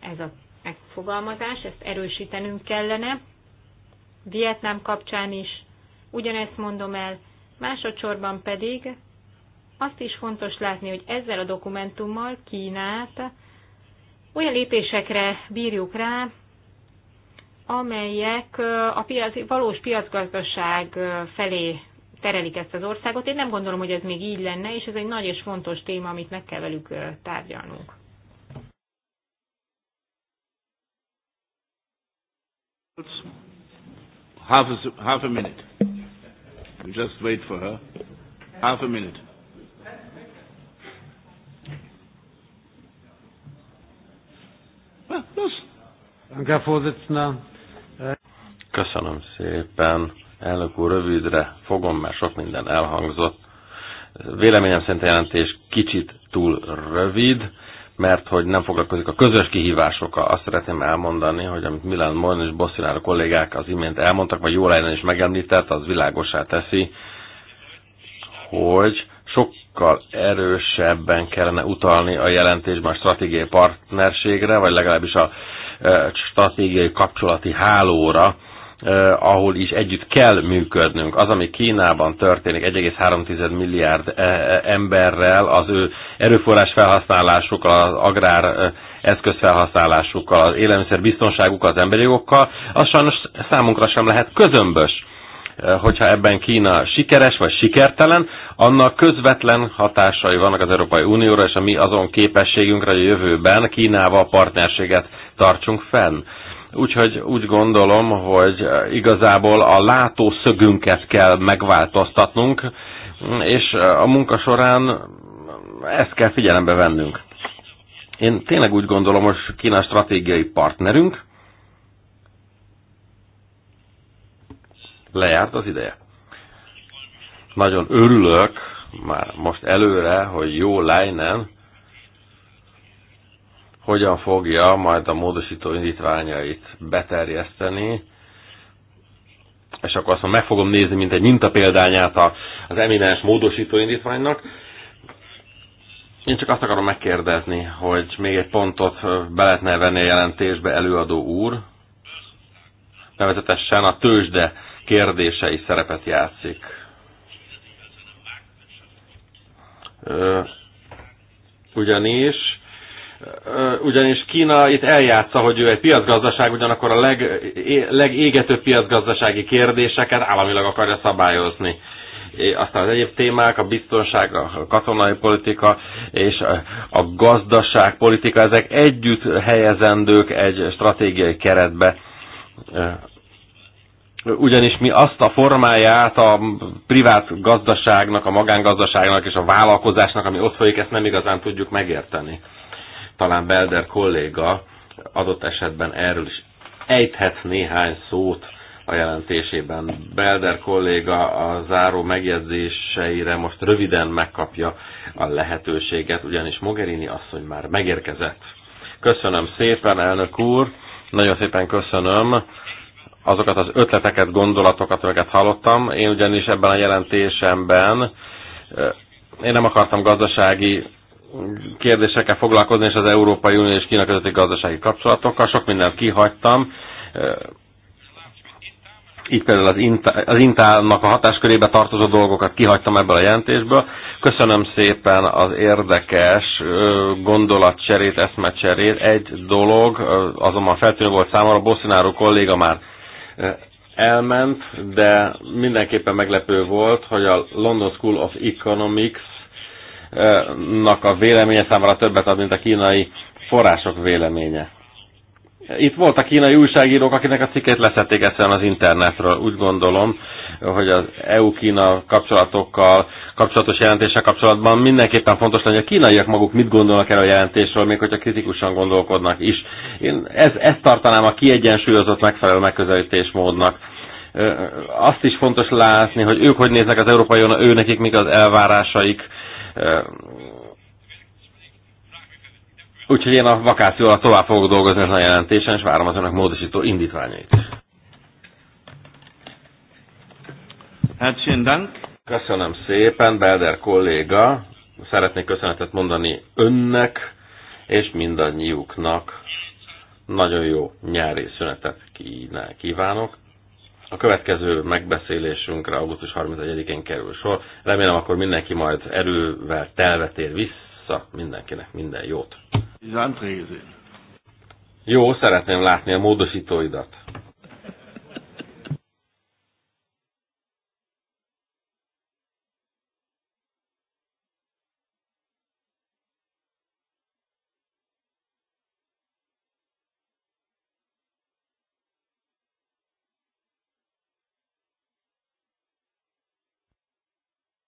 ez a megfogalmazás, ezt erősítenünk kellene. Vietnám kapcsán is ugyanezt mondom el, másodszorban pedig azt is fontos látni, hogy ezzel a dokumentummal Kínát olyan lépésekre bírjuk rá, amelyek a piac, valós piacgazdaság felé terelik ezt az országot. Én nem gondolom, hogy ez még így lenne, és ez egy nagy és fontos téma, amit meg kell velük tárgyalnunk. Half a, half a minute. You just wait for her. Half a minute. Ah, Danke, Herr Vorsitzender. Köszönöm szépen. Elnök úr, rövidre fogom, mert sok minden elhangzott. Véleményem szerint a jelentés kicsit túl rövid, mert hogy nem foglalkozik a közös kihívásokkal. Azt szeretném elmondani, hogy amit Milán Mojn és Bosszinára kollégák az imént elmondtak, vagy jól ellen is megemlített, az világosá teszi, hogy sokkal erősebben kellene utalni a jelentésben a stratégiai partnerségre, vagy legalábbis a stratégiai kapcsolati hálóra, ahol is együtt kell működnünk. Az, ami Kínában történik 1,3 milliárd emberrel, az ő erőforrás felhasználásukkal, az agrár eszköz eszközfelhasználásukkal, az élelmiszer biztonságukkal, az emberi jogokkal, az sajnos számunkra sem lehet közömbös hogyha ebben Kína sikeres vagy sikertelen, annak közvetlen hatásai vannak az Európai Unióra és a mi azon képességünkre, hogy a jövőben Kínával partnerséget tartsunk fenn. Úgyhogy úgy gondolom, hogy igazából a látószögünket kell megváltoztatnunk, és a munka során ezt kell figyelembe vennünk. Én tényleg úgy gondolom, hogy Kína stratégiai partnerünk. Lejárt az ideje. Nagyon örülök, már most előre, hogy jó lejnen hogyan fogja majd a módosító indítványait beterjeszteni, és akkor azt mondom, meg fogom nézni, mint egy minta példányát az eminens módosító indítványnak. Én csak azt akarom megkérdezni, hogy még egy pontot be lehetne venni a jelentésbe előadó úr, nevezetesen a tőzsde kérdése is szerepet játszik. Ugyanis ugyanis Kína itt eljátsza, hogy ő egy piacgazdaság, ugyanakkor a leg, legégetőbb piacgazdasági kérdéseket államilag akarja szabályozni. Aztán az egyéb témák, a biztonság, a katonai politika és a gazdaságpolitika, ezek együtt helyezendők egy stratégiai keretbe ugyanis mi azt a formáját a privát gazdaságnak, a magángazdaságnak és a vállalkozásnak, ami ott folyik, ezt nem igazán tudjuk megérteni talán Belder kolléga adott esetben erről is ejthet néhány szót a jelentésében. Belder kolléga a záró megjegyzéseire most röviden megkapja a lehetőséget, ugyanis Mogherini asszony már megérkezett. Köszönöm szépen, elnök úr, nagyon szépen köszönöm azokat az ötleteket, gondolatokat, amiket hallottam. Én ugyanis ebben a jelentésemben eh, én nem akartam gazdasági kérdésekkel foglalkozni, és az Európai Unió és Kína közötti gazdasági kapcsolatokkal. Sok mindent kihagytam. Így például az, Intának a hatáskörébe tartozó dolgokat kihagytam ebből a jelentésből. Köszönöm szépen az érdekes gondolatcserét, eszmecserét. Egy dolog azonban feltűnő volt számomra, Bosszináró kolléga már elment, de mindenképpen meglepő volt, hogy a London School of Economics nak a véleménye számára többet ad, mint a kínai források véleménye. Itt voltak kínai újságírók, akinek a cikket leszették egyszerűen az internetről. Úgy gondolom, hogy az EU-Kína kapcsolatokkal, kapcsolatos jelentéssel kapcsolatban mindenképpen fontos lenne, hogy a kínaiak maguk mit gondolnak erről a jelentésről, még hogyha kritikusan gondolkodnak is. Én ez, ezt tartanám a kiegyensúlyozott megfelelő megközelítésmódnak azt is fontos látni, hogy ők hogy néznek az Európai Unió, ő nekik mik az elvárásaik, Úgyhogy én a vakáció alatt tovább fogok dolgozni ezen a jelentésen, és várom az önök módosító indítványait. Herzlichen hát, Dank. Köszönöm szépen, Belder kolléga. Szeretnék köszönetet mondani önnek és mindannyiuknak. Nagyon jó nyári szünetet kínál. kívánok. A következő megbeszélésünkre augusztus 31-én kerül sor. Remélem akkor mindenki majd erővel telve tér vissza. Mindenkinek minden jót. Jó, szeretném látni a módosítóidat.